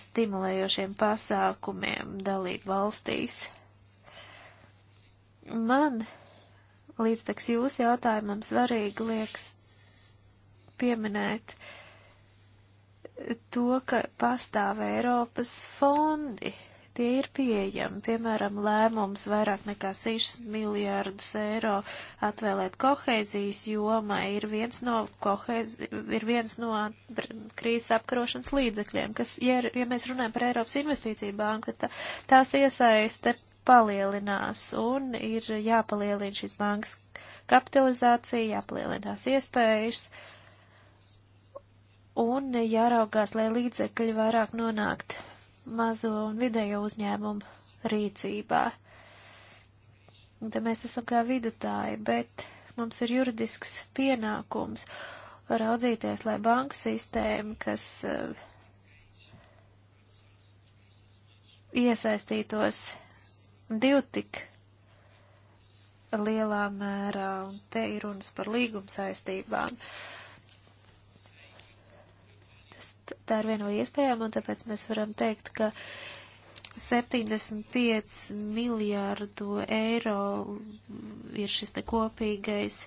stimulējošiem pasākumiem dalību valstīs. Man līdzteks jūsu jautājumam svarīgi liekas pieminēt to, ka pastāv Eiropas fondi Tie ir pieejami, piemēram, lēmums vairāk nekā 6 miljārdus eiro atvēlēt koheizijas jomai ir viens no, kohēzi, ir viens no krīzes apkarošanas līdzekļiem, kas, ja, ja mēs runājam par Eiropas investīciju banku, tad tā, tās iesaiste palielinās un ir jāpalielina šīs bankas kapitalizācija, jāpalielinās iespējas un jāraugās, lai līdzekļi vairāk nonākt mazo un vidējo uzņēmumu rīcībā. Un te mēs esam kā vidutāji, bet mums ir juridisks pienākums raudzīties, lai banku sistēma, kas eh, iesaistītos divu tik lielā mērā, un te ir runas par līguma saistībām. Uh, bet tā ir viena no iespējām, un tāpēc mēs varam teikt, ka 75 miljārdu eiro ir šis te kopīgais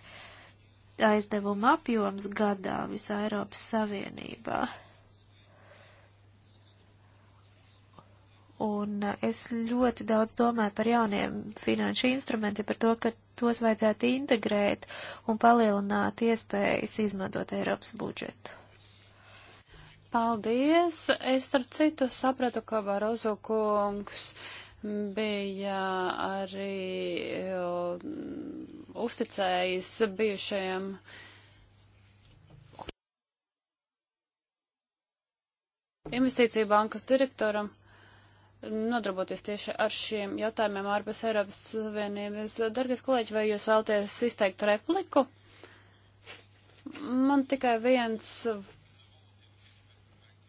aizdevuma apjoms gadā visā Eiropas Savienībā. Un es ļoti daudz domāju par jauniem finanšu instrumentiem, par to, ka tos vajadzētu integrēt un palielināt iespējas izmantot Eiropas budžetu. Paldies! Es ar citu sapratu, ka Barozo kungs bija arī um, uzticējis bijušajam. Investīciju bankas direktoram nodarboties tieši ar šiem jautājumiem ārpus Eiropas Savienības. Dargais kolēģi, vai jūs vēlties izteikt repliku? Man tikai viens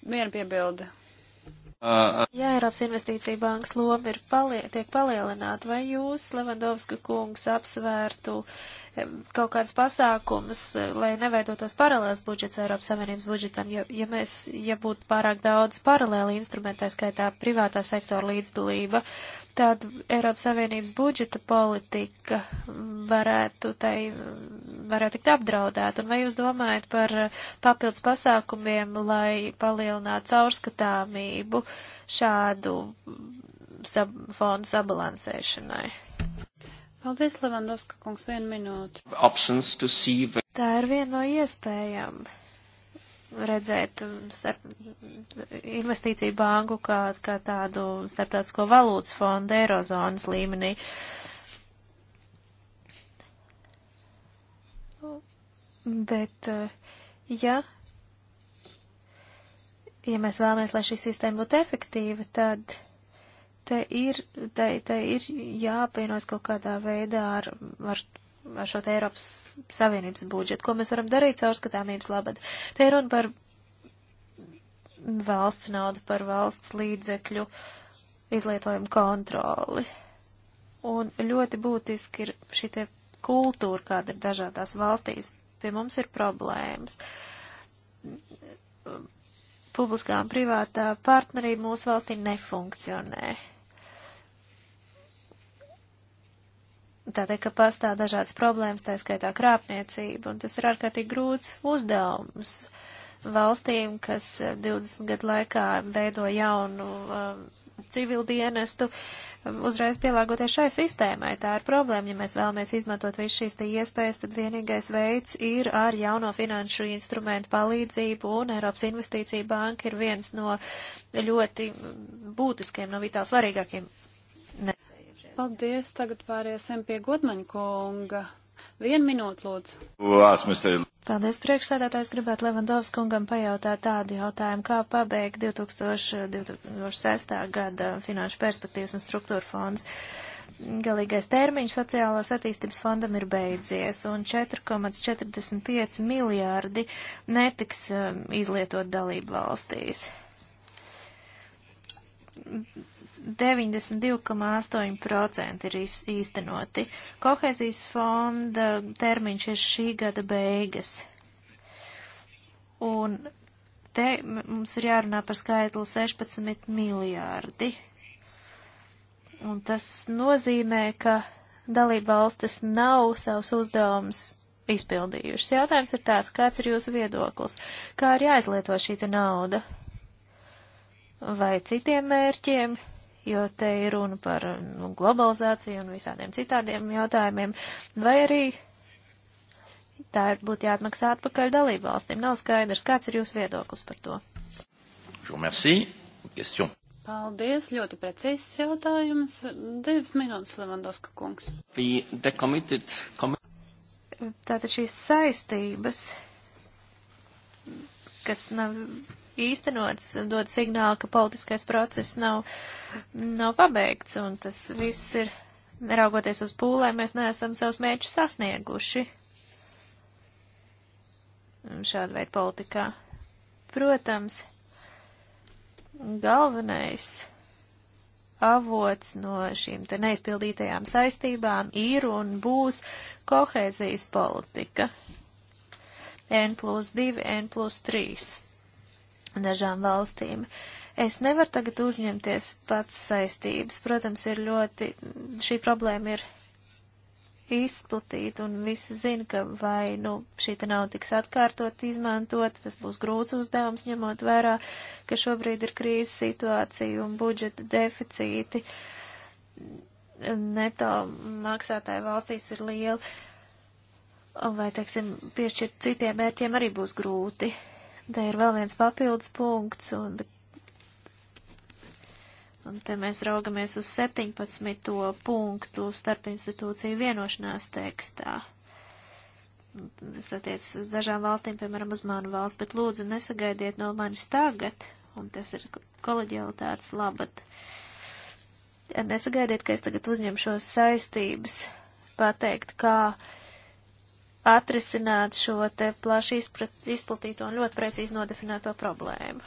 Viena piebilda. Uh, uh. Ja Eiropas investīcija bankas loma ir palie, tiek palielināta, vai jūs, Levandovska kungs, apsvērtu uh, kaut kāds pasākums, lai neveidotos paralēls budžets Eiropas Savienības budžetam, ja, ja mēs, ja būtu pārāk daudz paralēli instrumenti, tā skaitā privātā sektora līdzdalība, tad Eiropas Savienības budžeta politika varētu, tai, varētu tikt apdraudēta. Un vai jūs domājat par papildus pasākumiem, lai palielinātu caurskatāmību šādu sab fondu sabalansēšanai? Paldies, Levandovska kungs, vienu minūtu. See... Tā ir viena no iespējām redzēt um, starp investīciju banku kā, kā tādu starptautisko valūtas fondu Eirozonas līmenī. Bet, uh, ja, ja mēs vēlamies, lai šī sistēma būtu efektīva, tad Te ir, te, te ir jāapvienos kaut kādā veidā ar, ar, ar šo te Eiropas Savienības budžetu, ko mēs varam darīt caurskatāmības labad. Te ir runa par valsts naudu, par valsts līdzekļu izlietojumu kontroli. Un ļoti būtiski ir šī te kultūra, kāda ir dažādās valstīs. Pie mums ir problēmas. Publiskā un privātā partnerība mūsu valstī nefunkcionē. Tātad, ka pastāv dažādas problēmas, tā skaitā krāpniecība, un tas ir ārkārtīgi grūts uzdevums valstīm, kas 20 eh, gadu laikā veido jaunu um, civilu dienestu, um, uzreiz pielāgoties šai sistēmai. Tā ir problēma, ja mēs vēlamies izmantot visu šīs te iespējas, tad vienīgais veids ir ar jauno finanšu instrumentu palīdzību, un Eiropas investīcija banka ir viens no ļoti būtiskiem, no vitāli svarīgākiem Paldies, tagad pāriesim pie Godmaņa kunga. Vienu minūtu, lūdzu. Lāsmistēļ. Paldies, priekšsēdētājs. Gribētu Levandovs kungam pajautāt tādu jautājumu, kā pabeigt 2000, 2006. gada finanšu perspektīvas un struktūra fonds. Galīgais termiņš sociālās attīstības fondam ir beidzies, un 4,45 miljārdi netiks um, izlietot dalību valstīs 92,8% ir īstenoti. Kohezijas fonda termiņš ir šī gada beigas. Un te mums ir jārunā par skaitli 16 miljārdi. Un tas nozīmē, ka dalība valstis nav savus uzdevumus izpildījušas. Jautājums ir tāds, kāds ir jūsu viedoklis? Kā ir jāizlieto šī nauda? Vai citiem mērķiem? jo te ir runa par nu, globalizāciju un visādiem citādiem jautājumiem, vai arī tā ir būtu jāatmaksā atpakaļ dalību valstīm. Nav skaidrs, kāds ir jūsu viedoklis par to. Paldies, ļoti precīzs jautājums. Divas minūtes, Levandovska kungs. Tātad šīs saistības, kas nav īstenots, dod signālu, ka politiskais process nav, nav pabeigts, un tas viss ir, neraugoties uz pūlēm, mēs neesam savus mērķus sasnieguši šāda veida politikā. Protams, galvenais avots no šīm te neizpildītajām saistībām ir un būs kohēzijas politika. N plus 2, N plus 3 dažām valstīm. Es nevaru tagad uzņemties pats saistības. Protams, ir ļoti, šī problēma ir izplatīta un visi zina, ka vai, nu, šī te nav tiks atkārtot, izmantot, tas būs grūts uzdevums, ņemot vērā, ka šobrīd ir krīzes situācija un budžeta deficīti. Neto maksātāju valstīs ir liela. Vai, teiksim, piešķirt citiem mērķiem arī būs grūti. Uh, Te ir vēl viens papildus punkts, un, bet Un te mēs raugamies uz 17. punktu starp institūciju vienošanās tekstā. Tas attiecas uz dažām valstīm, piemēram, uz manu valstu, bet lūdzu nesagaidiet no manis tagad, un tas ir koleģialitātes labad. Nesagaidiet, ka es tagad uzņemšos saistības pateikt, kā uh, atrisināt šo te plaši izplatīto un ļoti precīzi nodefinēto problēmu.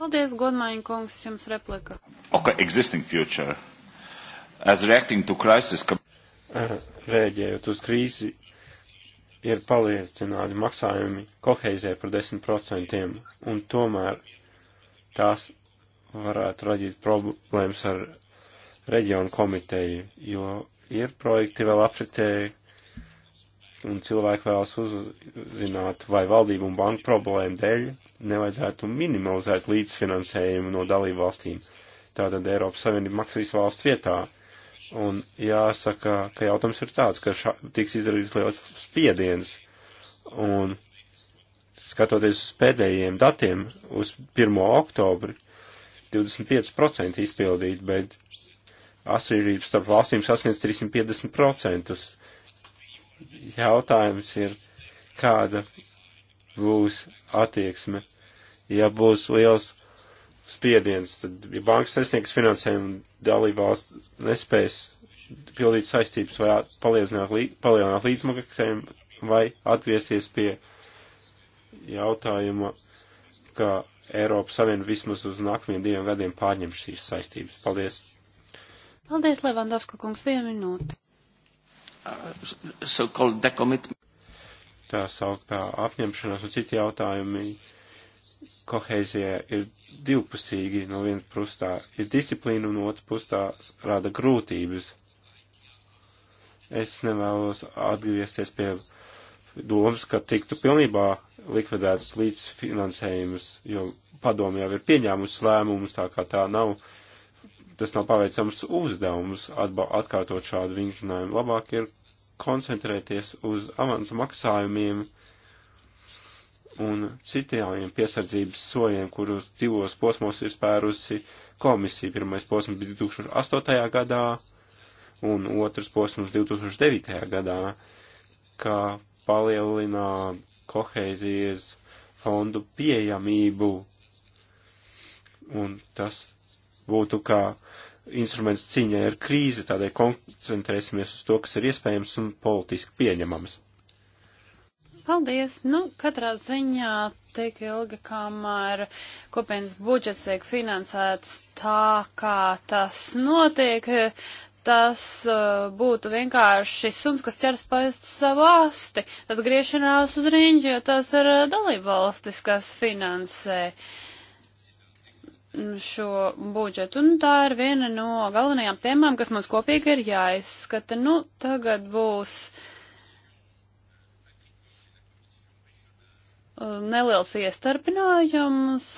Paldies, Godmaiņa kungs, jums replika. Okay, existing future. As reacting to crisis. Ka... Eh, rēģējot uz krīzi, ir palielināti maksājumi koheizē par 10%, un tomēr tās varētu radīt problēmas ar reģionu komiteju, jo ir projekti vēl apritēji un cilvēki vēlas uzzināt, vai valdību un banku problēmu dēļ nevajadzētu minimalizēt līdzfinansējumu no dalību valstīm. Tātad Eiropas Savienība maksīs valsts vietā. Un jāsaka, ka jautājums ir tāds, ka šā, tiks izdarīts liels spiediens. Un skatoties uz pēdējiem datiem, uz 1. oktobri 25% izpildīt, bet atšķirības starp valstīm sasniedz 350% jautājums ir, kāda būs attieksme. Ja būs liels spiediens, tad ja bankas nesniegs finansējumu dalībvalsts nespēs pildīt saistības vai palielināt līdzmaksājumu vai atgriezties pie jautājuma, ka Eiropas Savienība vismaz uz nākamajiem diviem gadiem pārņem šīs saistības. Paldies! Paldies, Levandoska kungs, vienu minūti. Uh, so-called decommitment. Tā sauktā apņemšanās un citi jautājumi kohēzijā ir divpusīgi. No vienas puses tā ir disciplīna, un otrs puses tā rada grūtības. Es nevēlos atgriezties pie domas, ka tiktu pilnībā likvidēts līdzfinansējums, jo padomu jau ir pieņēmusi lēmumus, tā kā tā nav uh, tas nav paveicams uzdevums atkārtot šādu vingrinājumu. Labāk ir koncentrēties uz avansu maksājumiem un citiem piesardzības soļiem, kurus divos posmos ir spērusi komisija. Pirmais posms bija 2008. gadā un otrs posms 2009. gadā, kā palielinā kohēzijas fondu pieejamību. Un tas būtu kā instruments cīņai ar krīzi, tādēļ koncentrēsimies uz to, kas ir iespējams un politiski pieņemams. Paldies! Nu, katrā ziņā tik ilgi, kamēr kopienas budžets tiek finansēts tā, kā tas notiek, tas uh, būtu vienkārši suns, kas ķers paist savu asti, tad griešanās uz riņķi, jo tas ir uh, dalībvalstis, kas finansē. Uh, šo budžetu. Un tā ir viena no galvenajām tēmām, kas mums kopīgi ir jāizskata. Nu, tagad būs uh, neliels iestarpinājums.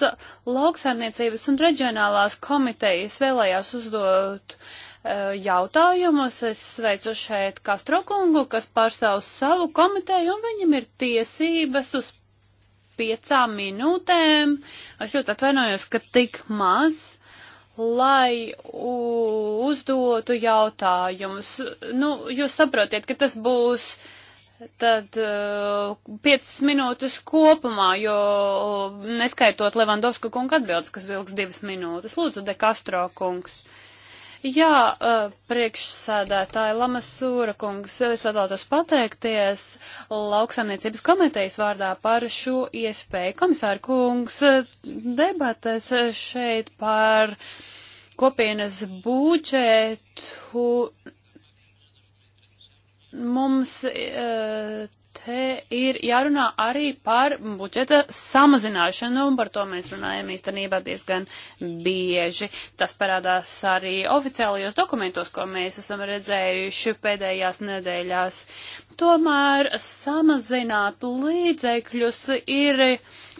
Lauksaimniecības un reģionālās komitejas vēlējās uzdot uh, jautājumus. Es sveicu šeit Kastrokungu, kas pārstāv savu komiteju, un viņam ir tiesības uz piecām minūtēm. Es ļoti atvainojos, ka tik maz, lai uzdotu jautājumus. Nu, jūs saprotiet, ka tas būs tad uh, piecas minūtes kopumā, jo uh, neskaitot Levandovska kunga atbildes, kas vilks divas minūtes. Lūdzu, De Castro kungs. Jā, priekšsēdētāji Lamasūra kungs, es vēlētos pateikties lauksaimniecības komitejas vārdā par šo iespēju. Komisāra kungs, debates šeit par kopienas budžetu mums e, te ir jārunā arī par budžeta samazināšanu, un par to mēs runājam īstenībā diezgan bieži. Tas parādās arī oficiālajos dokumentos, ko mēs esam redzējuši pēdējās nedēļās. Tomēr samazināt līdzekļus ir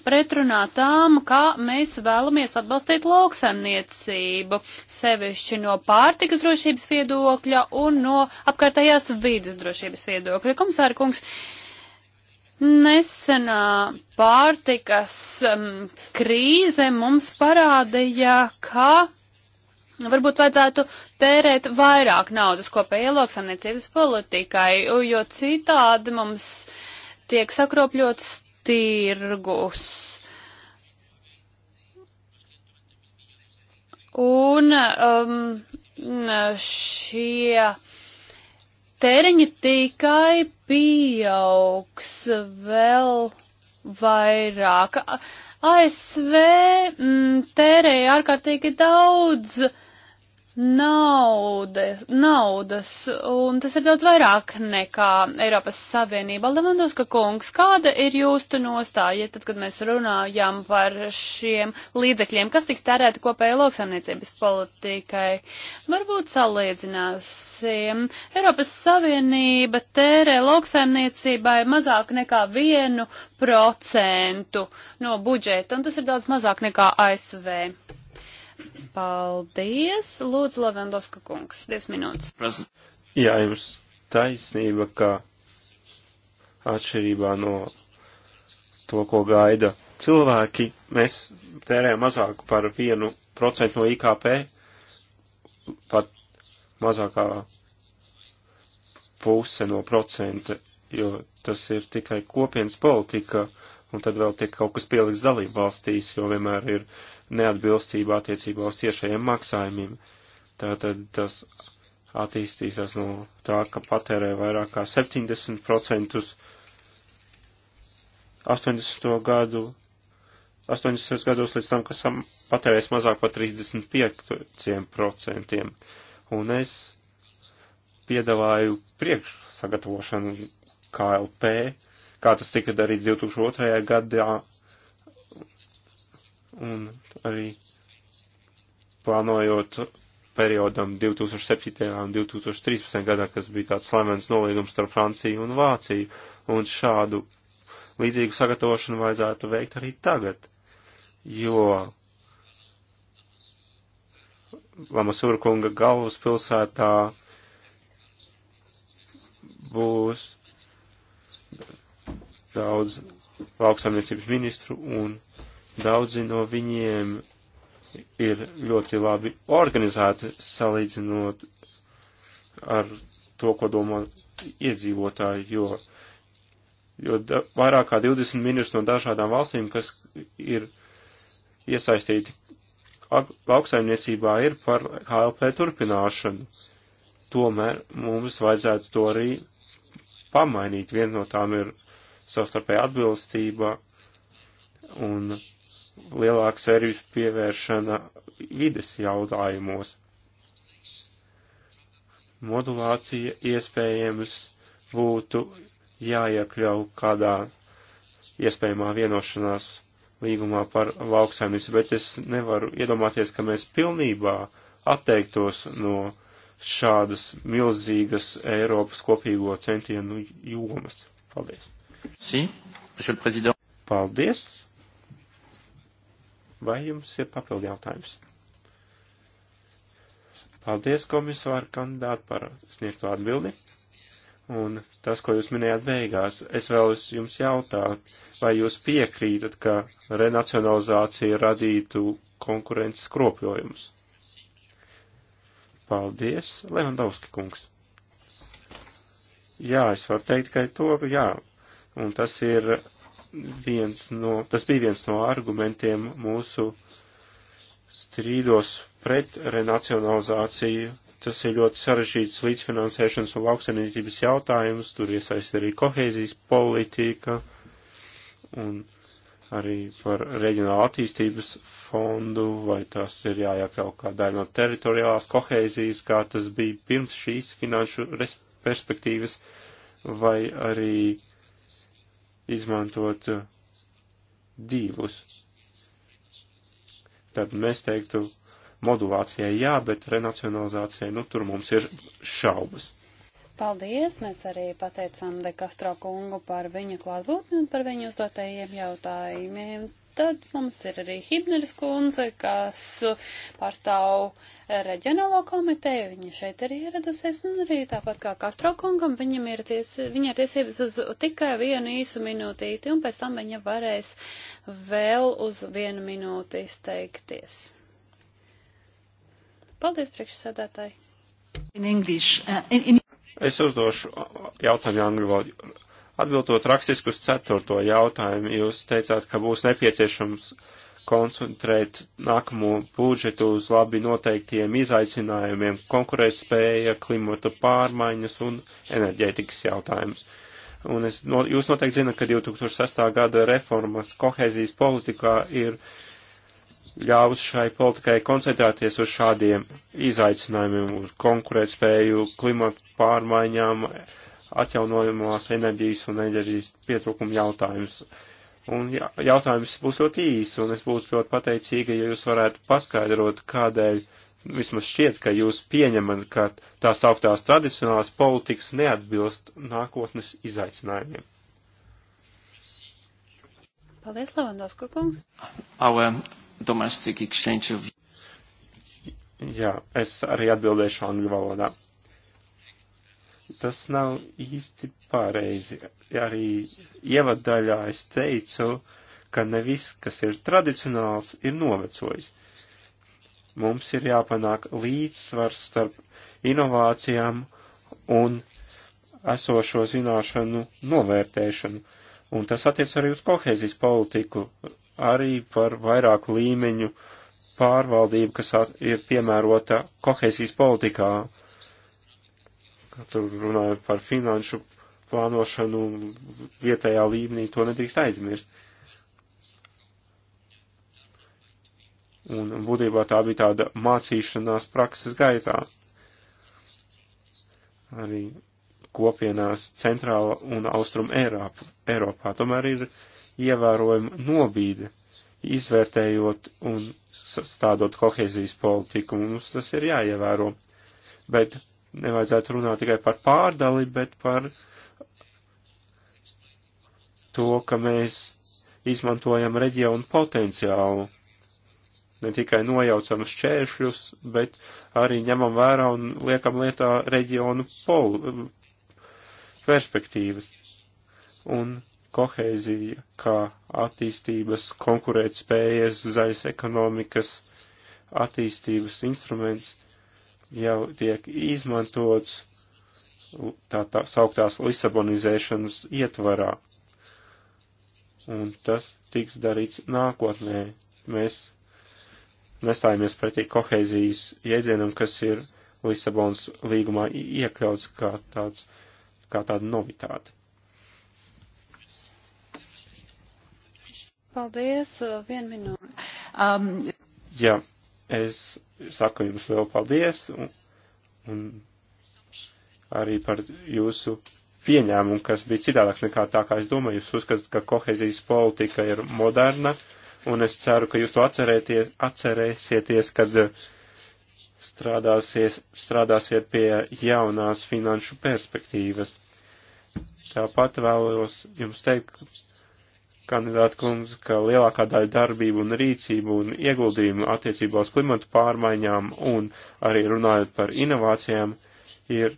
pretrunā tām, kā mēs vēlamies atbalstīt lauksaimniecību, sevišķi no pārtikas drošības viedokļa un no apkārtējās vidas drošības viedokļa. Komisāra kungs, uh, Nesenā pārtikas um, krīze mums parādīja, ka Varbūt vajadzētu tērēt vairāk naudas kopējai lauksamniecības politikai, jo citādi mums tiek sakropļots tirgus. Un um, šie tēriņi tikai pieaugs vēl vairāk. ASV m, mm, tērēja ārkārtīgi daudz uh, naudas, naudas, un tas ir daudz vairāk nekā Eiropas Savienība. Lemanduska kungs, kāda ir jūsu nostāja, tad, kad mēs runājam par šiem līdzekļiem, kas tiks tērēti kopēja lauksaimniecības politikai? Varbūt salīdzināsim. Eiropas Savienība tērē lauksaimniecībai mazāk nekā vienu procentu no budžeta, un tas ir daudz mazāk nekā ASV. Paldies! Lūdzu, Lavendoska kungs, 10 minūtes. Present. Jā, jums taisnība, ka atšķirībā no to, ko gaida cilvēki, mēs tērējam mazāk par vienu procentu no IKP, pat mazākā puse no procenta, jo tas ir tikai kopienas politika. Uh, un tad vēl tiek kaut kas pieliks dalību valstīs, jo vienmēr ir neatbilstība attiecībā uz tiešajiem maksājumiem. Tātad tas attīstīsies no tā, ka patērē vairāk kā 70% 80. gadu, 80. gados līdz tam, kas patērēs mazāk par 35%. Un es piedāvāju priekšsagatavošanu KLP, kā tas tika darīts 2002. gadā, un arī plānojot periodam 2007. un 2013. gadā, kas bija tāds slavens nolīgums starp Franciju un Vāciju, un šādu līdzīgu sagatavošanu vajadzētu veikt arī tagad, jo Lamasurkunga galvaspilsētā būs daudz lauksaimniecības ministru un daudzi no viņiem ir ļoti labi organizēti salīdzinot ar to, ko domā iedzīvotāji, jo, jo da, vairāk kā 20 ministri no dažādām valstīm, kas ir iesaistīti lauksaimniecībā, ir par KLP turpināšanu. Tomēr mums vajadzētu to arī pamainīt. Viena no tām ir savstarpēja atbilstība un lielāka servijas pievēršana vides jautājumos. Modulācija iespējams būtu jāiekļau kādā iespējamā vienošanās līgumā par lauksaimniecību, bet es nevaru iedomāties, ka mēs pilnībā atteiktos no šādas milzīgas Eiropas kopīgo centienu jomas. Paldies! Si, Paldies! Vai jums ir papildi jautājums? Paldies komisāru kandidātu par sniegto atbildi. Un tas, ko jūs minējāt beigās, es vēlos jums jautāt, vai jūs piekrītat, ka renacionalizācija radītu konkurences kropļojumus? Paldies, Levandovski kungs. Jā, es varu teikt tikai to, jā, Un tas ir viens no, tas bija viens no argumentiem mūsu strīdos pret renacionalizāciju. Tas ir ļoti sarežģīts līdzfinansēšanas un lauksainīcības jautājums, tur iesaist arī kohēzijas politika un arī par reģionālu attīstības fondu, vai tas ir jāiekļau kā daļa no teritoriālās kohēzijas, kā tas bija pirms šīs finanšu perspektīvas, vai arī uh, izmantot uh, divus. Tad mēs teiktu, modulācijai jā, bet renacionalizācijai, nu, tur mums ir šaubas. Paldies! Mēs arī pateicām De Castro kungu par viņa klātbūtni un par viņu uzdotajiem jautājumiem. Tad mums ir arī Hibneris kundze, kas pārstāv reģionālo komiteju. Viņa šeit arī ieradusies, un arī tāpat kā Kastro kungam, viņam ir, ties, viņa ir tiesības uz tikai vienu īsu minūtīti, un pēc tam viņa varēs vēl uz vienu minūti izteikties. Paldies, priekšsēdētāji! In English, uh, in, in... Es uzdošu jautājumu angļu valodu. Atbildot rakstiski uz ceturto jautājumu, jūs teicāt, ka būs nepieciešams koncentrēt nākamo budžetu uz labi noteiktiem izaicinājumiem - konkurētspēja, klimata pārmaiņas un enerģētikas jautājums. Un es, no, jūs noteikti zinat, ka 2006. gada reformas kohēzijas politikā ir ļāvusi šai politikai koncentrēties uz šādiem izaicinājumiem, uz konkurētspēju, klimata pārmaiņām, uh, atjaunojumās enerģijas un enerģijas pietrūkuma jautājums. Un jautājums būs ļoti īss, un es būtu ļoti pateicīga, ja jūs varētu paskaidrot, kādēļ vismaz šķiet, ka jūs pieņemat, ka tās augtās tradicionālās politikas neatbilst nākotnes izaicinājumiem. Paldies, Levandovska kungs. Our domestic exchange of... Jā, es arī atbildēšu angļu valodā tas nav īsti pareizi. Arī ievadaļā es teicu, ka ne viss, kas ir tradicionāls, ir novecojis. Mums ir jāpanāk līdzsvars starp inovācijām un esošo zināšanu novērtēšanu, un tas attiec arī uz kohēzijas politiku, arī par vairāku līmeņu pārvaldību, kas ir piemērota kohēzijas politikā, tur runājot par finanšu plānošanu vietējā līmenī, to nedrīkst aizmirst. Un būtībā tā bija tāda mācīšanās prakses gaitā. Arī kopienās centrāla un austrum Eiropa, Eiropā. Tomēr ir ievērojama nobīde, izvērtējot un stādot kohēzijas politiku. Mums tas ir jāievēro. Bet nevajadzētu runāt tikai par pārdali, bet par to, ka mēs izmantojam reģionu potenciālu. Ne tikai nojaucam šķēršļus, bet arī ņemam vērā un liekam lietā reģionu polu, perspektīvas. Un kohēzija, kā attīstības, konkurētspējas, zaļas ekonomikas attīstības instruments jau tiek izmantots tā, tā sauktās Lisabonizēšanas ietvarā. Un tas tiks darīts nākotnē. Mēs nestājamies pretī kohēzijas jēdzienam, kas ir Lisabonas līgumā iekļauts kā, tāds, kā tāda novitāte. Paldies, uh, vien minūte. Um... Jā, es saku jums vēl paldies un, un arī par jūsu pieņēmumu, kas bija citādāks nekā tā, kā es domāju. Jūs uzskatāt, ka kohezijas politika ir moderna, un es ceru, ka jūs to atcerēsieties, kad eh, strādāsiet pie jaunās finanšu perspektīvas. Tāpat vēlos jums teikt, kandidāta kundze, ka lielākā daļa darbību un rīcību un ieguldījumu attiecībā uz klimatu pārmaiņām un arī runājot par inovācijām ir,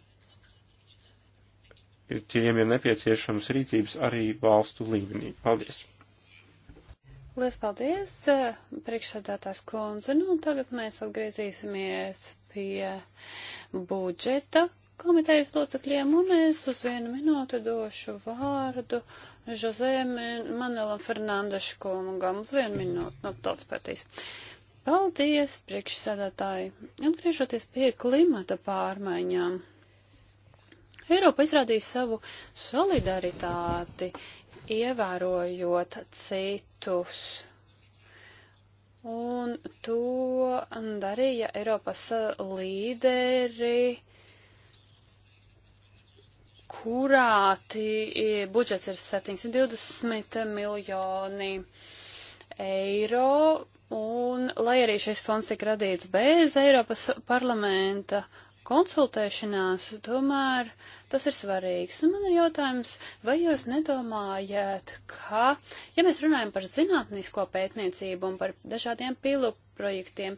ir tiem ir nepieciešams rīcības arī valstu līmenī. Paldies! Lies paldies, eh, priekšsādātās kundze. Nu, tagad mēs atgriezīsimies pie budžeta komitejas locekļiem, un es uz vienu minūti došu vārdu Žozē Manelam Fernandešu kungam uz vienu minūti no nu, tautas pētīs. Paldies, priekšsēdētāji! Atgriežoties pie klimata pārmaiņām. Eiropa izrādīja savu solidaritāti, ievērojot citus. Un to darīja Eiropas līderi kurā budžets ir 720 miljoni eiro. Un, lai arī šis fonds tika radīts bez Eiropas parlamenta konsultēšanās, tomēr tas ir svarīgs. Un man ir jautājums, vai jūs nedomājat, ka, ja mēs runājam par zinātnisko pētniecību un par dažādiem pilu projektiem.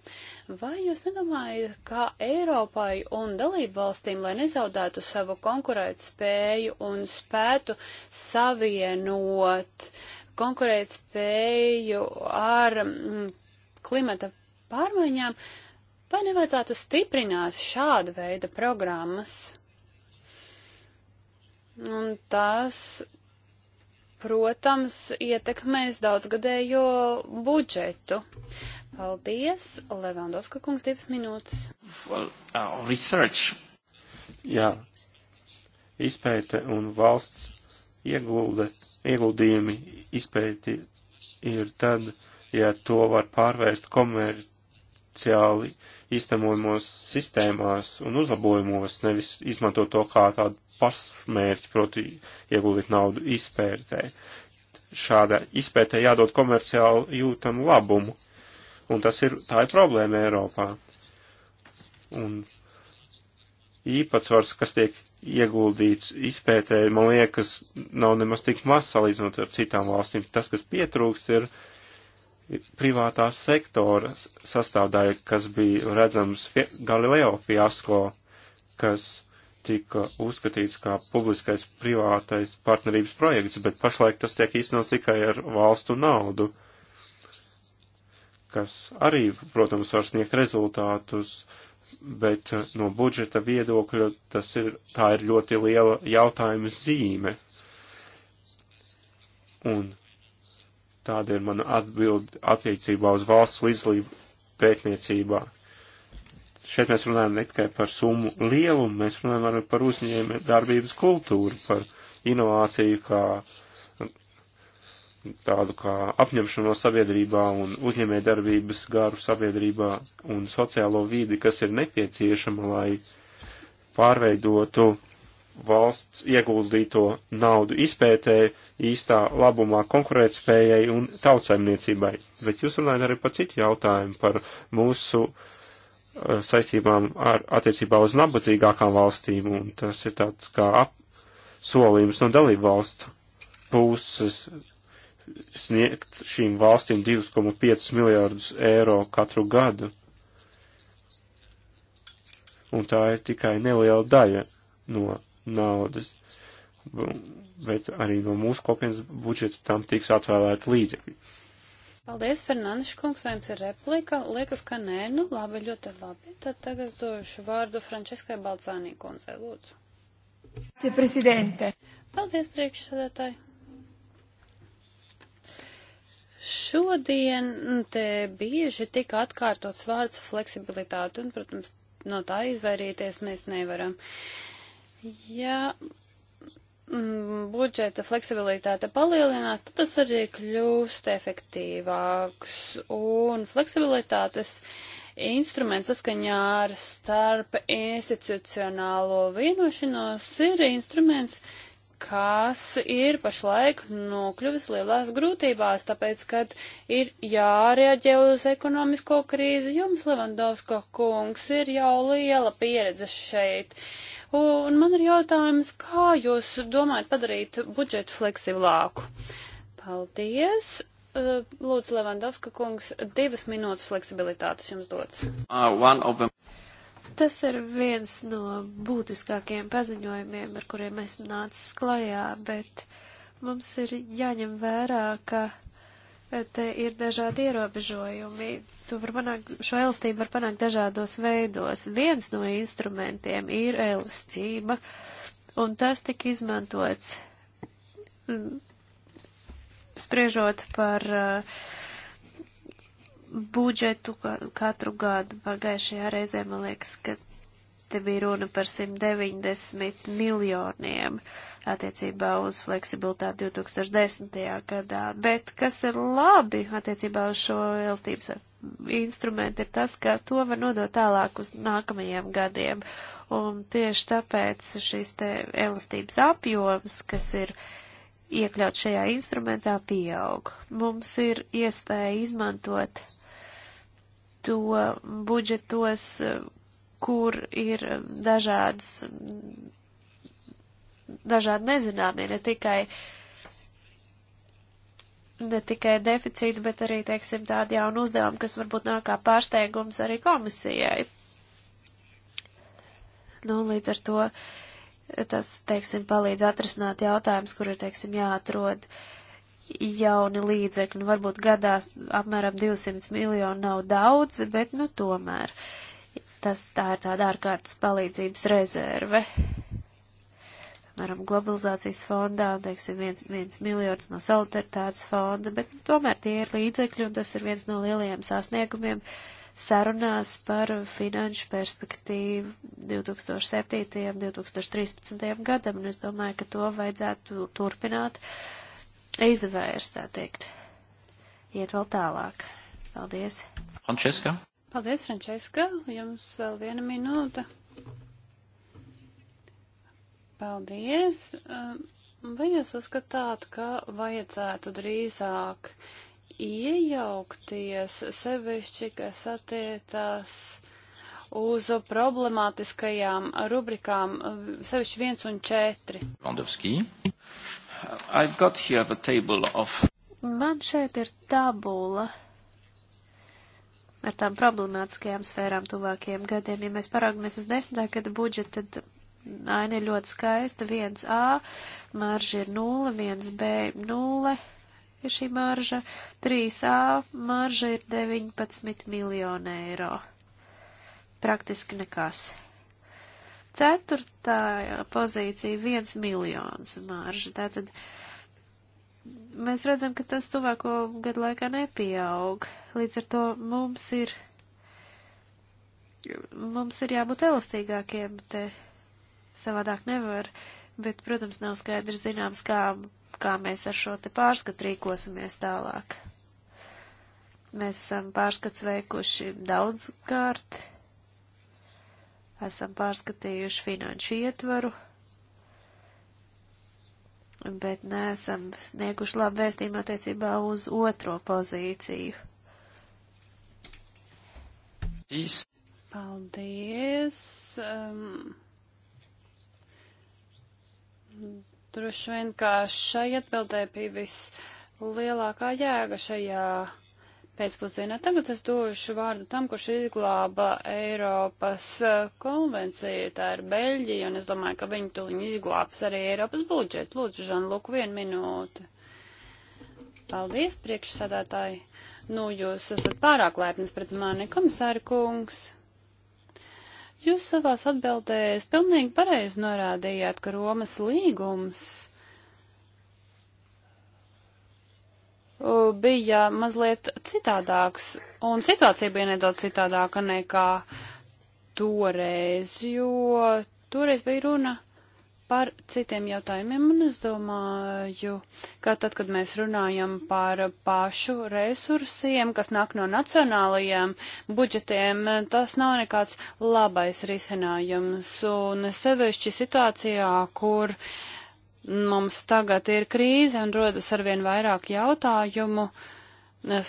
Vai jūs nedomājat, kā Eiropai un dalību valstīm, lai nezaudētu savu konkurēt spēju un spētu savienot konkurēt spēju ar mm, klimata pārmaiņām, vai nevajadzētu stiprināt šāda veida programmas? Un tas, protams, ietekmēs daudzgadējo budžetu. Paldies, Levandovska kungs, divas minūtes. Well, uh, research. Jā, izpēte un valsts iegulde, ieguldījumi izpēti ir tad, ja to var pārvērst komerciāli īstenojumos sistēmās un uzlabojumos, nevis izmantot to kā tādu pašmērķi, proti ieguldīt naudu izpētē. Šāda izpētē jādod komerciāli jūtamu labumu. Un tas ir, tā ir problēma Eiropā. Un īpatsvars, kas tiek ieguldīts izpētē, man liekas, nav nemaz tik maz salīdzinot ar citām valstīm. Tas, kas pietrūkst, ir privātā sektora sastāvdaļa, kas bija redzams fie, Galileo fiasko, kas tika uzskatīts kā publiskais privātais partnerības projekts, bet pašlaik tas tiek īstenots tikai ar valstu naudu. Uh, kas arī, protams, var sniegt rezultātus, bet eh, no budžeta viedokļa tas ir, tā ir ļoti liela jautājuma zīme. Un tāda ir mana atbilde attiecībā uz valsts līdzlību pētniecībā. Šeit mēs runājam ne tikai par summu lielumu, mēs runājam arī par uzņēmē darbības kultūru, par inovāciju kā uh, tādu kā apņemšanos sabiedrībā un uzņēmē darbības garu sabiedrībā un sociālo vīdi, kas ir nepieciešama, lai pārveidotu valsts ieguldīto naudu izpētē, īstā labumā konkurētspējai un tautsaimniecībai. Bet jūs runājat arī par citu jautājumu, par mūsu eh, saistībām ar attiecībā uz nabadzīgākām valstīm, un tas ir tāds kā ap, solījums no dalību valstu puses sniegt šīm valstīm 2,5 miljārdus eiro katru gadu. Un tā ir tikai neliela daļa no naudas, bet arī no mūsu kopienas budžeta tam tiks atvēlēta līdzekļi. Paldies, Fernandes kungs, vai jums ir replika? Liekas, ka nē, nu labi, ļoti labi. Tad tagad došu vārdu Frančiskai Balcānī kundzei, lūdzu. Paldies, priekšsēdētāji. Šodien te bieži tika atkārtots vārds fleksibilitāte, un, protams, no tā izvairīties mēs nevaram. Ja mm, budžeta fleksibilitāte palielinās, tad tas arī kļūst efektīvāks. Un fleksibilitātes instruments saskaņā ar starp institucionālo vienošanos ir instruments, kas ir pašlaik nokļuvis lielās grūtībās, tāpēc, kad ir jārieģē uz ekonomisko krīzi, jums, Levandovsko kungs, ir jau liela pieredze šeit. Un man ir jautājums, kā jūs domājat padarīt budžetu fleksiblāku? Paldies! Lūdzu, Levandovska kungs, divas minūtes fleksibilitātes jums dots. Uh, Tas ir viens no būtiskākajiem paziņojumiem, ar kuriem esmu nācis klajā, bet mums ir jāņem vērā, ka te ir dažādi ierobežojumi. To var panākt, šo elastību var panākt dažādos veidos. Viens no instrumentiem ir elastība, un tas tika izmantots mm, spriežot par uh, budžetu katru gadu. Pagājušajā reizē man liekas, ka te bija runa par 190 miljoniem attiecībā uz fleksibilitāti 2010. gadā. Bet kas ir labi attiecībā uz šo elstības instrumentu ir tas, ka to var nodot tālāk uz nākamajiem gadiem. Un tieši tāpēc šīs te elastības apjoms, kas ir iekļaut šajā instrumentā, pieaug. Mums ir iespēja izmantot to budžetos, kur ir dažādas, dažādi nezināmie, ne tikai ne tikai deficīti, bet arī, teiksim, tādi jauni uzdevumi, kas varbūt nāk kā pārsteigums arī komisijai. Nu, līdz ar to tas, teiksim, palīdz atrisināt jautājums, kur ir, teiksim, jāatrod uh, jauni līdzekļi. Nu, varbūt gadās apmēram 200 miljonu nav daudz, bet nu tomēr tas tā ir tāda ārkārtas palīdzības rezerve piemēram, globalizācijas fondā, un, teiksim, viens, viens miljons no solidaritātes fonda, bet nu, tomēr tie ir līdzekļi, un tas ir viens no lielajiem sasniegumiem sarunās par finanšu perspektīvu 2007. un 2013. gadam, un es domāju, ka to vajadzētu turpināt, izvērst, tā teikt, iet vēl tālāk. Paldies. Frančiska. Paldies, Frančiska. Jums vēl viena minūte. Paldies. Um, vai jūs uzskatāt, ka vajadzētu drīzāk iejaukties sevišķi, kas attiecās uz problemātiskajām rubrikām sevišķi 1 un 4? Landovski. I've got here the table of. Man šeit ir tabula ar tām problemātiskajām sfērām tuvākajiem gadiem. Ja mēs paraugamies uz desmitā gada budžetu, tad aina ir ļoti skaista. 1A, marža ir 0, 1B, 0 ir šī marža, 3A, marža ir 19 miljonu eiro. Praktiski nekas. Ceturtā pozīcija - viens miljons marža. Tātad mēs redzam, ka tas tuvāko gadu laikā nepieaug. Līdz ar to mums ir, mums ir jābūt elastīgākiem te. Savādāk nevar, bet, protams, nav skaidrs zināms, kā, kā mēs ar šo te pārskatu rīkosimies tālāk. Mēs esam pārskats veikuši daudz kārt esam pārskatījuši finanšu ietvaru, bet neesam snieguši labu vēstījumu attiecībā uz otro pozīciju. Īs. Paldies! Um, droši vien, kā šai atbildē bija vislielākā jēga šajā pēcpusdienā. Tagad es došu vārdu tam, kurš izglāba Eiropas eh, konvenciju. Tā ir Beļģija, un es domāju, ka viņi tuliņ izglābs arī Eiropas budžetu. Lūdzu, Žanluk, vienu minūti. Paldies, priekšsādātāji. Nu, jūs esat pārāk laipnis pret mani, komisāri kungs. Jūs savās atbildēs pilnīgi pareizi norādījāt, ka Romas līgums bija mazliet citādāks, un situācija bija nedaudz citādāka nekā toreiz, jo toreiz bija runa par citiem jautājumiem, un es domāju, ka tad, kad mēs runājam par pašu resursiem, kas nāk no nacionālajiem budžetiem, tas nav nekāds labais risinājums, un sevišķi situācijā, kur uh, Mums tagad ir krīze un rodas arvien vairāk jautājumu,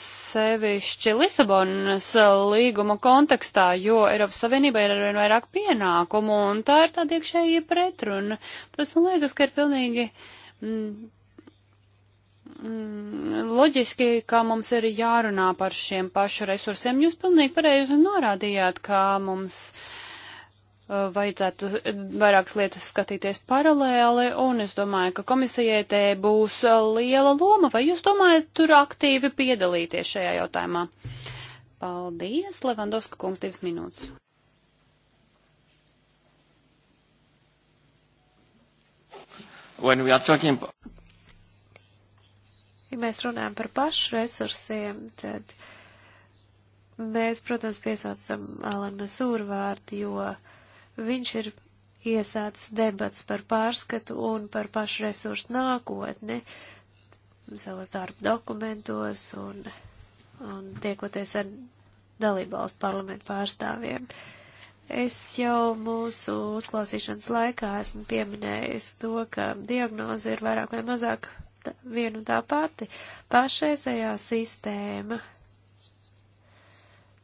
sevišķi Lisabonas līguma kontekstā, jo Eiropas Savienība ir arvien vairāk pienākumu, un tā ir tāda iekšēja pretruna. Tas man liekas, ka ir pilnīgi mm, mm, loģiski, ka mums ir jārunā par šiem pašu resursiem. Jūs pilnīgi pareizi norādījāt, kā mums. Uh, vajadzētu vairākas lietas skatīties paralēli, un es domāju, ka komisijai te būs liela loma. Vai jūs domājat tur aktīvi piedalīties šajā jautājumā? Paldies, Levandovska kungs, divas minūtes. Talking... Ja mēs runājam par pašu resursiem, tad mēs, protams, piesaucam Alana Sūrvārdu, jo uh, viņš ir iesācis debats par pārskatu un par pašu resursu nākotni savos darba dokumentos un, un tiekoties ar dalībvalstu parlamentu pārstāvjiem. Es jau mūsu uzklausīšanas laikā esmu pieminējis to, ka diagnoze ir vairāk vai mazāk viena un tā pati. Pašreizējā sistēma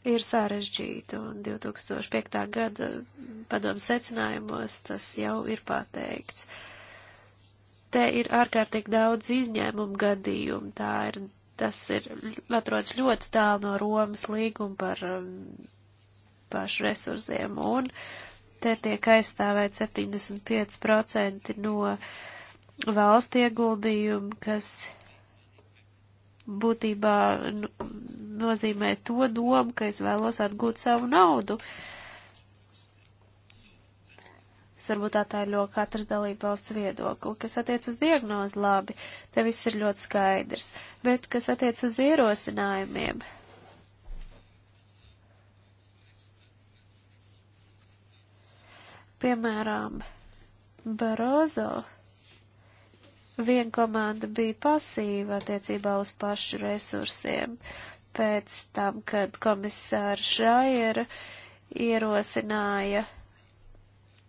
ir sarežģīta, un 2005. gada padomu secinājumos tas jau ir pateikts. Te ir ārkārtīgi daudz izņēmumu gadījumu, tā ir, tas ir atrodas ļoti tālu no Romas līguma par um, pašu resursiem, un te tiek aizstāvēt 75% no valsts ieguldījumu, kas būtībā nu, nozīmē to domu, ka es vēlos atgūt savu naudu. Es varbūt tā tā ir ļoti katras dalība valsts viedokli, kas attiec uz diagnozi labi, te viss ir ļoti skaidrs, bet kas attiec uz ierosinājumiem. Piemēram, Barozo viena komanda bija pasīva attiecībā uz pašu resursiem. Pēc tam, kad komisāra Šraiera ierosināja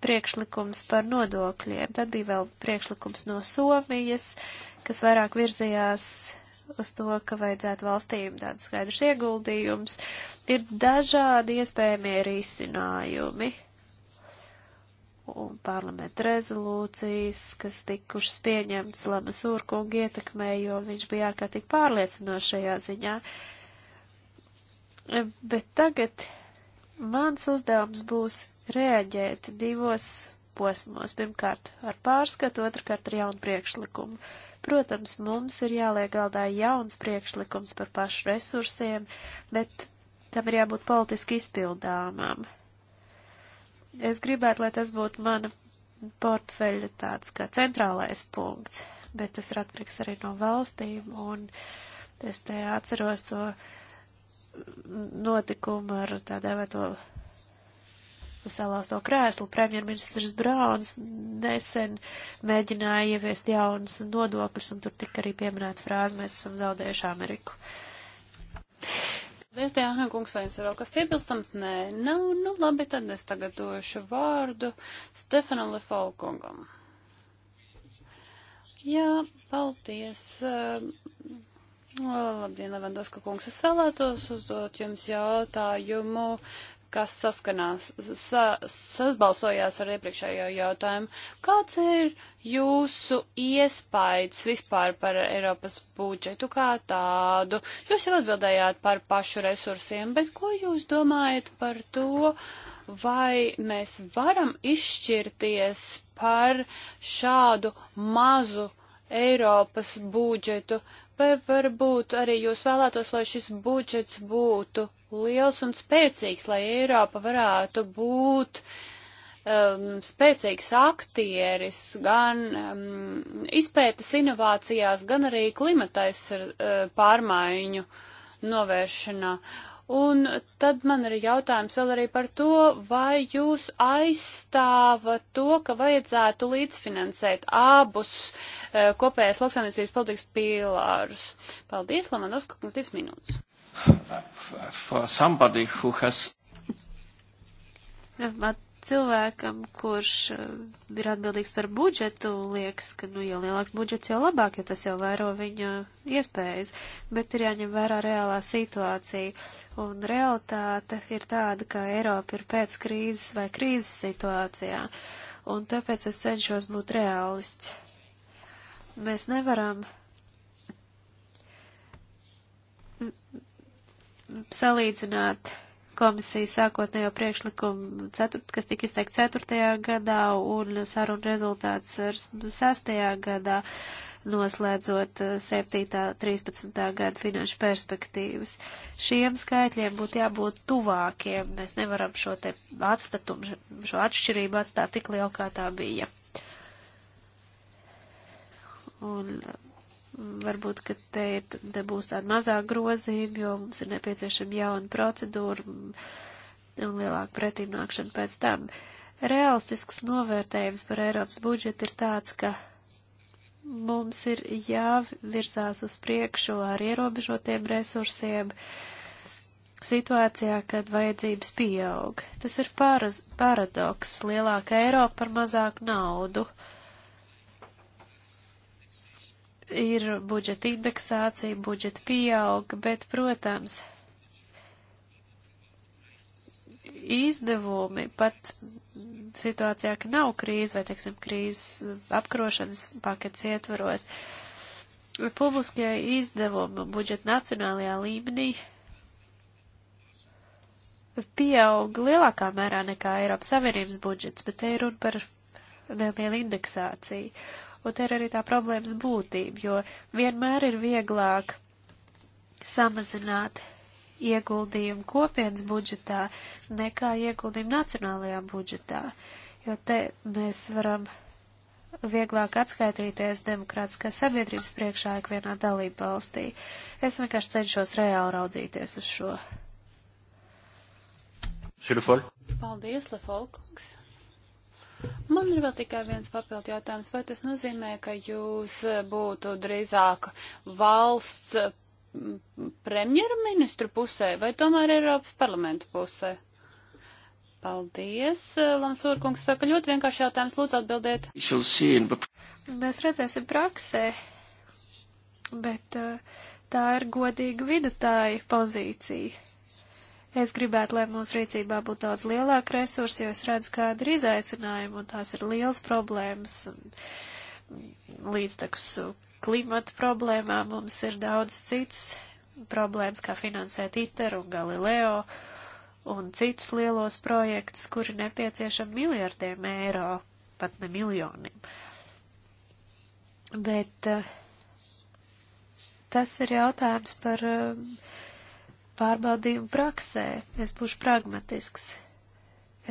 priekšlikums par nodokļiem, tad bija vēl priekšlikums no Somijas, kas vairāk virzījās uz to, ka vajadzētu valstīm tādus skaidrus ieguldījumus. Ir dažādi iespējamie risinājumi un parlamenta rezolūcijas, kas tikušas pieņemtas Lamas Urkunga ietekmē, jo viņš bija ārkārtīgi pārliecinošs šajā ziņā. Bet tagad mans uzdevums būs reaģēt divos posmos. Pirmkārt ar pārskatu, otrkārt ar jaunu priekšlikumu. Protams, mums ir jāliek galdā jauns priekšlikums par pašu resursiem, bet tam ir jābūt politiski izpildāmām. Es gribētu, lai tas būtu mana portfeļa tāds kā centrālais punkts, bet tas ir atkarīgs arī no valstīm, un es te atceros to notikumu ar tā dēvēto salās to krēslu. Premjerministrs Brauns nesen mēģināja ieviest jaunas nodokļus, un tur tika arī pieminēta frāze, mēs esam zaudējuši Ameriku. Paldies, Dēna kungs, vai jums ir vēl kas piebilstams? Nē, nav, nu, nu labi, tad es tagad došu vārdu Stefanam Lefalkungam. Jā, paldies. Labdien, Levandoska kungs, es vēlētos uzdot jums jautājumu kas saskanās, sa, sasbalsojās ar iepriekšējo jautājumu. Kāds ir jūsu iespējas vispār par Eiropas budžetu kā tādu? Jūs jau atbildējāt par pašu resursiem, bet ko jūs domājat par to, vai mēs varam izšķirties par šādu mazu Eiropas budžetu, vai varbūt arī jūs vēlētos, lai šis budžets būtu liels un spēcīgs, lai Eiropa varētu būt um, spēcīgs aktieris gan um, izpētes inovācijās, gan arī klimatais ar, uh, pārmaiņu novēršanā. Un tad man ir jautājums vēl arī par to, vai jūs aizstāvat to, ka vajadzētu līdzfinansēt abus uh, kopējās lauksaimniecības politikas pīlārus. Paldies, Lamanovska, kungs, divas minūtes for somebody who has. Man cilvēkam, kurš uh, ir atbildīgs par budžetu, liekas, ka, nu, jo lielāks budžets, jo labāk, jo tas jau vairo viņa iespējas, bet ir jāņem vērā reālā situācija. Un realitāte ir tāda, ka Eiropa ir pēc krīzes vai krīzes situācijā, un tāpēc es cenšos būt realists. Mēs nevaram salīdzināt komisijas sākotnējo priekšlikumu, ceturt, kas tika izteikts 4. gadā un sarunu rezultāts 6. gadā, noslēdzot 7. Eh, 13. gada finanšu perspektīvas. Šiem skaitļiem būtu jābūt tuvākiem. Mēs nevaram šo te atstatumu, šo atšķirību atstāt tik lielu, kā tā bija. Un varbūt, ka te, ir, te būs tāda mazāk grozība, jo mums ir nepieciešama jauna procedūra un lielāka pretimnākšana pēc tam. Realistisks novērtējums par Eiropas budžetu ir tāds, ka mums ir jāvirzās uz priekšu ar ierobežotiem resursiem situācijā, kad vajadzības pieaug. Tas ir paraz, paradoks - lielāka Eiropa par mazāku naudu. Uh, ir budžeta indeksācija, budžeta pieauga, bet, protams, izdevumi pat situācijā, ka nav krīze vai, teiksim, krīzes apkrošanas pakets ietvaros, publiskie izdevumi budžeta nacionālajā līmenī pieaug lielākā mērā nekā Eiropas Savienības budžets, bet te ir runa par nelielu indeksāciju un te ir arī tā problēmas būtība, jo vienmēr ir vieglāk samazināt ieguldījumu kopienas budžetā nekā ieguldījumu nacionālajā budžetā, jo te mēs varam vieglāk atskaitīties demokrātiskā sabiedrības priekšā ikvienā dalība valstī. Es vienkārši cenšos reāli raudzīties uz šo. Paldies, Lefolkungs! Man ir vēl tikai viens papildu jautājums. Vai tas nozīmē, ka jūs būtu drīzāk valsts premjerministru pusē vai tomēr Eiropas parlamentu pusē? Paldies, Lansūrkungs saka, ļoti vienkārši jautājums, lūdzu atbildēt. Mēs redzēsim praksē, bet uh, tā ir godīga vidutāja pozīcija. Es gribētu, lai mūsu rīcībā būtu daudz lielāka resursa, jo es redzu, kāda ir izaicinājuma, un tās ir liels problēmas līdztekus klimata problēmām. Mums ir daudz cits problēmas, kā finansēt ITER un Galileo un citus lielos projektus, kuri nepieciešami miljardiem eiro, pat ne miljoniem. Bet uh, tas ir jautājums par uh, pārbaudījumu praksē. Es būšu pragmatisks.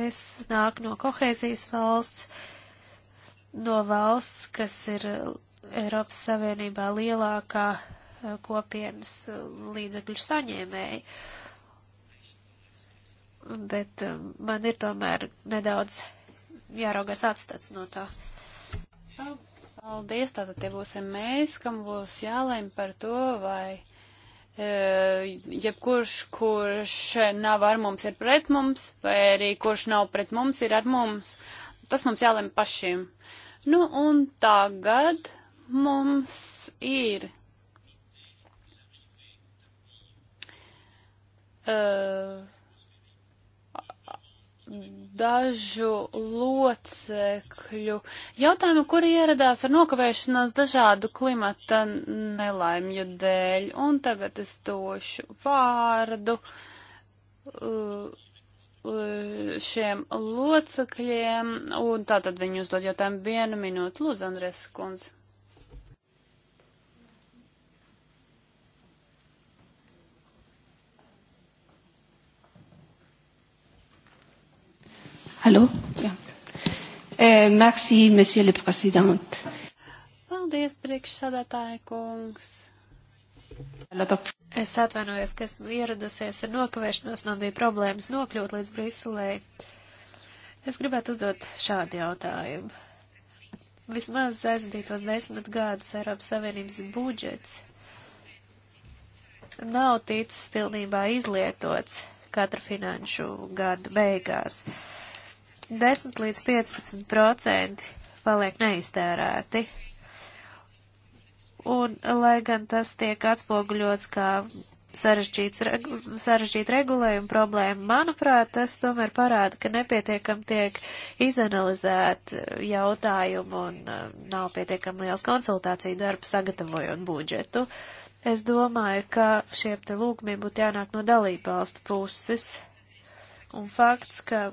Es nāku no kohēzijas valsts, no valsts, kas ir Eiropas Savienībā lielākā eh, kopienas eh, līdzekļu saņēmēji. Bet eh, man ir tomēr nedaudz jāraugās atstāts no tā. Paldies, tātad te būsim mēs, kam būs jālēm par to, vai E, jebkurš, kurš nav ar mums, ir pret mums, vai arī kurš nav pret mums, ir ar mums. Tas mums jālem pašiem. Nu, un tagad mums ir. Uh, dažu locekļu jautājumu, kuri ieradās ar nokavēšanos dažādu klimata nelaimju dēļ. Un tagad es došu vārdu uh, uh, šiem locekļiem, un tātad viņi uzdod jautājumu vienu minūtu. Lūdzu, Andres Kunze. Hello? Jā. Yeah. Merci, monsieur le président. Paldies, priekšsādātāja kungs. Es atvainojos, ka esmu ieradusies ar nokavēšanos, man bija problēmas nokļūt līdz Briselē. Es gribētu uzdot šādu jautājumu. Vismaz aizvadītos desmit gadus Eiropas Savienības budžets nav ticis pilnībā izlietots katra finanšu gada beigās. Uh, 10 līdz 15 procenti paliek neiztērēti. Un, lai gan tas tiek atspoguļots kā sarežģīta sarežģīt regulējuma problēma, manuprāt, tas tomēr parāda, ka nepietiekam tiek izanalizēt jautājumu un um, nav pietiekam liels konsultāciju darba sagatavojot budžetu. Es domāju, ka šiem te lūgumiem būtu jānāk no dalībvalstu puses. Un fakts, ka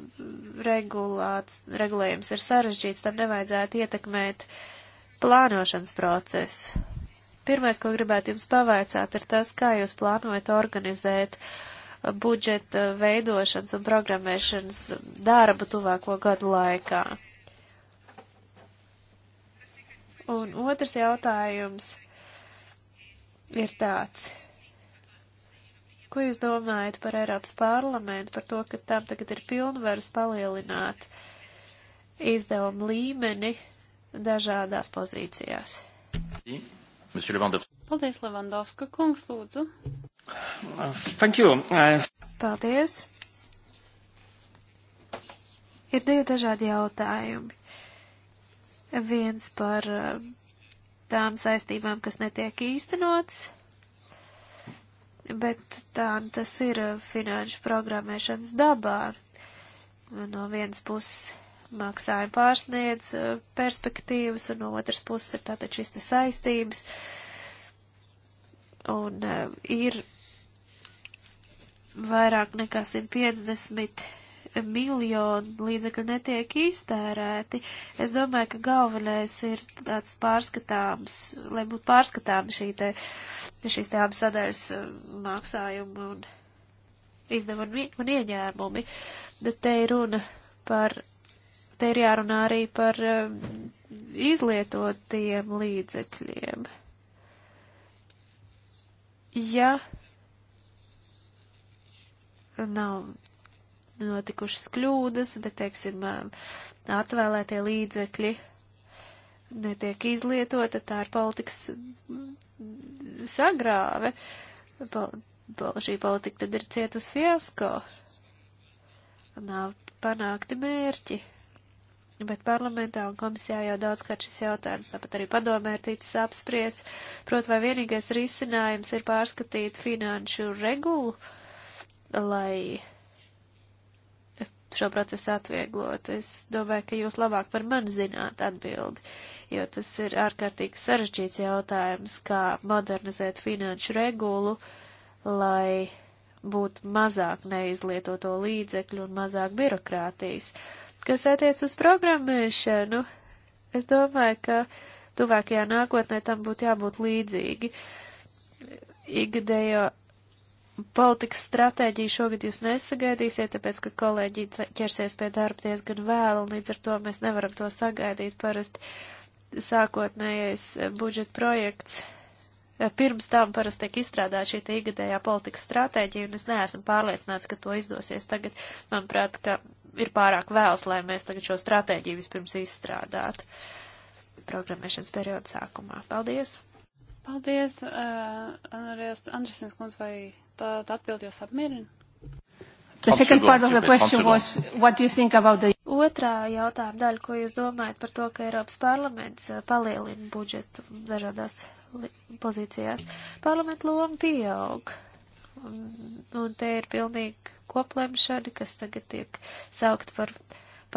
regulāts, regulējums ir sarežģīts, tam nevajadzētu ietekmēt plānošanas procesu. Pirmais, ko gribētu jums pavaicāt, ir tas, kā jūs plānojat organizēt budžeta veidošanas un programmēšanas darbu tuvāko gadu laikā. Un otrs jautājums ir tāds. Ko jūs domājat par Eiropas parlamentu, par to, ka tam tagad ir pilnvaras palielināt izdevumu līmeni dažādās pozīcijās? Paldies, Levandovska kungs, lūdzu. Thank you. Uh, Paldies. Ir divi dažādi jautājumi. Viens par uh, tām saistībām, kas netiek īstenotas bet tā tas ir uh, finanšu programmēšanas dabā. No vienas puses maksājumi pārsniedz uh, perspektīvas, un no otras puses ir tātad šis te saistības. Un uh, ir vairāk nekā 150 miljonu līdzekļu netiek iztērēti. Es domāju, ka galvenais ir tāds pārskatāms, lai būtu pārskatāms šī te uh, šīs te abas sadaļas eh, maksājumi un izdevumi un ieņēmumi, bet te ir runa par, te ir jārunā arī par eh, izlietotiem līdzekļiem. Ja nav notikušas kļūdas, bet, teiksim, eh, atvēlētie līdzekļi netiek izlietota, tā ir politikas sagrāve. Pol, pol, šī politika tad ir ciet uz fiasko. Nav panākti mērķi. Bet parlamentā un komisijā jau daudzkārt šis jautājums, tāpat arī padomē ir ticis apspriests. Prot, vai vienīgais risinājums ir pārskatīt finanšu regulu, lai šo procesu atvieglotu? Es domāju, ka jūs labāk par mani zināt atbildi. Uh, jo tas ir ārkārtīgi sarežģīts jautājums, kā modernizēt finanšu regulu, lai būtu mazāk neizlietoto līdzekļu un mazāk birokrātijas. Kas attiec uz programmēšanu, es domāju, ka tuvākajā nākotnē tam būtu jābūt līdzīgi. Igadējo politikas stratēģiju šogad jūs nesagaidīsiet, tāpēc, ka kolēģi ķersies pie darba diezgan vēlu, un līdz ar to mēs nevaram to sagaidīt. Parasti sākotnējais eh, budžeta projekts. Eh, pirms tam parasti tiek izstrādāta šī ikgadējā politikas stratēģija, un es neesmu pārliecināts, ka to izdosies tagad. Manuprāt, ka ir pārāk vēls, lai mēs tagad šo stratēģiju vispirms izstrādātu programmēšanas perioda sākumā. Paldies! Paldies, uh, eh, Andrēs Andresens kundz, vai tā, tā atbild jūs apmierina? The second part of the question was, what do you think about the... Otrā jautājuma daļa, ko jūs domājat par to, ka Eiropas parlaments uh, palielina budžetu dažādās pozīcijās. Parlamenta loma pieaug. Un te ir pilnīgi koplemšana, kas tagad tiek saukt par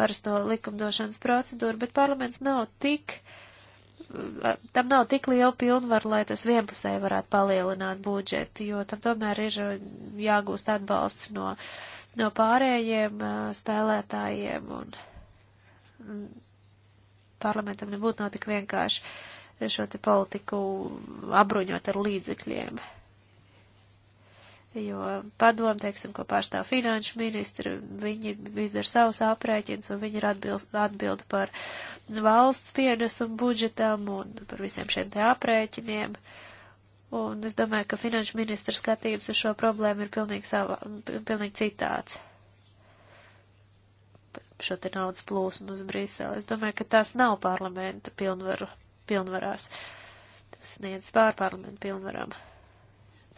parasto likumdošanas procedūru, bet parlaments nav tik, uh, tam nav tik liela pilnvaru, lai tas vienpusēji varētu palielināt budžetu, jo tam tomēr ir uh, jāgūst atbalsts no. Uh, no pārējiem spēlētājiem un mm, parlamentam nebūtu nav tik vienkārši šo te politiku apbruņot ar līdzekļiem. Jo padomu, teiksim, ko pārstāv finanšu ministri, viņi izdara savus aprēķins un viņi ir atbild, atbild par valsts pienesumu budžetam un par visiem šiem te aprēķiniem. Uh, Un es domāju, ka finanšu ministra skatījums uz šo problēmu ir pilnīgi, savā, pilnīgi citāds. Šo te naudas plūsmu uz Briseli. Es domāju, ka tās nav parlamenta pilnvaru, pilnvarās. Tas sniedz pārparlamentu pilnvaram.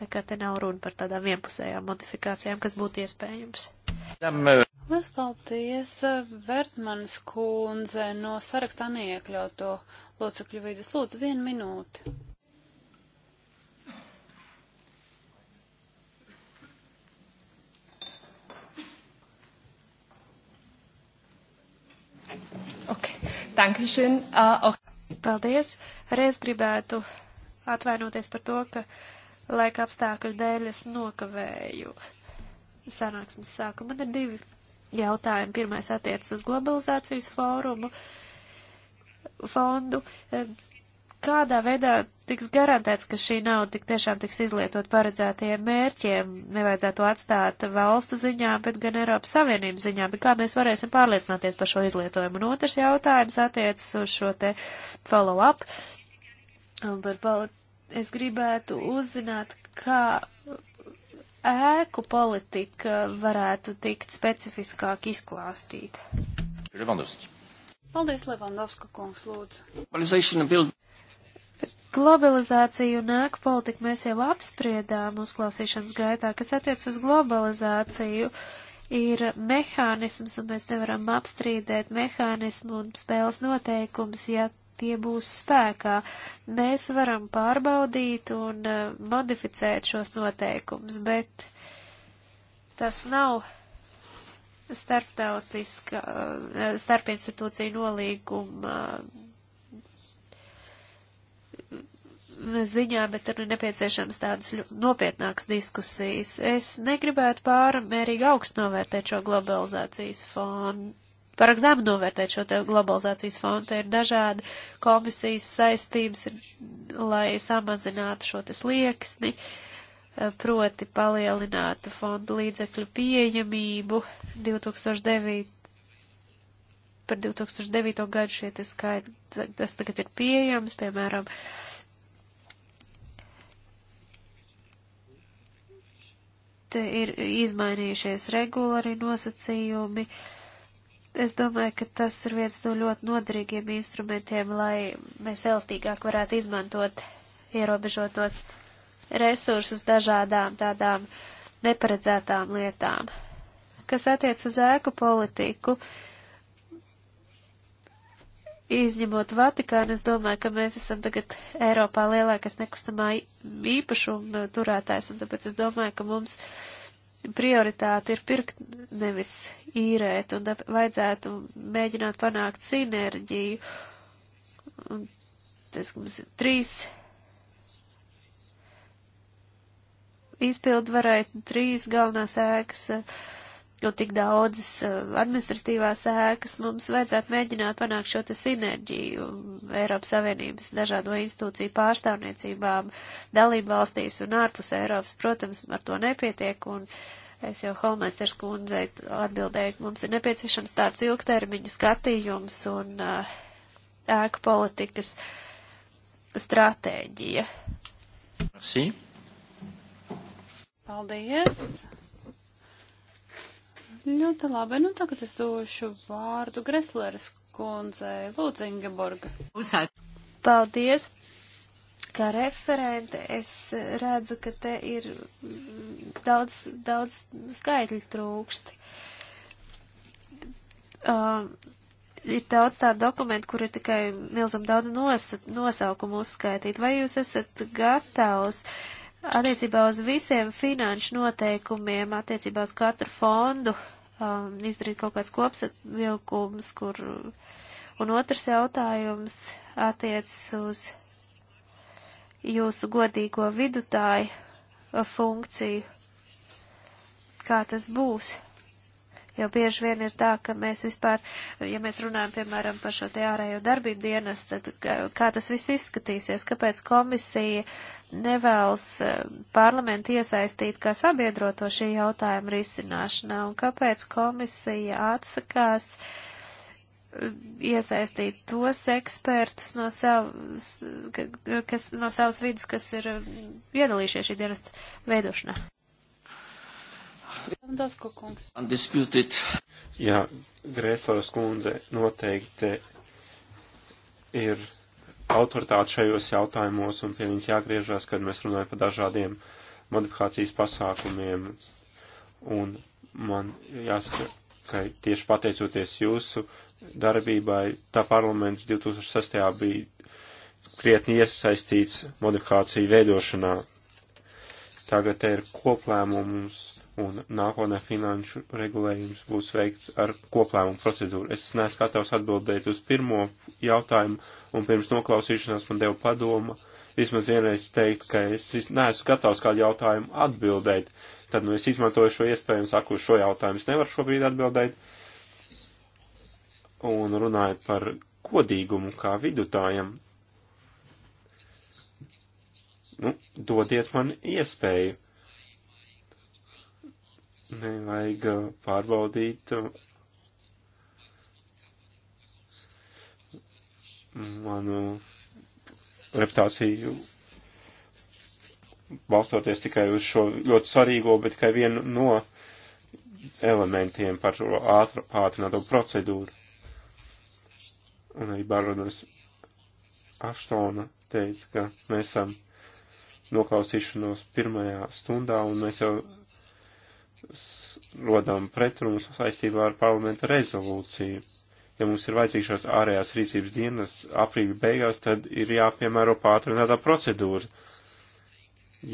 Tā kā te nav runa par tādām vienpusējām modifikācijām, kas būtu iespējams. Uh, Liels paldies, Vertmanis kundze, no sarakstā neiekļauto locekļu vidus. Lūdzu, vienu minūti. Okay. Dankeschön. Uh, okay. Paldies. Arī es gribētu atvainoties par to, ka laika apstākļu dēļ es nokavēju sanāksmes sākumu. Man ir divi jautājumi. Pirmais attiecas uz globalizācijas fórumu fondu. Uh, kādā veidā tiks garantēts, ka šī nauda tik tiešām tiks izlietot paredzētajiem mērķiem, nevajadzētu atstāt valstu ziņā, bet gan Eiropas Savienības ziņā, bet kā mēs varēsim pārliecināties par šo izlietojumu. Un otrs jautājums attiecas uz šo te follow-up. Es gribētu uzzināt, kā ēku politika varētu tikt specifiskāk izklāstīta. Levandovski. Paldies, Levandovska kungs, lūdzu. Globalizāciju un ēku politiku mēs jau apspriedām uzklausīšanas gaitā, kas attiec uz globalizāciju, ir mehānisms, un mēs nevaram apstrīdēt mehānismu un spēles noteikums, ja tie būs spēkā. Mēs varam pārbaudīt un uh, modificēt šos noteikums, bet tas nav starptautiska, uh, starpinstitūcija nolīguma uh, ziņā, bet tur ir nepieciešams tādas nopietnākas diskusijas. Es negribētu pārmērīgi augstu novērtēt šo globalizācijas fondu. Par zemu novērtēt šo globalizācijas fondu. Te ir dažādi komisijas saistības, lai samazinātu šo slieksni, eh, proti palielinātu fondu līdzekļu pieejamību 2009 par 2009. gadu šie skaitļi, tas tagad ir pieejams, piemēram, uh, ir izmainījušies regulāri nosacījumi. Es domāju, ka tas ir viens no ļoti noderīgiem instrumentiem, lai mēs elastīgāk varētu izmantot ierobežotos resursus dažādām tādām neparedzētām lietām. Kas attiec uz ēku politiku, uh, izņemot Vatikānu, es domāju, ka mēs esam tagad Eiropā lielākais nekustamā īpašuma turētājs, un tāpēc es domāju, ka mums prioritāte ir pirkt, nevis īrēt, un vajadzētu mēģināt panākt sinerģiju. Un tas mums ir trīs izpildu varēja trīs galvenās ēkas. Uh, un nu, tik daudzas eh, administratīvās ēkas, mums vajadzētu mēģināt panākt šo te sinerģiju Eiropas Savienības dažādo institūciju pārstāvniecībām, dalību valstīs un ārpus Eiropas. Protams, ar to nepietiek, un es jau Holmēsters kundzei atbildēju, ka mums ir nepieciešams tāds ilgtermiņa skatījums un uh, ēku politikas stratēģija. Merci. Paldies! Ļoti labi, nu tagad es došu vārdu Gresleres kundzei. Lūdzu, Ingeborga. Uzsākt. Paldies. Kā referente es redzu, ka te ir daudz, daudz skaitļu trūkst. Uh, ir daudz tādu dokumentu, kur ir tikai milzum daudz nosa, nosaukumu uzskaitīt. Vai jūs esat gatavs uh, attiecībā uz visiem finanšu noteikumiem, attiecībā uz katru fondu um, izdarīt kaut kāds kopsavilkums, kur. Un otrs jautājums attiecas uz jūsu godīgo vidutāju uh, funkciju. Kā tas būs? Jo bieži vien ir tā, ka mēs vispār, ja mēs runājam, piemēram, par šo te ārējo darbību dienas, tad kā tas viss izskatīsies, kāpēc komisija nevēlas eh, parlamentu iesaistīt kā sabiedroto šī jautājuma risināšanā, un kāpēc komisija atsakās eh, iesaistīt tos ekspertus no, savas, kas, no savas vidus, kas ir eh, iedalījušies šī dienas veidošanā. Dasko kungs. Undisputed. Jā, Grēsvaras kundze noteikti ir autoritāte šajos jautājumos, un pie viņas jāgriežās, kad mēs runājam par dažādiem modifikācijas pasākumiem. Un man jāsaka, ka tieši pateicoties jūsu darbībai, tā parlaments 2006. bija krietni iesaistīts modifikāciju veidošanā. Tagad te ir koplēmums un nākotnē finanšu regulējums būs veikts ar koplēmumu procedūru. Es neesmu gatavs atbildēt uz pirmo jautājumu, un pirms noklausīšanās man deva padoma vismaz vienreiz teikt, ka es neesmu gatavs kādu jautājumu atbildēt. Tad, nu, es izmantoju šo iespēju un saku, šo jautājumu es nevaru šobrīd atbildēt. Un runājot par kodīgumu kā vidutājam, nu, dodiet man iespēju nevajag uh, pārbaudīt uh, manu reputāciju balstoties tikai uz šo ļoti svarīgo, bet tikai vienu no elementiem par šo ātrināto procedūru. Un arī Baronas Aštona teica, ka mēs esam noklausīšanos pirmajā stundā, un mēs jau rodam pretrumus saistībā ar parlamenta rezolūciju. Ja mums ir vajadzīgs šās ārējās rīcības dienas aprīļa beigās, tad ir jāpiemēro pātrinātā procedūra.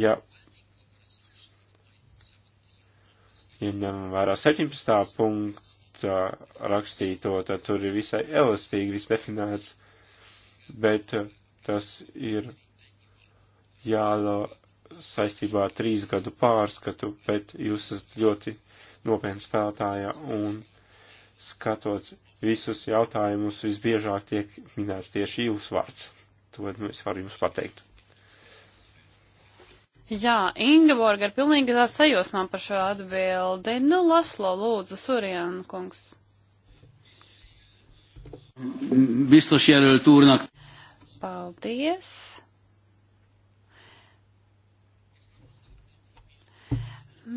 Ja ieņemam ja vērā 17. punkta rakstīto, tad tur ir visai elastīgi viss definēts, bet tas ir jālo saistībā ar trīs gadu pārskatu, bet jūs esat ļoti nopietni spēlētāja un skatot visus jautājumus visbiežāk tiek minēts tieši jūsu vārds. To nu, es varu jums pateikt. Jā, Ingeborga ir pilnīgi tā sajūsmā par šo atbildi. Nu, Laslo, lūdzu, Surjan kungs. Biztos jelölt úrnak. Paldies.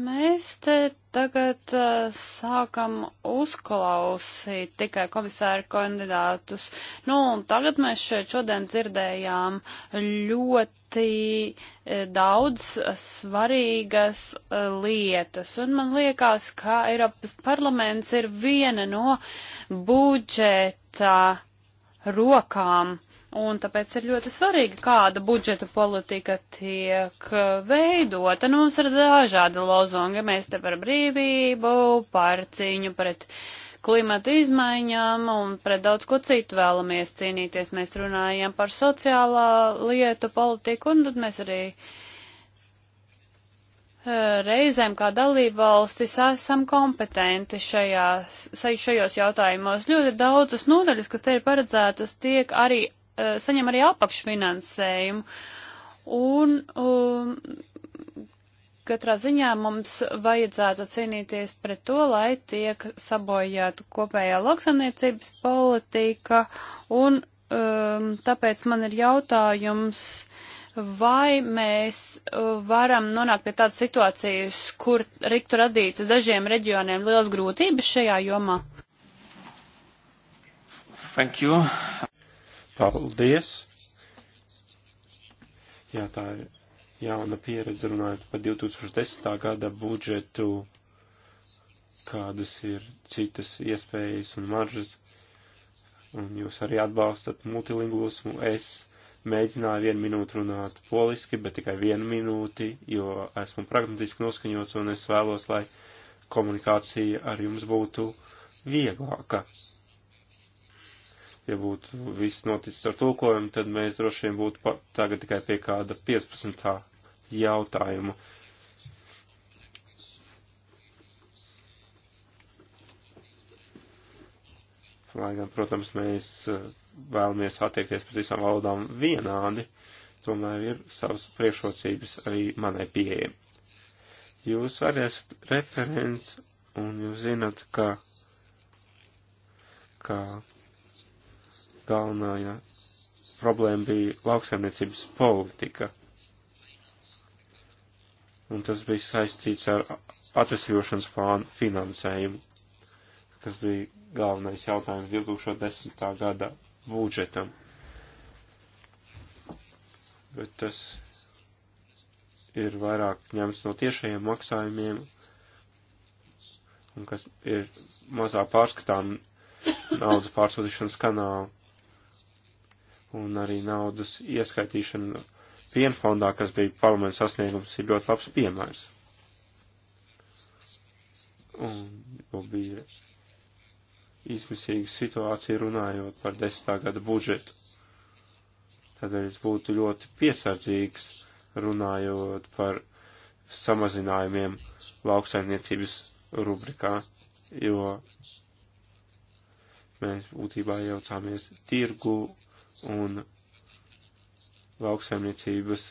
Mēs te tagad uh, sākam uzklausīt tikai komisāru kandidātus. Nu, un tagad mēs šeit šodien dzirdējām ļoti eh, daudz svarīgas uh, lietas. Un man liekas, ka Eiropas parlaments ir viena no budžeta rokām Un tāpēc ir ļoti svarīgi, kāda budžeta politika tiek veidota. Nu, mums ir dažādi lozungi. Mēs te par brīvību, par cīņu pret klimata izmaiņām un pret daudz ko citu vēlamies cīnīties. Mēs runājam par sociālā lietu politiku un tad mēs arī e, reizēm kā dalībvalstis esam kompetenti šajās, šajos jautājumos. Ļoti daudzas nodaļas, kas te ir paredzētas, tiek arī Eh, saņem arī apakšfinansējumu. Un um, katrā ziņā mums vajadzētu cīnīties pret to, lai tiek sabojātu kopējā lauksaimniecības politika. Un um, tāpēc man ir jautājums vai mēs uh, varam nonākt pie tādas situācijas, kur riktu radīts dažiem reģioniem liels grūtības šajā jomā? Thank you. Paldies! Jā, tā ir jauna pieredze runājot par 2010. gada budžetu, kādas ir citas iespējas un maržas. Un jūs arī atbalstat multilingvismu. Es mēģināju vienu minūti runāt poliski, bet tikai vienu minūti, jo esmu pragmatiski noskaņots un es vēlos, lai komunikācija ar jums būtu vieglāka ja būtu viss noticis ar tulkojumu, tad mēs droši vien būtu tagad tikai pie kāda 15. jautājuma. Lai gan, protams, mēs eh, vēlamies attiekties pret visām valodām vienādi, tomēr ir savas priekšrocības arī manai pieejai. Jūs arī esat referents un jūs zinat, ka, ka galvenā jā, problēma bija lauksaimniecības politika. Un tas bija saistīts ar atvesļošanas plānu finansējumu, kas bija galvenais jautājums 2010. gada budžetam. Bet tas ir vairāk ņemts no tiešajiem maksājumiem, un kas ir mazā pārskatām naudas pārsūtīšanas kanāla un arī naudas ieskaitīšana pienfondā, kas bija parlaments sasniegums, ir ļoti labs piemērs. Un jau bija izmisīga situācija runājot par desmitā gada budžetu. Tādēļ es būtu ļoti piesardzīgs runājot par samazinājumiem lauksaimniecības rubrikā, jo mēs būtībā jaucāmies tirgu un lauksaimniecības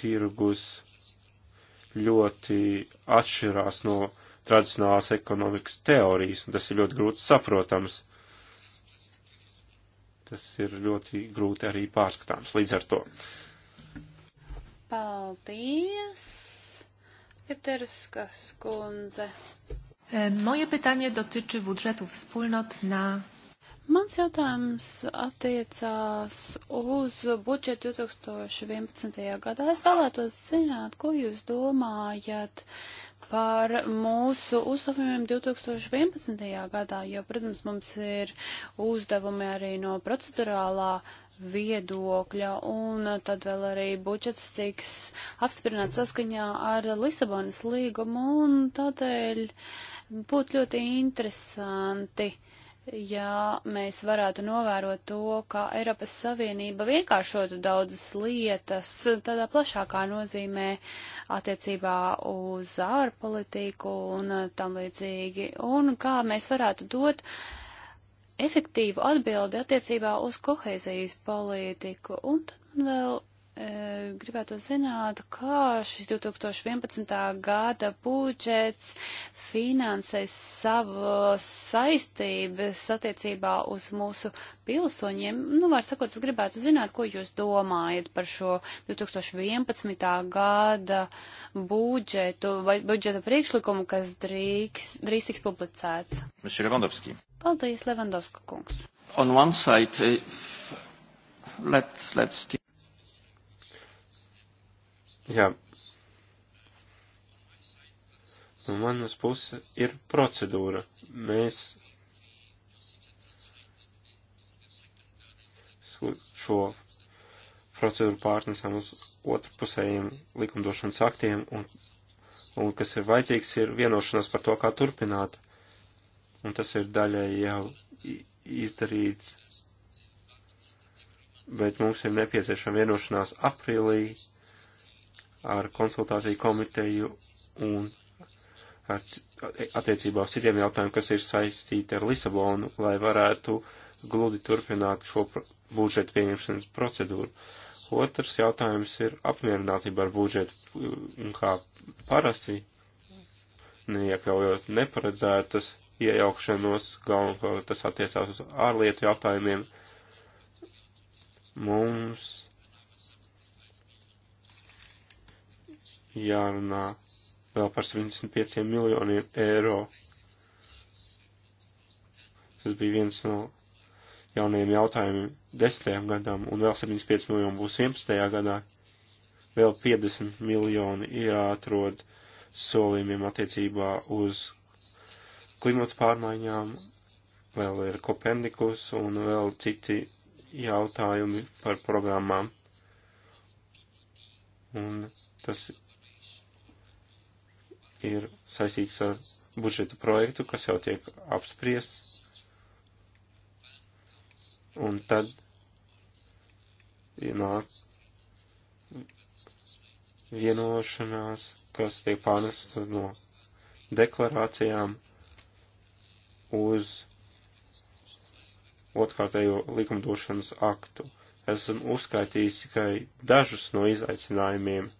tirgus ļoti atšķirās no tradicionālās ekonomikas teorijas, un tas ir ļoti grūti saprotams. Tas ir ļoti grūti arī pārskatāms līdz ar to. Paldies, Pieterskas kundze. E, moje pytanie dotyczy budżetów wspólnot na Mans jautājums attiecās uz budžetu 2011. gadā. Es vēlētos zināt, ko jūs domājat par mūsu uzdevumiem 2011. gadā, jo, protams, mums ir uzdevumi arī no procedurālā viedokļa, un tad vēl arī budžets tiks apsprināts saskaņā ar Lisabonas līgumu, un tādēļ būtu ļoti interesanti ja mēs varētu novērot to, ka Eiropas Savienība vienkāršotu daudzas lietas tādā plašākā nozīmē attiecībā uz ārpolitiku un tam līdzīgi, un kā mēs varētu dot efektīvu atbildi attiecībā uz kohēzijas politiku. Un tad man vēl gribētu zināt, kā šis 2011. gada budžets finansēs savas saistības attiecībā uz mūsu pilsoņiem. Nu, var sakot, es gribētu zināt, ko jūs domājat par šo 2011. gada budžetu vai budžeta priekšlikumu, kas drīks, drīz tiks publicēts. Mr. Levandovski. Paldies, Levandovska kungs. On one side, uh, let's, let's Jā. No manas puses ir procedūra. Mēs šo procedūru pārnesam uz otrpusējiem likumdošanas aktiem, un, un kas ir vajadzīgs, ir vienošanās par to, kā turpināt. Un tas ir daļai jau izdarīts, bet mums ir nepieciešama vienošanās aprīlī ar konsultāciju komiteju un ar attiecībā uz citiem jautājumiem, kas ir saistīti ar Lisabonu, lai varētu gludi turpināt šo budžeta pieņemšanas procedūru. Otrs jautājums ir apmierinātība ar budžetu, kā parasti, neiekļaujot neparedzētas iejaukšanos, galvenokārt tas attiecās uz ārlietu jautājumiem. Mums jārunā vēl par 75 miljoniem eiro. Tas bija viens no jaunajiem jautājumiem 10. gadam, un vēl 75 miljoni būs 11. gadā. Vēl 50 miljoni jāatrod solījumiem attiecībā uz klimata pārmaiņām, vēl ir Kopernikus un vēl citi jautājumi par programmām. Un tas ir saistīts ar budžeta projektu, kas jau tiek apspriests. Un tad ienāk vienošanās, kas tiek pārnesta no deklarācijām uz otrkārtējo likumdošanas aktu. Esam uzskaitījis tikai dažus no izaicinājumiem,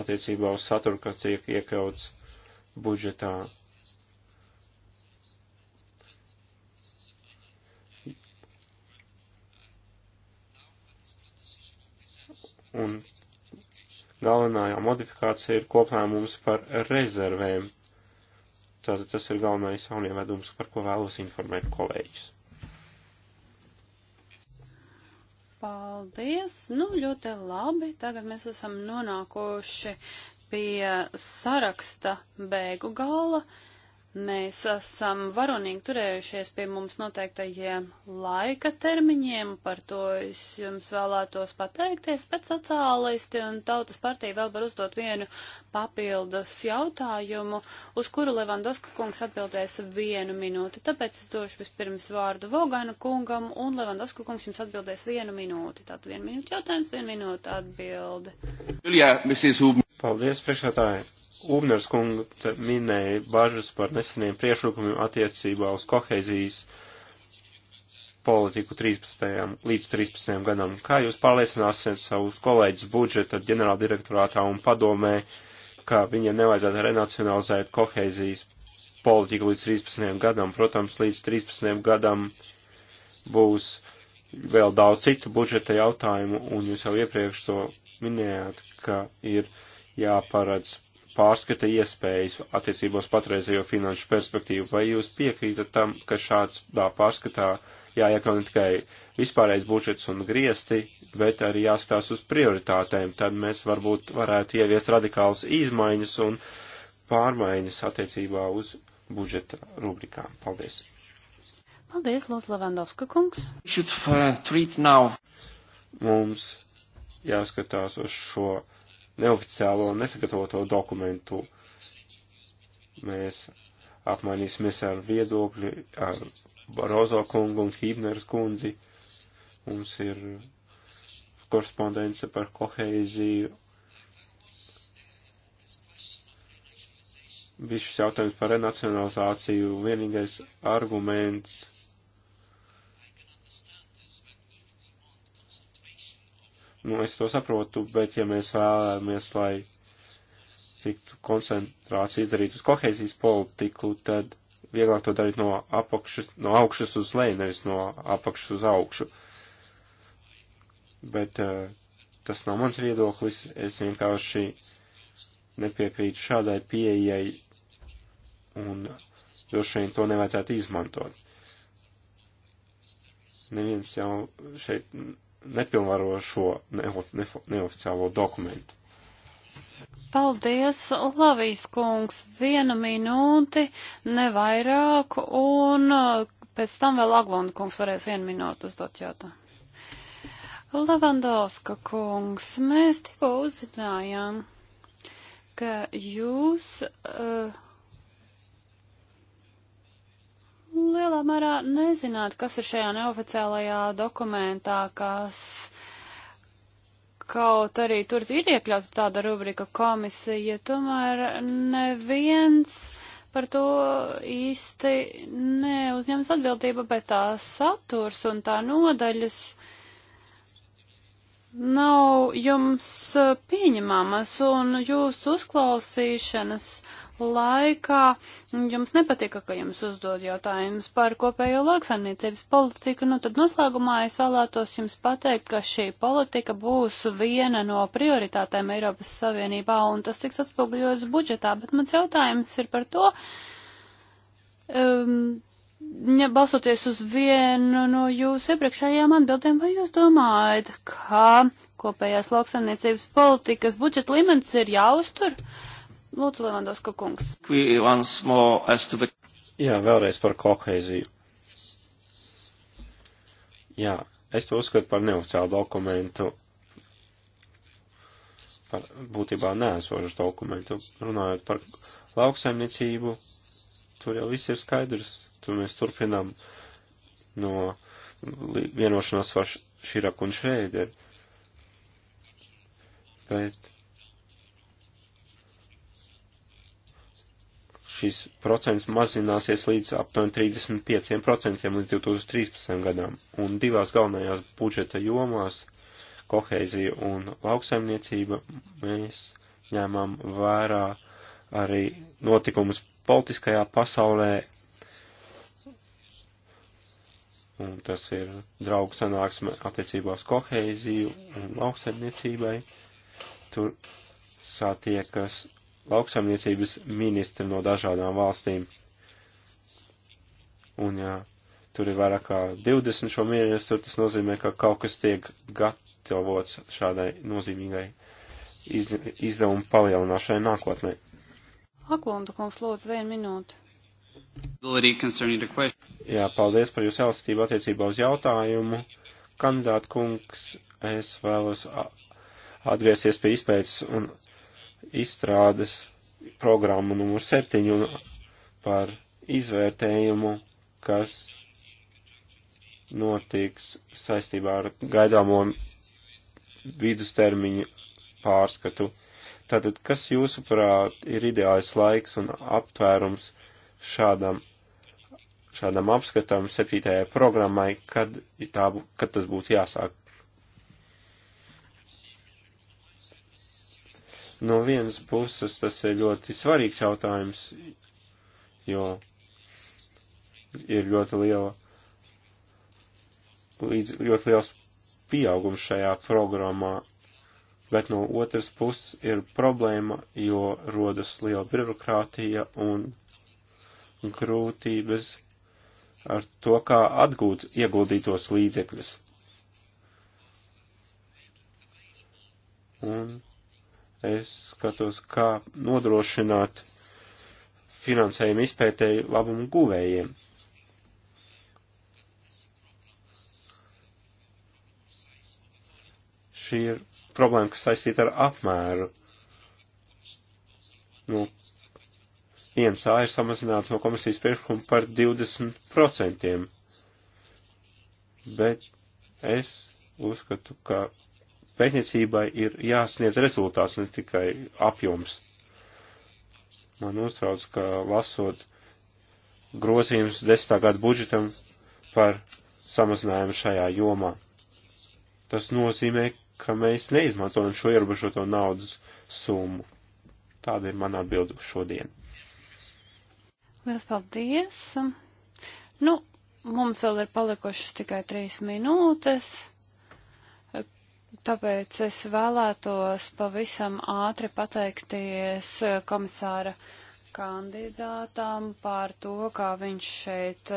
attiecībā uz saturu, kas tiek iekļauts budžetā. Un galvenā modifikācija ir koplēmums par rezervēm. Tātad tas ir galvenais jaunievedums, par ko vēlos informēt kolēģis. Paldies! Nu, ļoti labi. Tagad mēs esam nonākuši pie saraksta beigu gala. Uh, Mēs esam varonīgi turējušies pie mums noteiktajiem laika termiņiem, par to es jums vēlētos pateikties, bet sociālisti un tautas partija vēl var uzdot vienu papildus jautājumu, uz kuru Levandoska kungs atbildēs vienu minūti. Tāpēc es došu vispirms vārdu Vogana kungam, un Levandoska kungs jums atbildēs vienu minūti. Tātad vienu minūti jautājums, vienu minūti atbildi. Paldies, priekšētāji! Ubners kunga minēja bažas par neseniem priešlikumiem attiecībā uz kohēzijas politiku 13. līdz 13. gadam. Kā jūs pārliecināsiet savus kolēģis budžeta ģenerāldirektorātā un padomē, ka viņa nevajadzētu renacionalizēt kohēzijas politiku līdz 13. gadam? Protams, līdz 13. gadam būs vēl daudz citu budžeta jautājumu, un jūs jau iepriekš to minējāt, ka ir jāparedz pārskata iespējas attiecībos patreizējo finanšu perspektīvu, vai jūs piekrītat tam, ka šāds tā pārskatā jāiekļauj ne tikai vispārējais budžets un griesti, bet arī jāskatās uz prioritātēm, tad mēs varbūt varētu ieviest radikālas izmaiņas un pārmaiņas attiecībā uz budžeta rubrikām. Paldies! Paldies, Lūdzu, Levandovska kungs! Uh, Mums jāskatās uz šo neoficiālo un nesagatavoto dokumentu. Mēs apmainīsimies ar viedokļi, ar Barozo kungu un Hībners kundzi. Mums ir korespondence par koheiziju. Viss šis jautājums par renacionalizāciju vienīgais arguments Nu, es to saprotu, bet ja mēs vēlamies, lai tiktu koncentrācija izdarīt uz kohēzijas politiku, tad vieglāk to darīt no apakšas, no augšas uz leju, nevis no apakšas uz augšu. Bet uh, tas nav mans viedoklis, es vienkārši nepiekrītu šādai pieejai un droši vien to nevajadzētu izmantot. Neviens jau šeit nepilnvaro šo neoficiālo dokumentu. Paldies, Lavijas kungs, viena minūti, nevairāk, un uh, pēc tam vēl Aglonda kungs varēs vienu minūtu uzdot jautājumu. Lavandovska kungs, mēs tikko uzzinājām, ka jūs uh, lielā mērā nezināt, kas ir šajā neoficiālajā dokumentā, kas kaut arī tur ir iekļauts tāda rubrika komisija, tomēr neviens par to īsti neuzņems atbildību, bet tās saturs un tā nodaļas nav jums pieņemamas un jūsu uzklausīšanas laikā jums nepatika, ka jums uzdod jautājumus par kopējo lauksaimniecības politiku, nu tad noslēgumā es vēlētos jums pateikt, ka šī politika būs viena no prioritātēm Eiropas Savienībā, un tas tiks atspogļots budžetā, bet mans jautājums ir par to, um, ja balsoties uz vienu no jūsu iepriekšējām atbildēm, vai jūs domājat, ka kopējās lauksaimniecības politikas budžeta līmenis ir jāuztur? Uh, Lūdzu, Levandoska kungs. Jā, vēlreiz par kohēziju. Jā, es to uzskatu par neoficiālu dokumentu, par būtībā nēsošu dokumentu. Runājot par lauksaimniecību, tur jau viss ir skaidrs, tur mēs turpinām no vienošanās var šīrak un šeit ir. Bet šis procents mazināsies līdz aptuveni 35% līdz 2013. gadam, un divās galvenajās budžeta jomās - kohēzija un lauksaimniecība - mēs ņēmām vērā arī notikumus politiskajā pasaulē, un tas ir draugu sanāksme attiecībās kohēziju un lauksaimniecībai. Tur satiekas lauksaimniecības ministri no dažādām valstīm. Un, ja tur ir vairāk kā 20 šo ministru, tas nozīmē, ka kaut kas tiek gatavots šādai nozīmīgai izdevumu palielināšanai nākotnē. Aklunda kungs, lūdzu, vienu minūti. Jā, paldies par jūsu elastību attiecībā uz jautājumu. Kandidāt kungs, es vēlos atgriezties pie izpētes un izstrādes programmu numur 7 par izvērtējumu, kas notiks saistībā ar gaidāmo vidustermiņu pārskatu. Tātad, kas jūsuprāt ir ideāls laiks un aptvērums šādam, šādam apskatam septītajai programmai, kad, tā, kad tas būtu jāsāk? No vienas puses tas ir ļoti svarīgs jautājums, jo ir ļoti liela, līdz, ļoti liels pieaugums šajā programmā, bet no otras puses ir problēma, jo rodas liela birokrātija un grūtības ar to, kā atgūt ieguldītos līdzekļus. Un Es skatos, kā nodrošināt finansējumu izpētēju labumu guvējiem. Šī ir problēma, kas saistīta ar apmēru. Nu, viens A ir samazināts no komisijas priekšlikuma par 20%, bet es uzskatu, ka pētniecībai ir jāsniedz rezultāts, ne tikai apjoms. Man uztrauc, ka lasot grozījums desmitā gada budžetam par samazinājumu šajā jomā. Tas nozīmē, ka mēs neizmantojam šo ierobežoto naudas summu. Tāda ir mana atbildu šodien. Lielas paldies! Nu, mums vēl ir palikušas tikai trīs minūtes. Tāpēc es vēlētos pavisam ātri pateikties eh, komisāra kandidātām par to, kā viņš šeit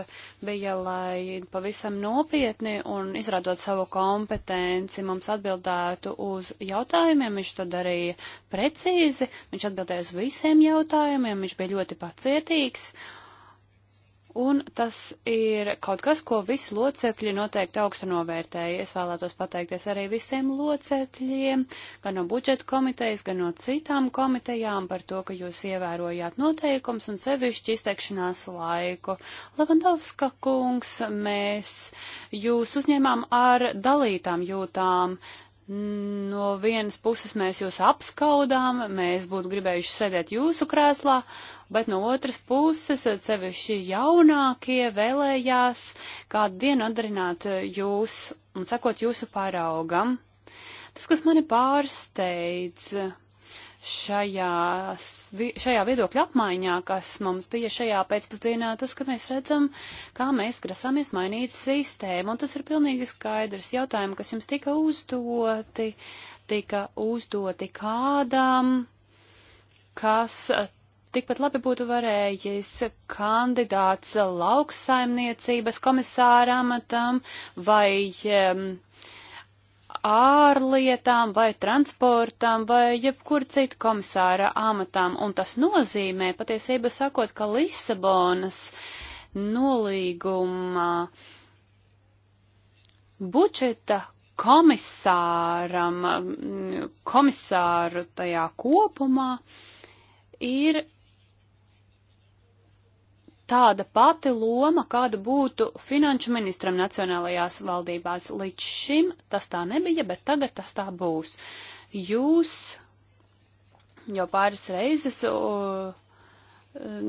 bija, lai pavisam nopietni un izrādot savu kompetenci mums atbildētu uz jautājumiem. Viņš to darīja precīzi, viņš atbildēja uz visiem jautājumiem, viņš bija ļoti pacietīgs Un tas ir kaut kas, ko visi locekļi noteikti augstu novērtēja. Es vēlētos pateikties arī visiem locekļiem, gan no budžeta komitejas, gan no citām komitejām par to, ka jūs ievērojāt noteikums un sevišķi izteikšanās laiku. Levandovska kungs, mēs jūs uzņēmām ar dalītām jūtām. No vienas puses mēs jūs apskaudām, mēs būtu gribējuši sēdēt jūsu krēslā, uh, bet no otras puses sevišķi jaunākie vēlējās kādu dienu atdarināt jūs un sakot jūsu paraugam. Tas, kas mani pārsteidz šajās, šajā viedokļa apmaiņā, kas mums bija šajā pēcpusdienā, tas, ka mēs redzam, kā mēs grasāmies mainīt sistēmu, un tas ir pilnīgi skaidrs jautājumi, kas jums tika uzdoti, tika uzdoti kādam, kas tikpat labi būtu varējis kandidāts lauksaimniecības komisāra amatam vai um, ārlietām vai transportām vai jebkur citu komisāra amatām. Un tas nozīmē, patiesība sakot, ka Lisabonas nolīguma budžeta komisāram, mm, komisāru tajā kopumā ir tāda pati loma, kāda būtu finanšu ministram nacionālajās valdībās. Līdz šim tas tā nebija, bet tagad tas tā būs. Jūs jau pāris reizes uh,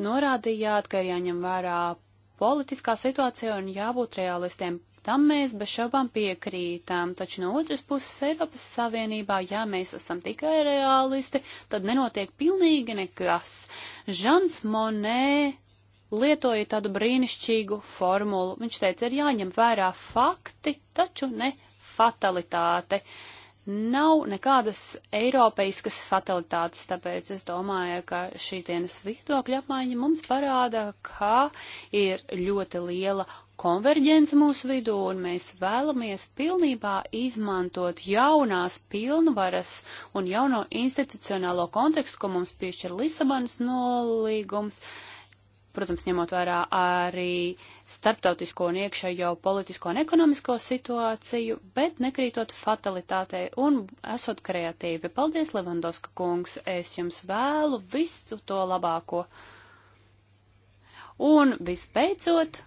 norādījāt, ka ir jāņem vērā politiskā situācija un jābūt realistiem. Tam mēs bez šaubām piekrītām, taču no otras puses Eiropas Savienībā, ja mēs esam tikai realisti, tad nenotiek pilnīgi nekas. Žans Monē lietoja tādu brīnišķīgu formulu. Viņš teica, ir jāņem vērā fakti, taču ne fatalitāte. Nav nekādas eiropeiskas fatalitātes, tāpēc es domāju, ka šīs dienas viedokļa apmaiņa mums parāda, kā ir ļoti liela konverģence mūsu vidū, un mēs vēlamies pilnībā izmantot jaunās pilnvaras un jauno institucionālo kontekstu, ko mums piešķir Lisabonas nolīgums. Uh, protams, ņemot vērā arī starptautisko un iekšējo politisko un ekonomisko situāciju, bet nekrītot fatalitātei un esot kreatīvi. Paldies, Levandovska kungs, es jums vēlu visu to labāko. Un visbeidzot.